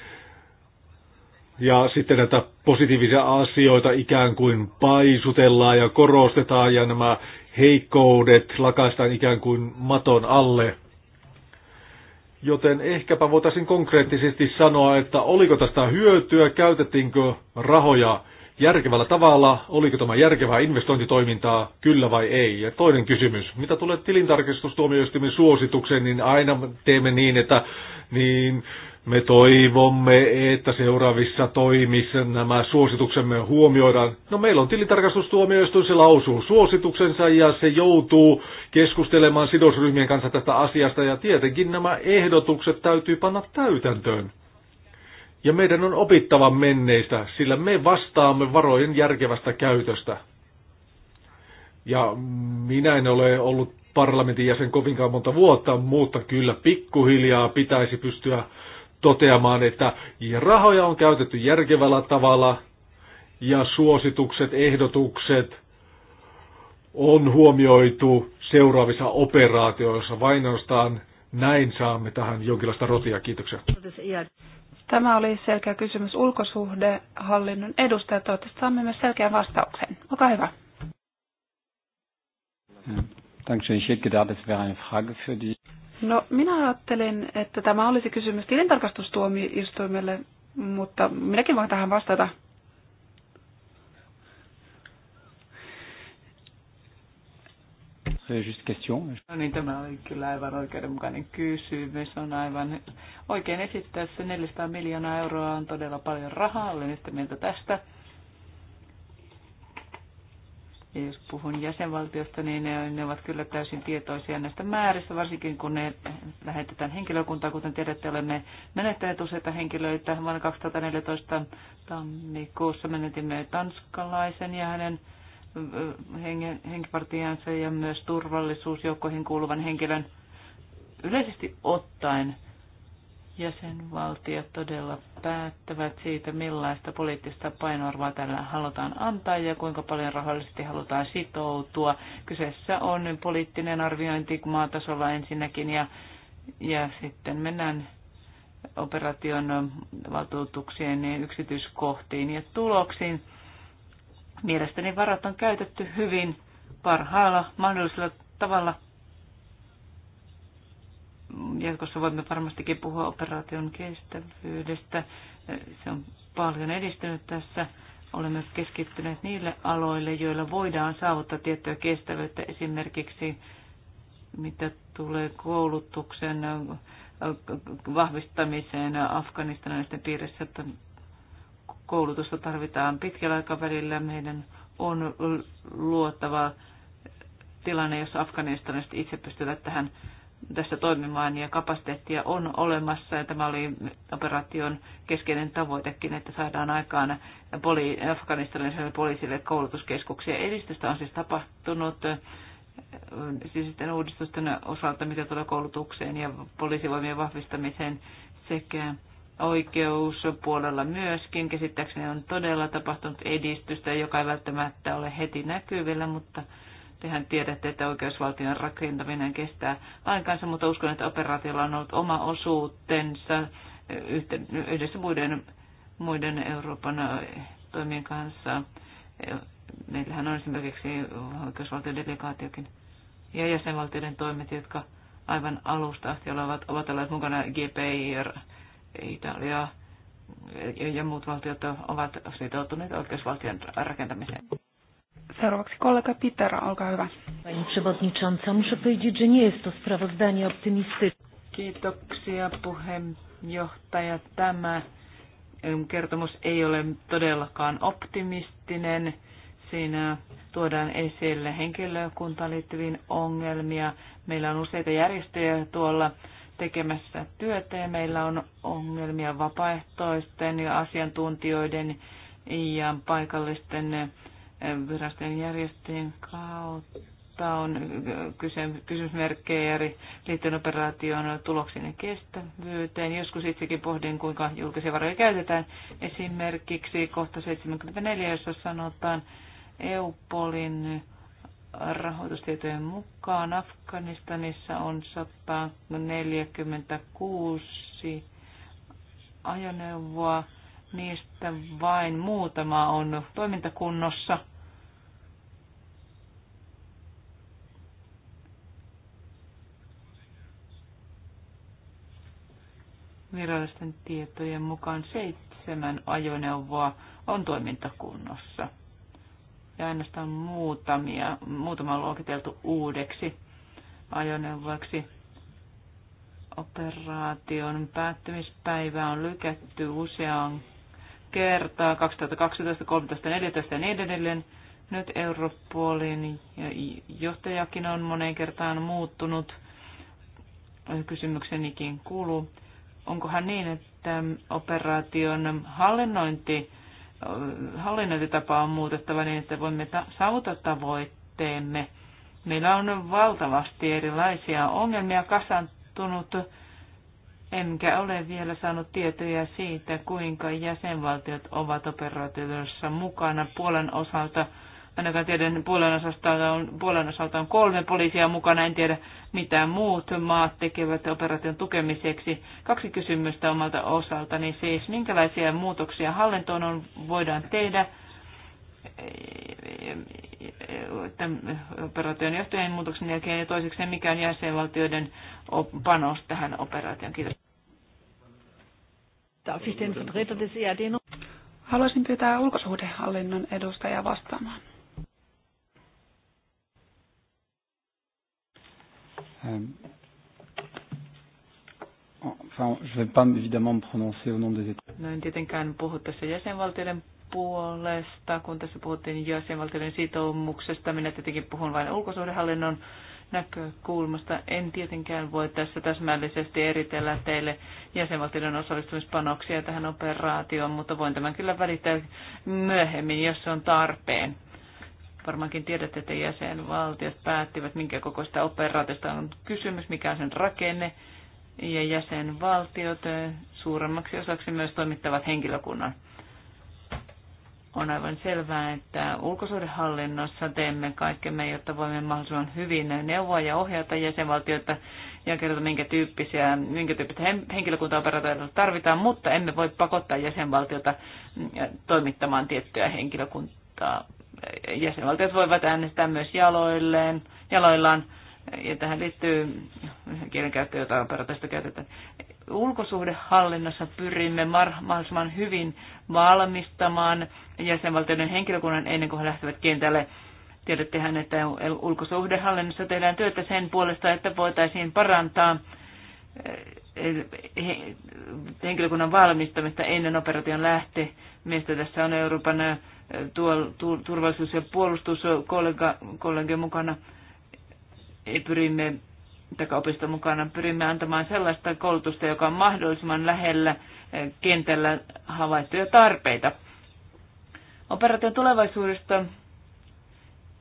ja sitten näitä positiivisia asioita ikään kuin paisutellaan ja korostetaan ja nämä heikkoudet lakaistaan ikään kuin maton alle. Joten ehkäpä voitaisiin konkreettisesti sanoa, että oliko tästä hyötyä, käytettiinkö rahoja järkevällä tavalla, oliko tämä järkevää investointitoimintaa, kyllä vai ei. Ja toinen kysymys, mitä tulee tilintarkastustuomioistuimen suositukseen, niin aina teemme niin, että niin me toivomme, että seuraavissa toimissa nämä suosituksemme huomioidaan. No meillä on tilintarkastustuomioistuin, se lausuu suosituksensa ja se joutuu keskustelemaan sidosryhmien kanssa tästä asiasta ja tietenkin nämä ehdotukset täytyy panna täytäntöön. Ja meidän on opittava menneistä, sillä me vastaamme varojen järkevästä käytöstä. Ja minä en ole ollut parlamentin jäsen kovinkaan monta vuotta, mutta kyllä pikkuhiljaa pitäisi pystyä toteamaan, että rahoja on käytetty järkevällä tavalla ja suositukset, ehdotukset on huomioitu seuraavissa operaatioissa. Vain ainoastaan näin saamme tähän jonkinlaista rotia. Kiitoksia. Tämä oli selkeä kysymys ulkosuhdehallinnon edustaja. Toivottavasti saamme myös selkeän vastauksen. Olkaa hyvä. No, minä ajattelin, että tämä olisi kysymys tilintarkastustuomioistuimelle, mutta minäkin voin tähän vastata. Äh, no niin, tämä oli kyllä aivan oikeudenmukainen kysymys. On aivan oikein esittää se 400 miljoonaa euroa on todella paljon rahaa. Olen yhtä mieltä tästä. Ja jos puhun jäsenvaltiosta, niin ne, ne ovat kyllä täysin tietoisia näistä määristä, varsinkin kun ne lähetetään henkilökuntaa. Kuten tiedätte, olemme menettäneet useita henkilöitä. Vuonna 2014 tammikuussa menetimme tanskalaisen ja hänen henkipartijansa ja myös turvallisuusjoukkoihin kuuluvan henkilön. Yleisesti ottaen jäsenvaltiot todella päättävät siitä, millaista poliittista painoarvoa tällä halutaan antaa ja kuinka paljon rahallisesti halutaan sitoutua. Kyseessä on poliittinen arviointi maatasolla ensinnäkin ja, ja sitten mennään operaation valtuutuksien yksityiskohtiin ja tuloksiin. Mielestäni varat on käytetty hyvin parhaalla mahdollisella tavalla jatkossa voimme varmastikin puhua operaation kestävyydestä. Se on paljon edistynyt tässä. Olemme keskittyneet niille aloille, joilla voidaan saavuttaa tiettyä kestävyyttä, esimerkiksi mitä tulee koulutuksen vahvistamiseen afganistanilaisten piirissä, koulutusta tarvitaan pitkällä aikavälillä. Meidän on luottava tilanne, jossa afganistanilaiset itse pystyvät tähän tässä toimimaan ja kapasiteettia on olemassa. Ja tämä oli operaation keskeinen tavoitekin, että saadaan aikaan poli- afganistanilaisille poliisille koulutuskeskuksia. Edistystä on siis tapahtunut siis sitten uudistusten osalta, mitä tulee koulutukseen ja poliisivoimien vahvistamiseen sekä oikeuspuolella myöskin. Käsittääkseni on todella tapahtunut edistystä, joka ei välttämättä ole heti näkyvillä, mutta Tehän tiedätte, että oikeusvaltion rakentaminen kestää aikansa, mutta uskon, että operaatiolla on ollut oma osuutensa yhdessä muiden, muiden Euroopan toimien kanssa. E, meillähän on esimerkiksi delegaatiokin ja jäsenvaltioiden toimet, jotka aivan alusta asti ovat, ovat olleet mukana GPIR, Italia ja muut valtiot ovat sitoutuneet oikeusvaltion rakentamiseen. Seuraavaksi kollega Pitera, olkaa hyvä. Pani przewodnicząca, muszę powiedzieć, że nie jest to sprawozdanie optymistyczne. Kiitoksia puheenjohtaja. Tämä kertomus ei ole todellakaan optimistinen. Siinä tuodaan esille henkilökuntaan liittyviin ongelmia. Meillä on useita järjestöjä tuolla tekemässä työtä ja meillä on ongelmia vapaaehtoisten ja asiantuntijoiden ja paikallisten virastojen järjestöjen kautta on kysymysmerkkejä eri liittyen operaation tuloksinen kestävyyteen. Joskus itsekin pohdin, kuinka julkisia varoja käytetään. Esimerkiksi kohta 74, jossa sanotaan EUPOLin rahoitustietojen mukaan Afganistanissa on 146 ajoneuvoa Niistä vain muutama on toimintakunnossa. Virallisten tietojen mukaan seitsemän ajoneuvoa on toimintakunnossa ja ainoastaan muutamia, muutama on luokiteltu uudeksi ajoneuvoiksi. Operaation päättymispäivää on lykätty useaan kertaa 2012, 13, 14 ja niin edelleen. Nyt Europolin johtajakin on moneen kertaan muuttunut. Kysymyksenikin kuuluu, onkohan niin, että operaation hallinnointi, hallinnointitapa on muutettava niin, että voimme ta- saavuttaa tavoitteemme. Meillä on valtavasti erilaisia ongelmia kasantunut enkä ole vielä saanut tietoja siitä, kuinka jäsenvaltiot ovat operaatioissa mukana Puolan osalta. Ainakaan tiedän, Puolan osalta, on, Puolan osalta on kolme poliisia mukana, en tiedä mitä muut maat tekevät operaation tukemiseksi. Kaksi kysymystä omalta osaltani siis, minkälaisia muutoksia hallintoon on, voidaan tehdä operaation johtajien muutoksen jälkeen ja toiseksi mikä on jäsenvaltioiden panos tähän operaatioon. Kiitos. Darf ich den Vertreter des EAD noch? Haluaisin pyytää ulkosuhdehallinnon edustajaa vastaamaan. Ähm, oh, enfin, je vais pas évidemment prononcer au nom des États. No en tietenkään puhu tässä jäsenvaltioiden puolesta, kun tässä puhuttiin jäsenvaltioiden sitoumuksesta. Minä tietenkin puhun vain ulkosuhdehallinnon näkökulmasta. En tietenkään voi tässä täsmällisesti eritellä teille jäsenvaltioiden osallistumispanoksia tähän operaatioon, mutta voin tämän kyllä välittää myöhemmin, jos se on tarpeen. Varmaankin tiedätte, että jäsenvaltiot päättivät, minkä kokoista operaatiosta on kysymys, mikä on sen rakenne, ja jäsenvaltiot suuremmaksi osaksi myös toimittavat henkilökunnan on aivan selvää, että ulkosuhdehallinnossa teemme kaikkemme, jotta voimme mahdollisimman hyvin neuvoa ja ohjata jäsenvaltioita ja kertoa, minkä, tyyppisiä, minkä tyyppistä henkilökuntaoperaatioita tarvitaan, mutta emme voi pakottaa jäsenvaltiota toimittamaan tiettyä henkilökuntaa. Jäsenvaltiot voivat äänestää myös jaloilleen, jaloillaan, ja tähän liittyy kielenkäyttö, jota operaatioista käytetään ulkosuhdehallinnossa pyrimme mahdollisimman hyvin valmistamaan jäsenvaltioiden henkilökunnan ennen kuin he lähtevät kentälle. Tiedättehän, että ulkosuhdehallinnossa tehdään työtä sen puolesta, että voitaisiin parantaa eh, henkilökunnan valmistamista ennen operaation lähtemistä. Tässä on Euroopan eh, turvallisuus- ja puolustuskollega mukana. Pyrimme takaopiston mukana pyrimme antamaan sellaista koulutusta, joka on mahdollisimman lähellä eh, kentällä havaittuja tarpeita. Operaation tulevaisuudesta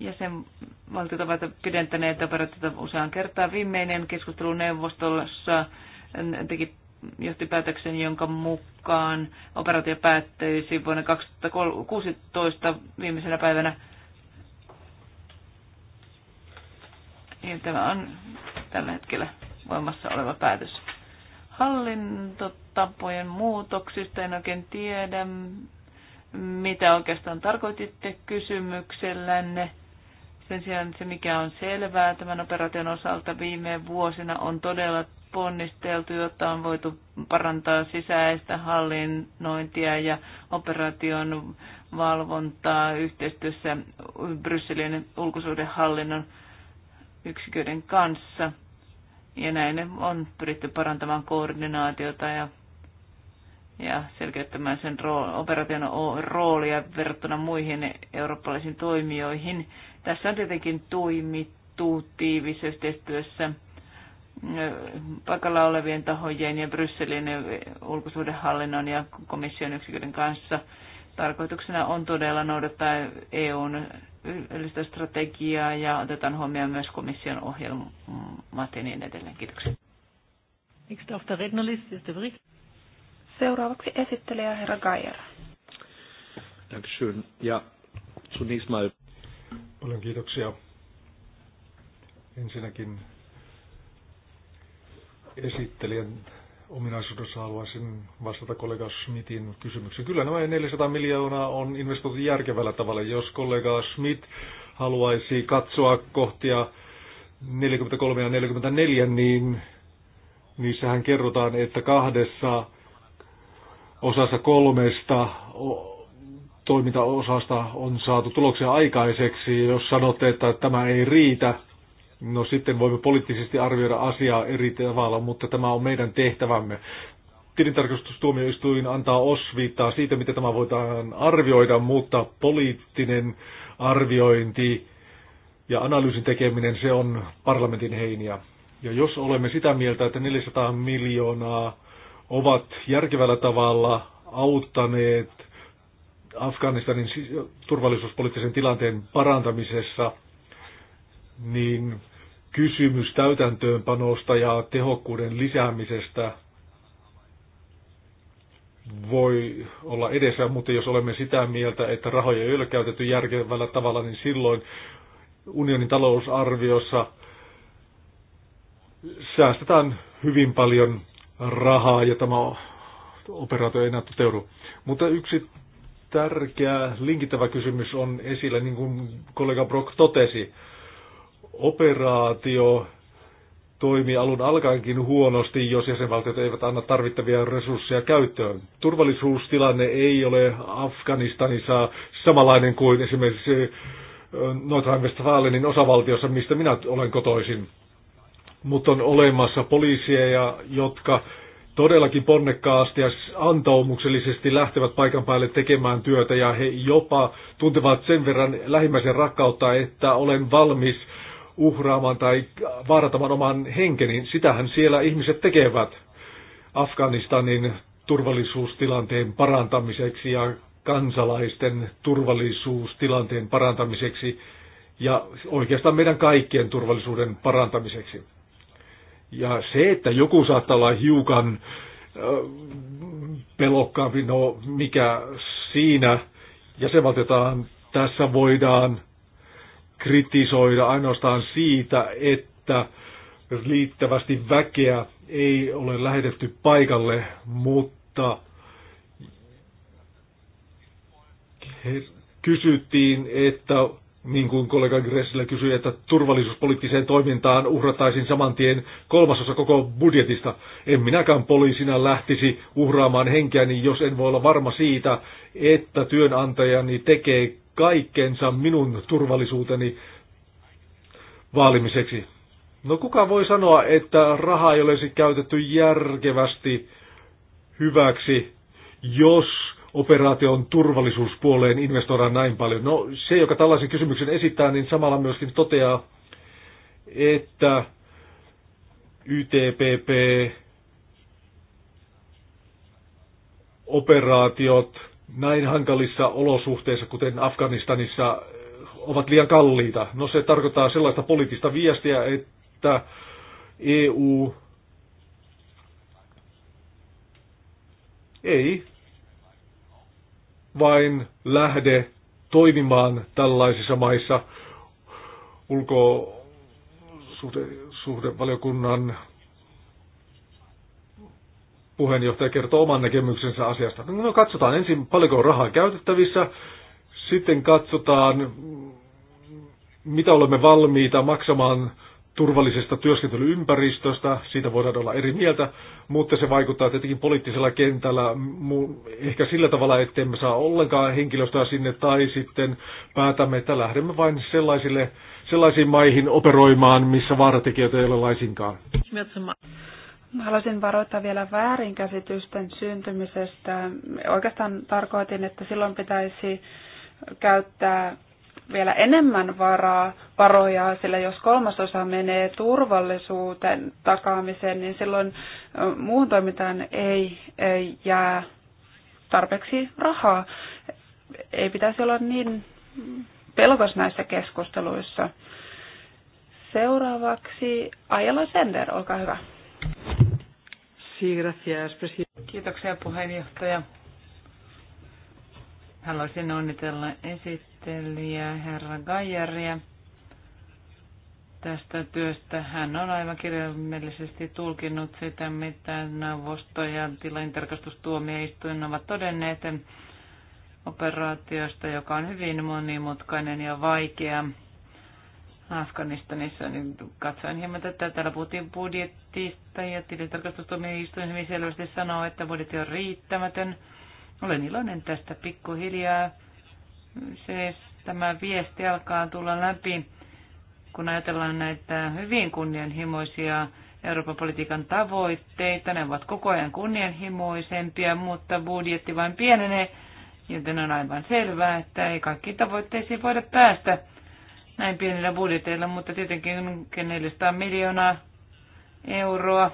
jäsenvaltiot ovat pidentäneet operaatiota useaan kertaan. Viimeinen keskustelu neuvostossa eh, teki johti päätöksen, jonka mukaan operaatio päättyisi vuonna 2016 viimeisenä päivänä Niin tämä on tällä hetkellä voimassa oleva päätös. Hallintotapojen muutoksista en oikein tiedä, mitä oikeastaan tarkoititte kysymyksellänne. Sen sijaan se, mikä on selvää tämän operaation osalta viime vuosina, on todella ponnisteltu, jotta on voitu parantaa sisäistä hallinnointia ja operaation valvontaa yhteistyössä Brysselin ulkosuhdehallinnon yksiköiden kanssa. Ja näin on pyritty parantamaan koordinaatiota ja, ja selkeyttämään sen rool, operaation roolia verrattuna muihin eurooppalaisiin toimijoihin. Tässä on tietenkin toimittu tiivisessä yhteistyössä mm, paikalla olevien tahojen ja Brysselin ulkosuhdehallinnon ja komission yksiköiden kanssa. Tarkoituksena on todella noudattaa EUn yleistä strategiaa ja otetaan huomioon myös komission ohjelmat ja niin edelleen. Kiitoksia. Seuraavaksi esittelijä herra Gajer. Dankeschön. Ja zunächst mal. Paljon kiitoksia. Ensinnäkin esittelijän ominaisuudessa haluaisin vastata kollega Schmidtin kysymykseen. Kyllä nämä 400 miljoonaa on investoitu järkevällä tavalla. Jos kollega Schmidt haluaisi katsoa kohtia 43 ja 44, niin niissähän kerrotaan, että kahdessa osassa kolmesta toimintaosasta on saatu tuloksia aikaiseksi. Jos sanotte, että tämä ei riitä, No sitten voimme poliittisesti arvioida asiaa eri tavalla, mutta tämä on meidän tehtävämme. Tilintarkastustuomioistuin antaa osviittaa siitä, mitä tämä voidaan arvioida, mutta poliittinen arviointi ja analyysin tekeminen, se on parlamentin heiniä. Ja jos olemme sitä mieltä, että 400 miljoonaa ovat järkevällä tavalla auttaneet Afganistanin turvallisuuspoliittisen tilanteen parantamisessa, niin kysymys täytäntöönpanosta ja tehokkuuden lisäämisestä voi olla edessä, mutta jos olemme sitä mieltä, että rahoja ei ole käytetty järkevällä tavalla, niin silloin unionin talousarviossa säästetään hyvin paljon rahaa ja tämä operaatio ei enää toteudu. Mutta yksi tärkeä linkittävä kysymys on esillä, niin kuin kollega Brock totesi operaatio toimi alun alkaenkin huonosti, jos jäsenvaltiot eivät anna tarvittavia resursseja käyttöön. Turvallisuustilanne ei ole Afganistanissa samanlainen kuin esimerkiksi Nordrhein-Westfalenin osavaltiossa, mistä minä olen kotoisin. Mutta on olemassa poliiseja, jotka todellakin ponnekkaasti ja antaumuksellisesti lähtevät paikan päälle tekemään työtä ja he jopa tuntevat sen verran lähimmäisen rakkautta, että olen valmis – uhraamaan tai vaarantamaan oman henkeni. Sitähän siellä ihmiset tekevät Afganistanin turvallisuustilanteen parantamiseksi ja kansalaisten turvallisuustilanteen parantamiseksi ja oikeastaan meidän kaikkien turvallisuuden parantamiseksi. Ja se, että joku saattaa olla hiukan pelokkaampi, no mikä siinä jäsenvaltiotaan tässä voidaan kritisoida ainoastaan siitä, että liittävästi väkeä ei ole lähetetty paikalle, mutta kysyttiin, että niin kuin kollega Gressillä kysyi, että turvallisuuspoliittiseen toimintaan uhrataisiin saman tien kolmasosa koko budjetista. En minäkään poliisina lähtisi uhraamaan henkeäni, jos en voi olla varma siitä, että työnantajani tekee kaikkensa minun turvallisuuteni vaalimiseksi. No kuka voi sanoa, että raha ei olisi käytetty järkevästi hyväksi, jos operaation turvallisuuspuoleen investoidaan näin paljon. No se, joka tällaisen kysymyksen esittää, niin samalla myöskin toteaa, että YTPP operaatiot näin hankalissa olosuhteissa, kuten Afganistanissa, ovat liian kalliita. No se tarkoittaa sellaista poliittista viestiä, että EU ei vain lähde toimimaan tällaisissa maissa ulkosuhdevaliokunnan puheenjohtaja kertoo oman näkemyksensä asiasta. No katsotaan ensin paljonko on rahaa käytettävissä, sitten katsotaan mitä olemme valmiita maksamaan turvallisesta työskentelyympäristöstä, siitä voidaan olla eri mieltä, mutta se vaikuttaa tietenkin poliittisella kentällä ehkä sillä tavalla, ettei me saa ollenkaan henkilöstöä sinne, tai sitten päätämme, että lähdemme vain sellaisille, sellaisiin maihin operoimaan, missä vaaratekijöitä ei ole laisinkaan. Mä haluaisin varoittaa vielä väärinkäsitysten syntymisestä. Oikeastaan tarkoitin, että silloin pitäisi käyttää vielä enemmän varaa, varoja, sillä jos kolmasosa menee turvallisuuteen takaamiseen, niin silloin muun toimintaan ei, ei jää tarpeeksi rahaa. Ei pitäisi olla niin pelkos näissä keskusteluissa. Seuraavaksi Ajala Sender, olkaa hyvä. Kiitoksia puheenjohtaja. Haluaisin onnitella esittelijää herra Gajaria tästä työstä. Hän on aivan kirjallisesti tulkinnut sitä, mitä neuvosto ja tilaintarkastustuomioistuin ovat todenneet operaatiosta, joka on hyvin monimutkainen ja vaikea. Afganistanissa, niin katsoin hieman tätä. Täällä puhuttiin budjettista ja tilintarkastustuomioistuin hyvin selvästi sanoo, että budjetti on riittämätön olen iloinen tästä pikkuhiljaa. Se, tämä viesti alkaa tulla läpi, kun ajatellaan näitä hyvin kunnianhimoisia Euroopan politiikan tavoitteita. Ne ovat koko ajan kunnianhimoisempia, mutta budjetti vain pienenee, joten on aivan selvää, että ei kaikki tavoitteisiin voida päästä näin pienillä budjeteilla, mutta tietenkin 400 miljoonaa euroa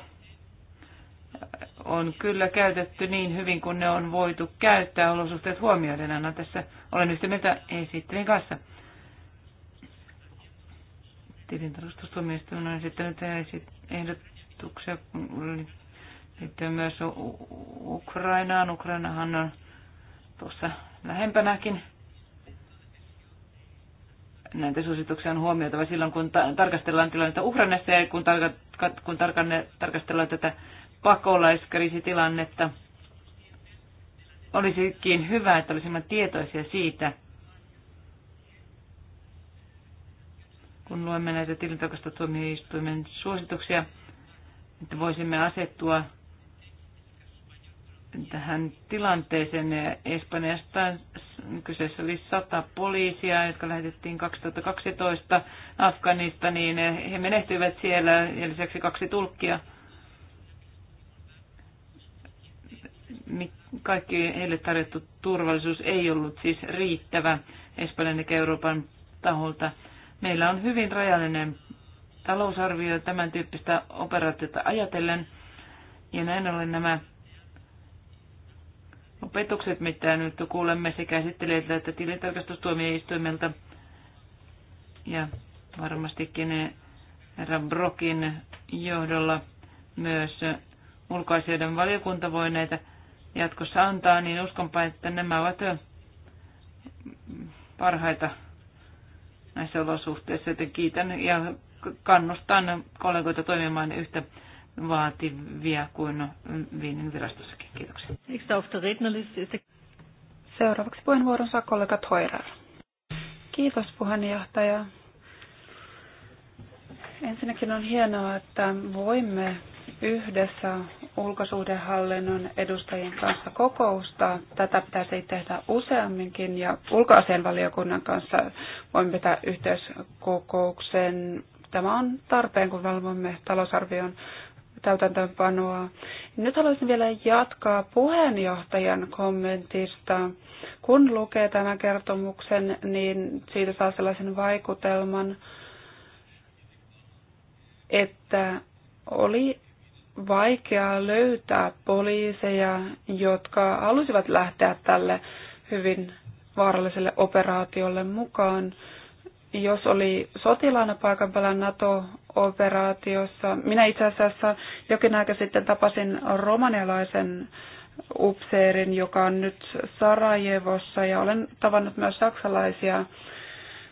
on kyllä käytetty niin hyvin kuin ne on voitu käyttää olosuhteet huomioiden. Anna tässä, olen yhtä mieltä esittelin kanssa. Tilintarkastustuomioistuin on esittänyt ehdotuksia liittyen myös Ukrainaan. Ukrainahan on tuossa lähempänäkin. Näitä suosituksia on huomioitava silloin, kun ta- tarkastellaan tilannetta Ukrainassa ja kun, tarka- kun tarkanne- tarkastellaan tätä pakolaiskriisitilannetta. Olisikin hyvä, että olisimme tietoisia siitä, kun luemme näitä tuomioistuimen suosituksia, että voisimme asettua tähän tilanteeseen. Espanjasta kyseessä oli sata poliisia, jotka lähetettiin 2012 Afganistaniin. He menehtyivät siellä ja lisäksi kaksi tulkkia. kaikki heille tarjottu turvallisuus ei ollut siis riittävä Espanjan ja Euroopan taholta. Meillä on hyvin rajallinen talousarvio tämän tyyppistä operaatiota ajatellen, ja näin ollen nämä opetukset, mitä nyt kuulemme sekä esittelijöiltä että tilintarkastustuomioistuimelta, ja varmastikin herra Brokin johdolla myös ulkoasioiden valiokunta voi näitä jatkossa antaa, niin uskonpa, että nämä ovat parhaita näissä olosuhteissa, joten kiitän ja kannustan kollegoita toimimaan yhtä vaativia kuin Viinin virastossakin. Kiitoksia. Seuraavaksi puheenvuoron saa kollega Toirer. Kiitos puheenjohtaja. Ensinnäkin on hienoa, että voimme yhdessä ulkosuhdehallinnon edustajien kanssa kokousta. Tätä pitäisi tehdä useamminkin ja ulkoasianvaliokunnan kanssa voimme pitää yhteiskokouksen. Tämä on tarpeen, kun valvomme talousarvion täytäntöönpanoa. Nyt haluaisin vielä jatkaa puheenjohtajan kommentista. Kun lukee tämän kertomuksen, niin siitä saa sellaisen vaikutelman, että oli vaikeaa löytää poliiseja, jotka halusivat lähteä tälle hyvin vaaralliselle operaatiolle mukaan. Jos oli sotilaana paikan päällä NATO-operaatiossa, minä itse asiassa jokin aika sitten tapasin romanialaisen upseerin, joka on nyt Sarajevossa, ja olen tavannut myös saksalaisia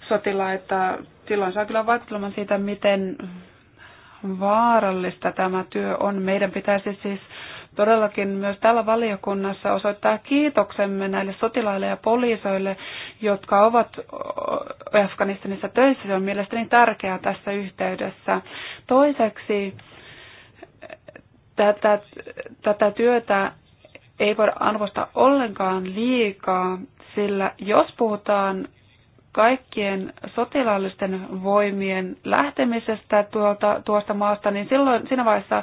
sotilaita. Silloin saa kyllä vaikutelman siitä, miten vaarallista tämä työ on. Meidän pitäisi siis todellakin myös täällä valiokunnassa osoittaa kiitoksemme näille sotilaille ja poliisoille, jotka ovat Afganistanissa töissä. Se on mielestäni tärkeää tässä yhteydessä. Toiseksi tätä, tätä työtä ei voida arvostaa ollenkaan liikaa, sillä jos puhutaan kaikkien sotilaallisten voimien lähtemisestä tuolta, tuosta maasta, niin silloin siinä vaiheessa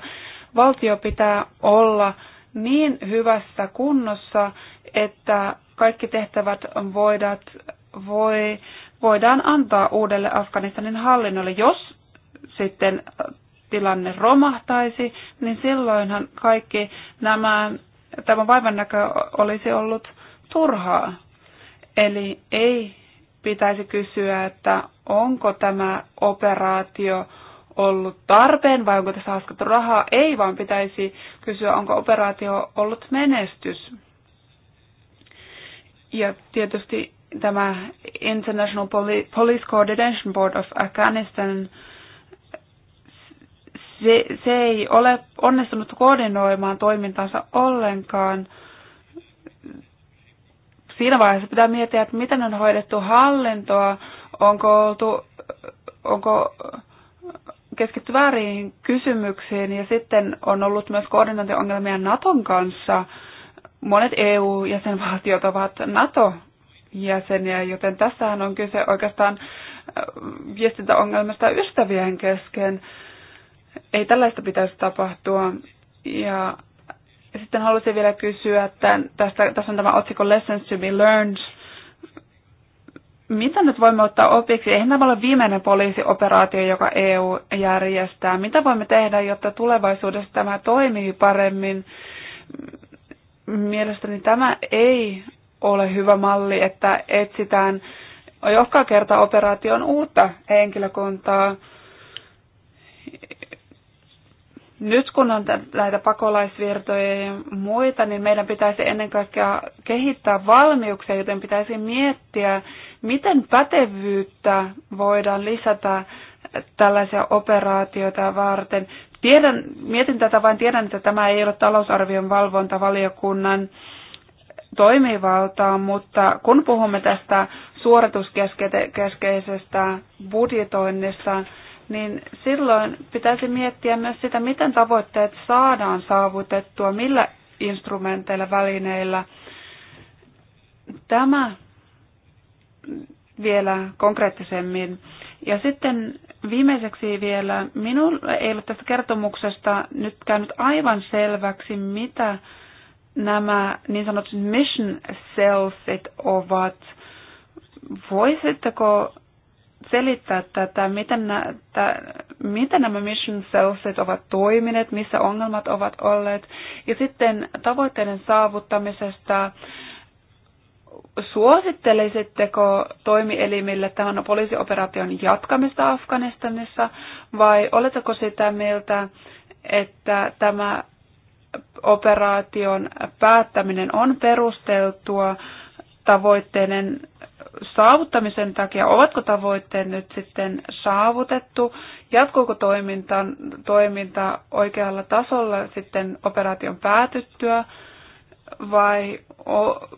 valtio pitää olla niin hyvässä kunnossa, että kaikki tehtävät voidat, voi, voidaan antaa uudelle Afganistanin hallinnolle. Jos sitten tilanne romahtaisi, niin silloinhan kaikki nämä, tämä vaivannäkö olisi ollut turhaa. Eli ei pitäisi kysyä, että onko tämä operaatio ollut tarpeen vai onko tässä haskattu rahaa? Ei, vaan pitäisi kysyä, onko operaatio ollut menestys. Ja tietysti tämä International Police Coordination Board of Afghanistan, se, se ei ole onnistunut koordinoimaan toimintansa ollenkaan – siinä vaiheessa pitää miettiä, että miten on hoidettu hallintoa, onko oltu, onko keskitty väärin kysymyksiin ja sitten on ollut myös koordinointiongelmia Naton kanssa. Monet EU-jäsenvaltiot ovat NATO-jäseniä, joten tässähän on kyse oikeastaan äh, viestintäongelmasta ystävien kesken. Ei tällaista pitäisi tapahtua. Ja sitten halusin vielä kysyä, että tästä, tässä on tämä otsikko Lessons to be learned. Mitä nyt voimme ottaa opiksi? Eihän tämä ole viimeinen poliisioperaatio, joka EU järjestää. Mitä voimme tehdä, jotta tulevaisuudessa tämä toimii paremmin? Mielestäni tämä ei ole hyvä malli, että etsitään joka kerta operaation uutta henkilökuntaa. Nyt kun on näitä pakolaisvirtoja ja muita, niin meidän pitäisi ennen kaikkea kehittää valmiuksia, joten pitäisi miettiä, miten pätevyyttä voidaan lisätä tällaisia operaatioita varten. Tiedän, mietin tätä vain tiedän, että tämä ei ole talousarvion valvontavaliokunnan toimivaltaa, mutta kun puhumme tästä suorituskeskeisestä budjetoinnista, niin silloin pitäisi miettiä myös sitä, miten tavoitteet saadaan saavutettua, millä instrumenteilla, välineillä. Tämä vielä konkreettisemmin. Ja sitten viimeiseksi vielä, minulle ei ole tästä kertomuksesta nyt käynyt aivan selväksi, mitä nämä niin sanotut mission selfit ovat. Voisitteko selittää tätä, miten, nä, tä, miten nämä mission selfset ovat toimineet, missä ongelmat ovat olleet. Ja sitten tavoitteiden saavuttamisesta, suosittelisitteko toimielimille tämän poliisioperaation jatkamista Afganistanissa vai oletteko sitä mieltä, että tämä operaation päättäminen on perusteltua tavoitteiden saavuttamisen takia, ovatko tavoitteet nyt sitten saavutettu, jatkuuko toiminta, toiminta oikealla tasolla sitten operaation päätyttyä, vai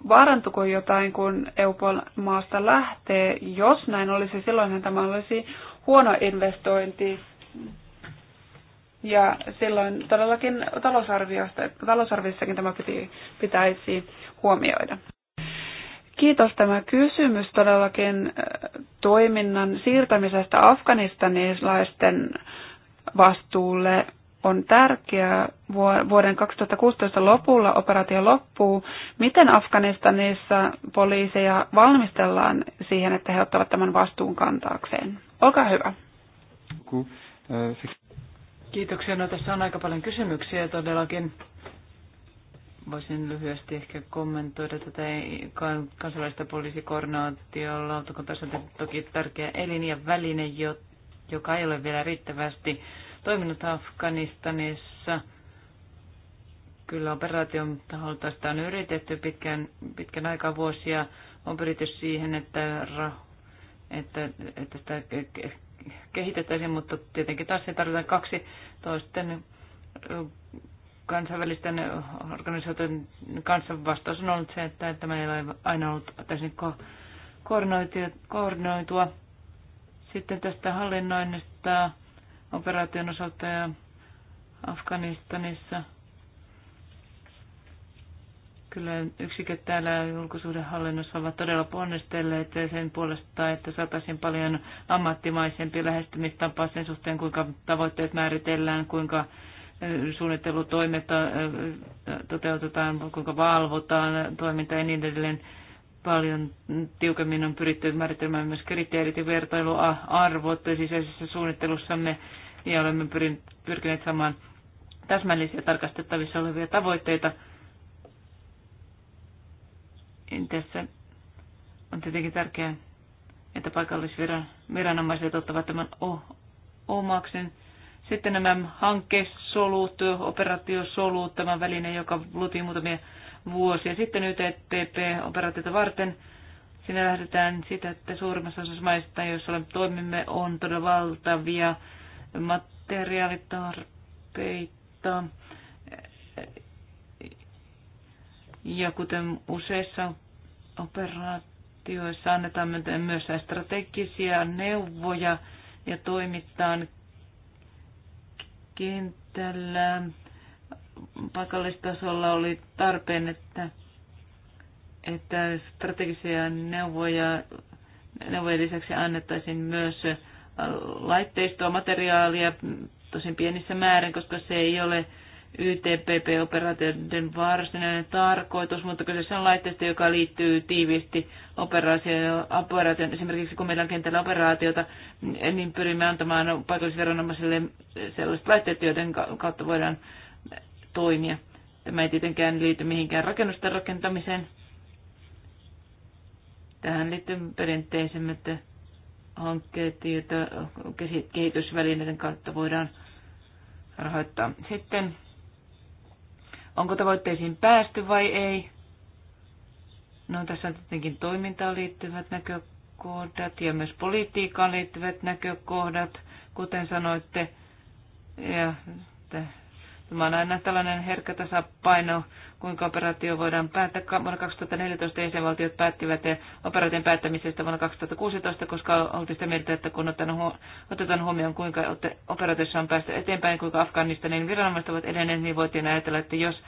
vaarantuko jotain, kun EUPOL maasta lähtee? Jos näin olisi, silloinhan tämä olisi huono investointi. Ja silloin todellakin talousarviossakin tämä pitäisi huomioida. Kiitos tämä kysymys todellakin äh, toiminnan siirtämisestä afganistanilaisten vastuulle on tärkeää. Vuoden 2016 lopulla operaatio loppuu. Miten Afganistanissa poliiseja valmistellaan siihen, että he ottavat tämän vastuun kantaakseen? Olkaa hyvä. Äh, Kiitoksia. No, tässä on aika paljon kysymyksiä todellakin. Voisin lyhyesti ehkä kommentoida tätä kansalaista poliisikoordinaatiolla. tässä on toki tärkeä elin ja väline, joka ei ole vielä riittävästi toiminut Afganistanissa. Kyllä operaation taholta sitä on yritetty pitkän, pitkän aikaa vuosia. On pyritty siihen, että, että, että sitä kehitettäisiin, mutta tietenkin taas se tarvitaan kaksi toisten kansainvälisten organisaatioiden kanssa vastaus on ollut se, että, että meillä ei aina ollut täysin ko- koordinoitua. Sitten tästä hallinnoinnista operaation osalta ja Afganistanissa. Kyllä yksiköt täällä julkisuudenhallinnossa ovat todella ponnistelleet sen puolesta, että saataisiin paljon ammattimaisempi lähestymistapa sen suhteen, kuinka tavoitteet määritellään, kuinka suunnittelutoimet äh, äh, toteutetaan, kuinka valvotaan toiminta ja niin edelleen. Paljon tiukemmin on pyritty määrittelemään myös kriteerit ja vertailuarvot sisäisessä suunnittelussamme ja olemme pyrkineet saamaan täsmällisiä tarkastettavissa olevia tavoitteita. Tässä on tietenkin tärkeää, että paikallisviranomaiset ottavat tämän omaksen. Sitten nämä hankesolut, operaatiosolut, tämä väline, joka luotiin muutamia vuosia sitten YTTP-operaatiota varten. Siinä lähdetään sitä, että suurimmassa osassa maista, joissa toimimme, on todella valtavia materiaalitarpeita. Ja kuten useissa operaatioissa annetaan myös strategisia neuvoja ja toimitaan kentällä paikallistasolla oli tarpeen, että, että strategisia neuvoja, neuvojen lisäksi annettaisiin myös laitteistoa, materiaalia, tosin pienissä määrin, koska se ei ole YTPP-operaatioiden varsinainen tarkoitus, mutta kyseessä on laitteista, joka liittyy tiiviisti operaatioon. Esimerkiksi kun meillä on kentällä operaatiota, niin pyrimme antamaan paikallisviranomaisille sellaiset laitteet, joiden kautta voidaan toimia. Tämä ei tietenkään liity mihinkään rakennusten rakentamiseen. Tähän liittyy perinteisemmät hankkeet, joita kehitysvälineiden kautta voidaan rahoittaa. Sitten Onko tavoitteisiin päästy vai ei? No tässä on tietenkin toimintaan liittyvät näkökohdat ja myös politiikkaan liittyvät näkökohdat, kuten sanoitte. Ja Tämä oon aina tällainen herkkä tasapaino, kuinka operaatio voidaan päättää. Vuonna 2014 jäsenvaltiot päättivät eh, operaation päättämisestä vuonna 2016, koska oltiin sitä mieltä, että kun otetaan huomioon, kuinka operaatiossa on päästy eteenpäin, kuinka Afganistanin viranomaiset ovat edenneet, niin voitiin ajatella, että jos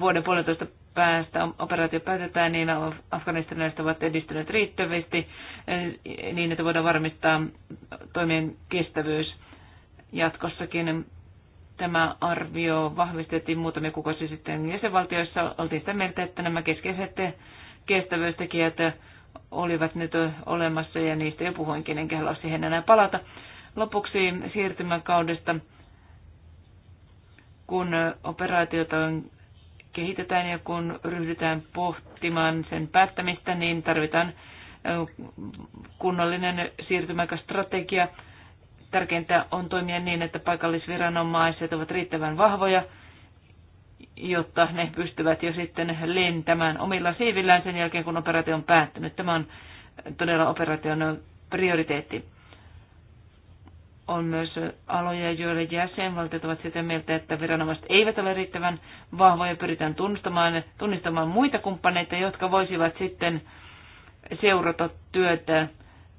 vuoden puolitoista päästä operaatio päätetään, niin afganistanilaiset ovat edistyneet riittävästi eh, niin, että voidaan varmistaa toimien kestävyys jatkossakin Tämä arvio vahvistettiin muutamia kuukausi sitten jäsenvaltioissa. Oltiin sitä mieltä, että nämä keskeiset kestävyystekijät olivat nyt olemassa ja niistä jo puhuinkin, enkä halua siihen enää palata. Lopuksi siirtymäkaudesta, kun operaatiota on kehitetään ja kun ryhdytään pohtimaan sen päättämistä, niin tarvitaan kunnollinen siirtymäkastrategia. strategia Tärkeintä on toimia niin, että paikallisviranomaiset ovat riittävän vahvoja, jotta ne pystyvät jo sitten lentämään omilla siivillään sen jälkeen, kun operaatio on päättynyt. Tämä on todella operaation prioriteetti. On myös aloja, joille jäsenvaltiot ovat sitä mieltä, että viranomaiset eivät ole riittävän vahvoja. Pyritään tunnistamaan, tunnistamaan muita kumppaneita, jotka voisivat sitten seurata työtä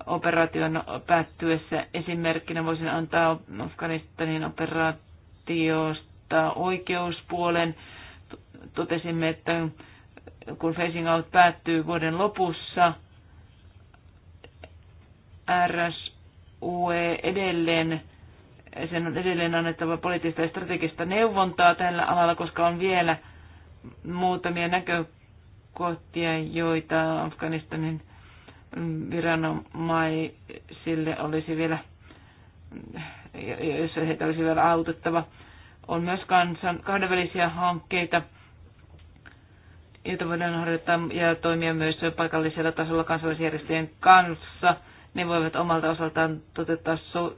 operaation päättyessä. Esimerkkinä voisin antaa Afganistanin operaatiosta oikeuspuolen. Totesimme, että kun Facing Out päättyy vuoden lopussa, RSUE edelleen, sen on edelleen annettava poliittista ja strategista neuvontaa tällä alalla, koska on vielä muutamia näkökohtia, joita Afganistanin viranomaisille olisi vielä, jos heitä olisi vielä autettava. On myös kansan, kahdenvälisiä hankkeita, joita voidaan harjoittaa ja toimia myös paikallisella tasolla kansalaisjärjestöjen kanssa. Ne voivat omalta osaltaan toteuttaa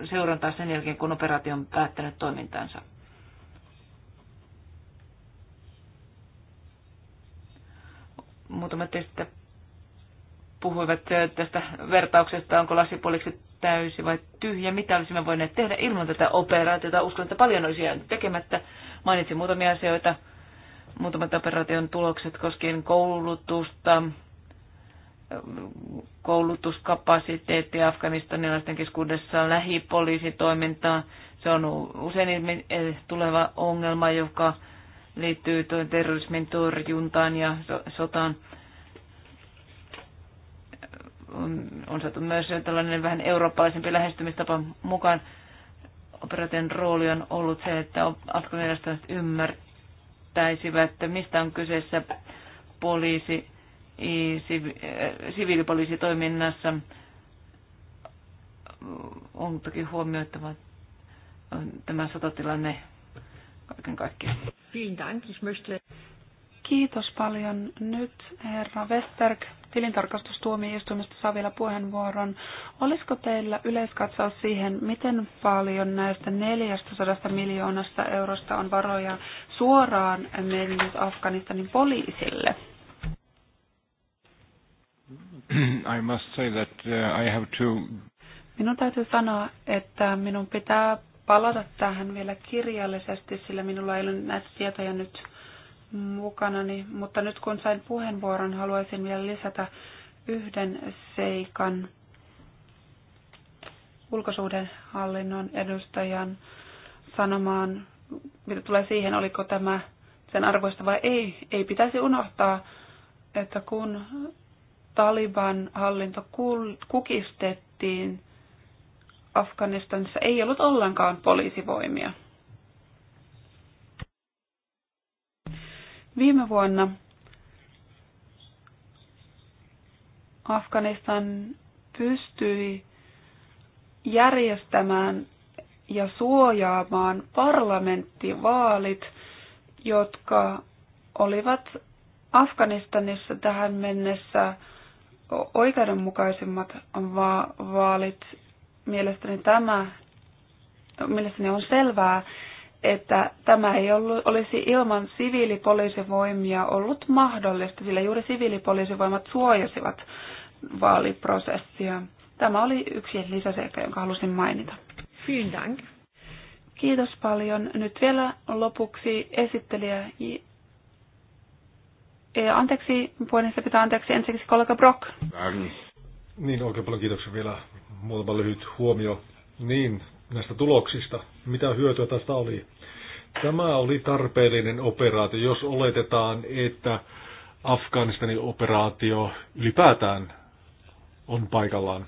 seurantaa sen jälkeen, kun operaatio on päättänyt toimintansa. Muutama testi puhuivat tästä vertauksesta, onko lasipuoliksi täysi vai tyhjä, mitä olisimme voineet tehdä ilman tätä operaatiota. Uskon, että paljon olisi jäänyt tekemättä. Mainitsin muutamia asioita, muutamat operaation tulokset koskien koulutusta, koulutuskapasiteetti afganistanilaisten keskuudessa, lähipoliisitoimintaa. Se on usein eh, tuleva ongelma, joka liittyy terrorismin torjuntaan ja sotaan on, on saatu myös tällainen vähän eurooppalaisempi lähestymistapa mukaan. Operaation rooli on ollut se, että afganistanilaiset ymmärtäisivät, että mistä on kyseessä poliisi, sivi, eh, siviilipoliisitoiminnassa. On toki huomioitava tämä sotatilanne kaiken kaikkiaan. Kiitos paljon. Nyt herra Westberg tilintarkastustuomioistuimesta saa vielä puheenvuoron. Olisiko teillä yleiskatsaus siihen, miten paljon näistä 400 miljoonasta eurosta on varoja suoraan mennyt Afganistanin poliisille? I must say that uh, I have to... Minun täytyy sanoa, että minun pitää palata tähän vielä kirjallisesti, sillä minulla ei ole näitä tietoja nyt mukanani, mutta nyt kun sain puheenvuoron, haluaisin vielä lisätä yhden seikan ulkosuhdehallinnon edustajan sanomaan, mitä tulee siihen, oliko tämä sen arvoista vai ei. Ei pitäisi unohtaa, että kun Taliban hallinto kukistettiin, Afganistanissa ei ollut ollenkaan poliisivoimia. Viime vuonna Afganistan pystyi järjestämään ja suojaamaan parlamenttivaalit, jotka olivat Afganistanissa tähän mennessä oikeudenmukaisimmat vaalit. Mielestäni tämä mielestäni on selvää, että tämä ei ollut, olisi ilman siviilipoliisivoimia ollut mahdollista, sillä juuri siviilipoliisivoimat suojasivat vaaliprosessia. Tämä oli yksi lisäseikka, jonka halusin mainita. Dank. Kiitos paljon. Nyt vielä lopuksi esittelijä... Anteeksi, puheenjohtaja pitää anteeksi ensiksi kollega Brock. Niin, oikein paljon kiitoksia vielä. Muutama lyhyt huomio. Niin, näistä tuloksista, mitä hyötyä tästä oli. Tämä oli tarpeellinen operaatio, jos oletetaan, että Afganistanin operaatio ylipäätään on paikallaan.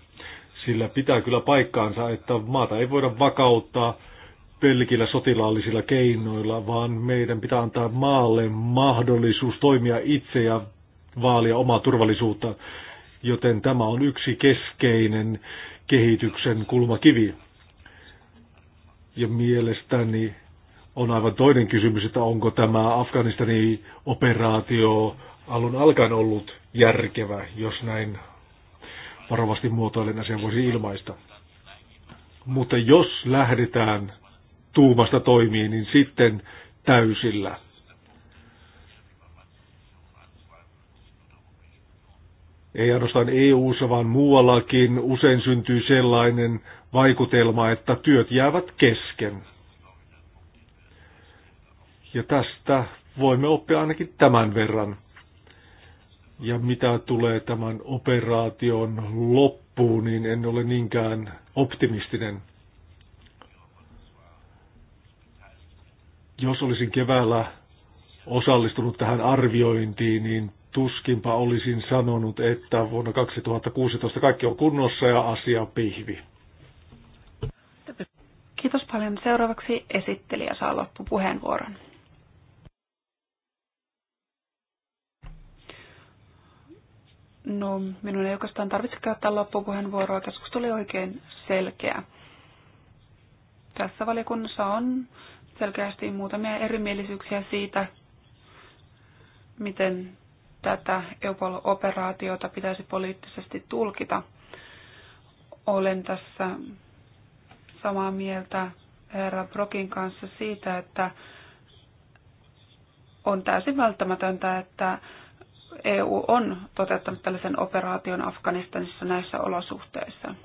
Sillä pitää kyllä paikkaansa, että maata ei voida vakauttaa pelkillä sotilaallisilla keinoilla, vaan meidän pitää antaa maalle mahdollisuus toimia itse ja vaalia omaa turvallisuutta, joten tämä on yksi keskeinen kehityksen kulmakivi. Ja mielestäni on aivan toinen kysymys, että onko tämä Afganistanin operaatio alun alkaen ollut järkevä, jos näin varovasti muotoilen asian voisi ilmaista. Mutta jos lähdetään tuumasta toimiin, niin sitten täysillä. ei ainoastaan EU-ssa, vaan muuallakin usein syntyy sellainen vaikutelma, että työt jäävät kesken. Ja tästä voimme oppia ainakin tämän verran. Ja mitä tulee tämän operaation loppuun, niin en ole niinkään optimistinen. Jos olisin keväällä osallistunut tähän arviointiin, niin tuskinpa olisin sanonut, että vuonna 2016 kaikki on kunnossa ja asia pihvi. Kiitos paljon. Seuraavaksi esittelijä saa loppupuheenvuoron. No, minun ei oikeastaan tarvitse käyttää loppupuheenvuoroa. Keskustelu oli oikein selkeä. Tässä valiokunnassa on selkeästi muutamia erimielisyyksiä siitä, miten tätä EUPOL-operaatiota pitäisi poliittisesti tulkita. Olen tässä samaa mieltä herra Brokin kanssa siitä, että on täysin välttämätöntä, että EU on toteuttanut tällaisen operaation Afganistanissa näissä olosuhteissa.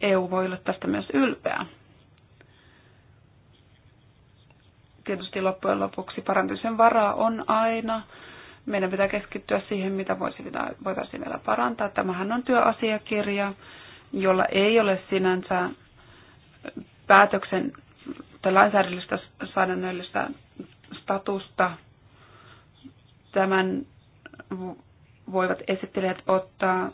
EU voi olla tästä myös ylpeä. Tietysti loppujen lopuksi parantamisen varaa on aina, meidän pitää keskittyä siihen, mitä voitaisiin vielä parantaa. Tämähän on työasiakirja, jolla ei ole sinänsä päätöksen tai lainsäädännöllistä säädännöllistä statusta. Tämän voivat esittelijät ottaa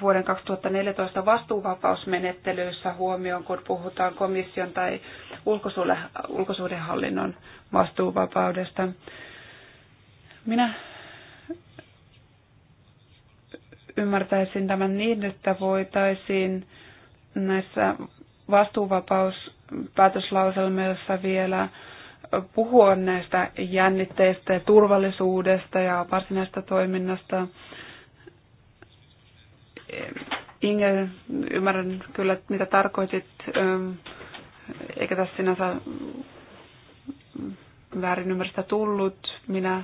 vuoden 2014 vastuuvapausmenettelyissä huomioon, kun puhutaan komission tai ulkosuhdehallinnon vastuuvapaudesta. Minä ymmärtäisin tämän niin, että voitaisiin näissä vastuuvapauspäätöslauselmissa vielä puhua näistä jännitteistä ja turvallisuudesta ja varsinaista toiminnasta. Inge, ymmärrän kyllä, mitä tarkoitit, ähm, eikä tässä sinänsä väärin ymmärrystä tullut. Minä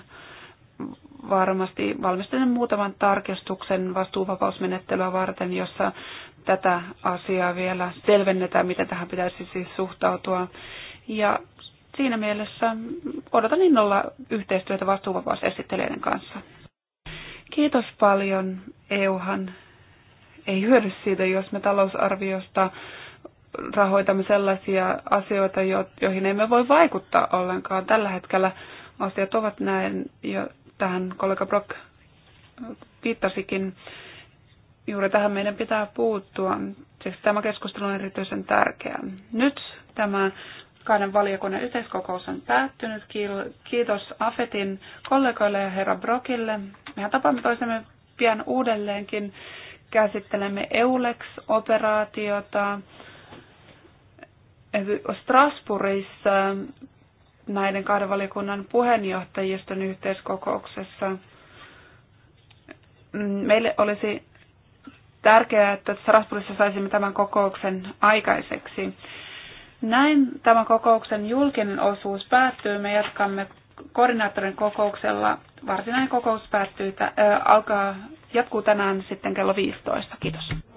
varmasti valmistelen muutaman tarkistuksen vastuuvapausmenettelyä varten, jossa tätä asiaa vielä selvennetään, miten tähän pitäisi siis suhtautua. Ja siinä mielessä odotan innolla yhteistyötä vastuuvapausesittelijöiden kanssa. Kiitos paljon. EUhan ei hyödy siitä, jos me talousarviosta rahoitamme sellaisia asioita, joihin emme voi vaikuttaa ollenkaan. Tällä hetkellä asiat ovat näin, tähän kollega Brock viittasikin, juuri tähän meidän pitää puuttua. Siksi tämä keskustelu on erityisen tärkeää. Nyt tämä kahden valiokunnan yhteiskokous on päättynyt. Kiitos Afetin kollegoille ja herra Brokille. Mehän tapaamme toisemme pian uudelleenkin. Käsittelemme EULEX-operaatiota. Strasbourgissa näiden kahden valiokunnan puheenjohtajiston yhteiskokouksessa. Meille olisi tärkeää, että Strasbourgissa saisimme tämän kokouksen aikaiseksi. Näin tämän kokouksen julkinen osuus päättyy. Me jatkamme koordinaattorin kokouksella. Varsinainen kokous päättyy, äh, alkaa, jatkuu tänään sitten kello 15. Kiitos.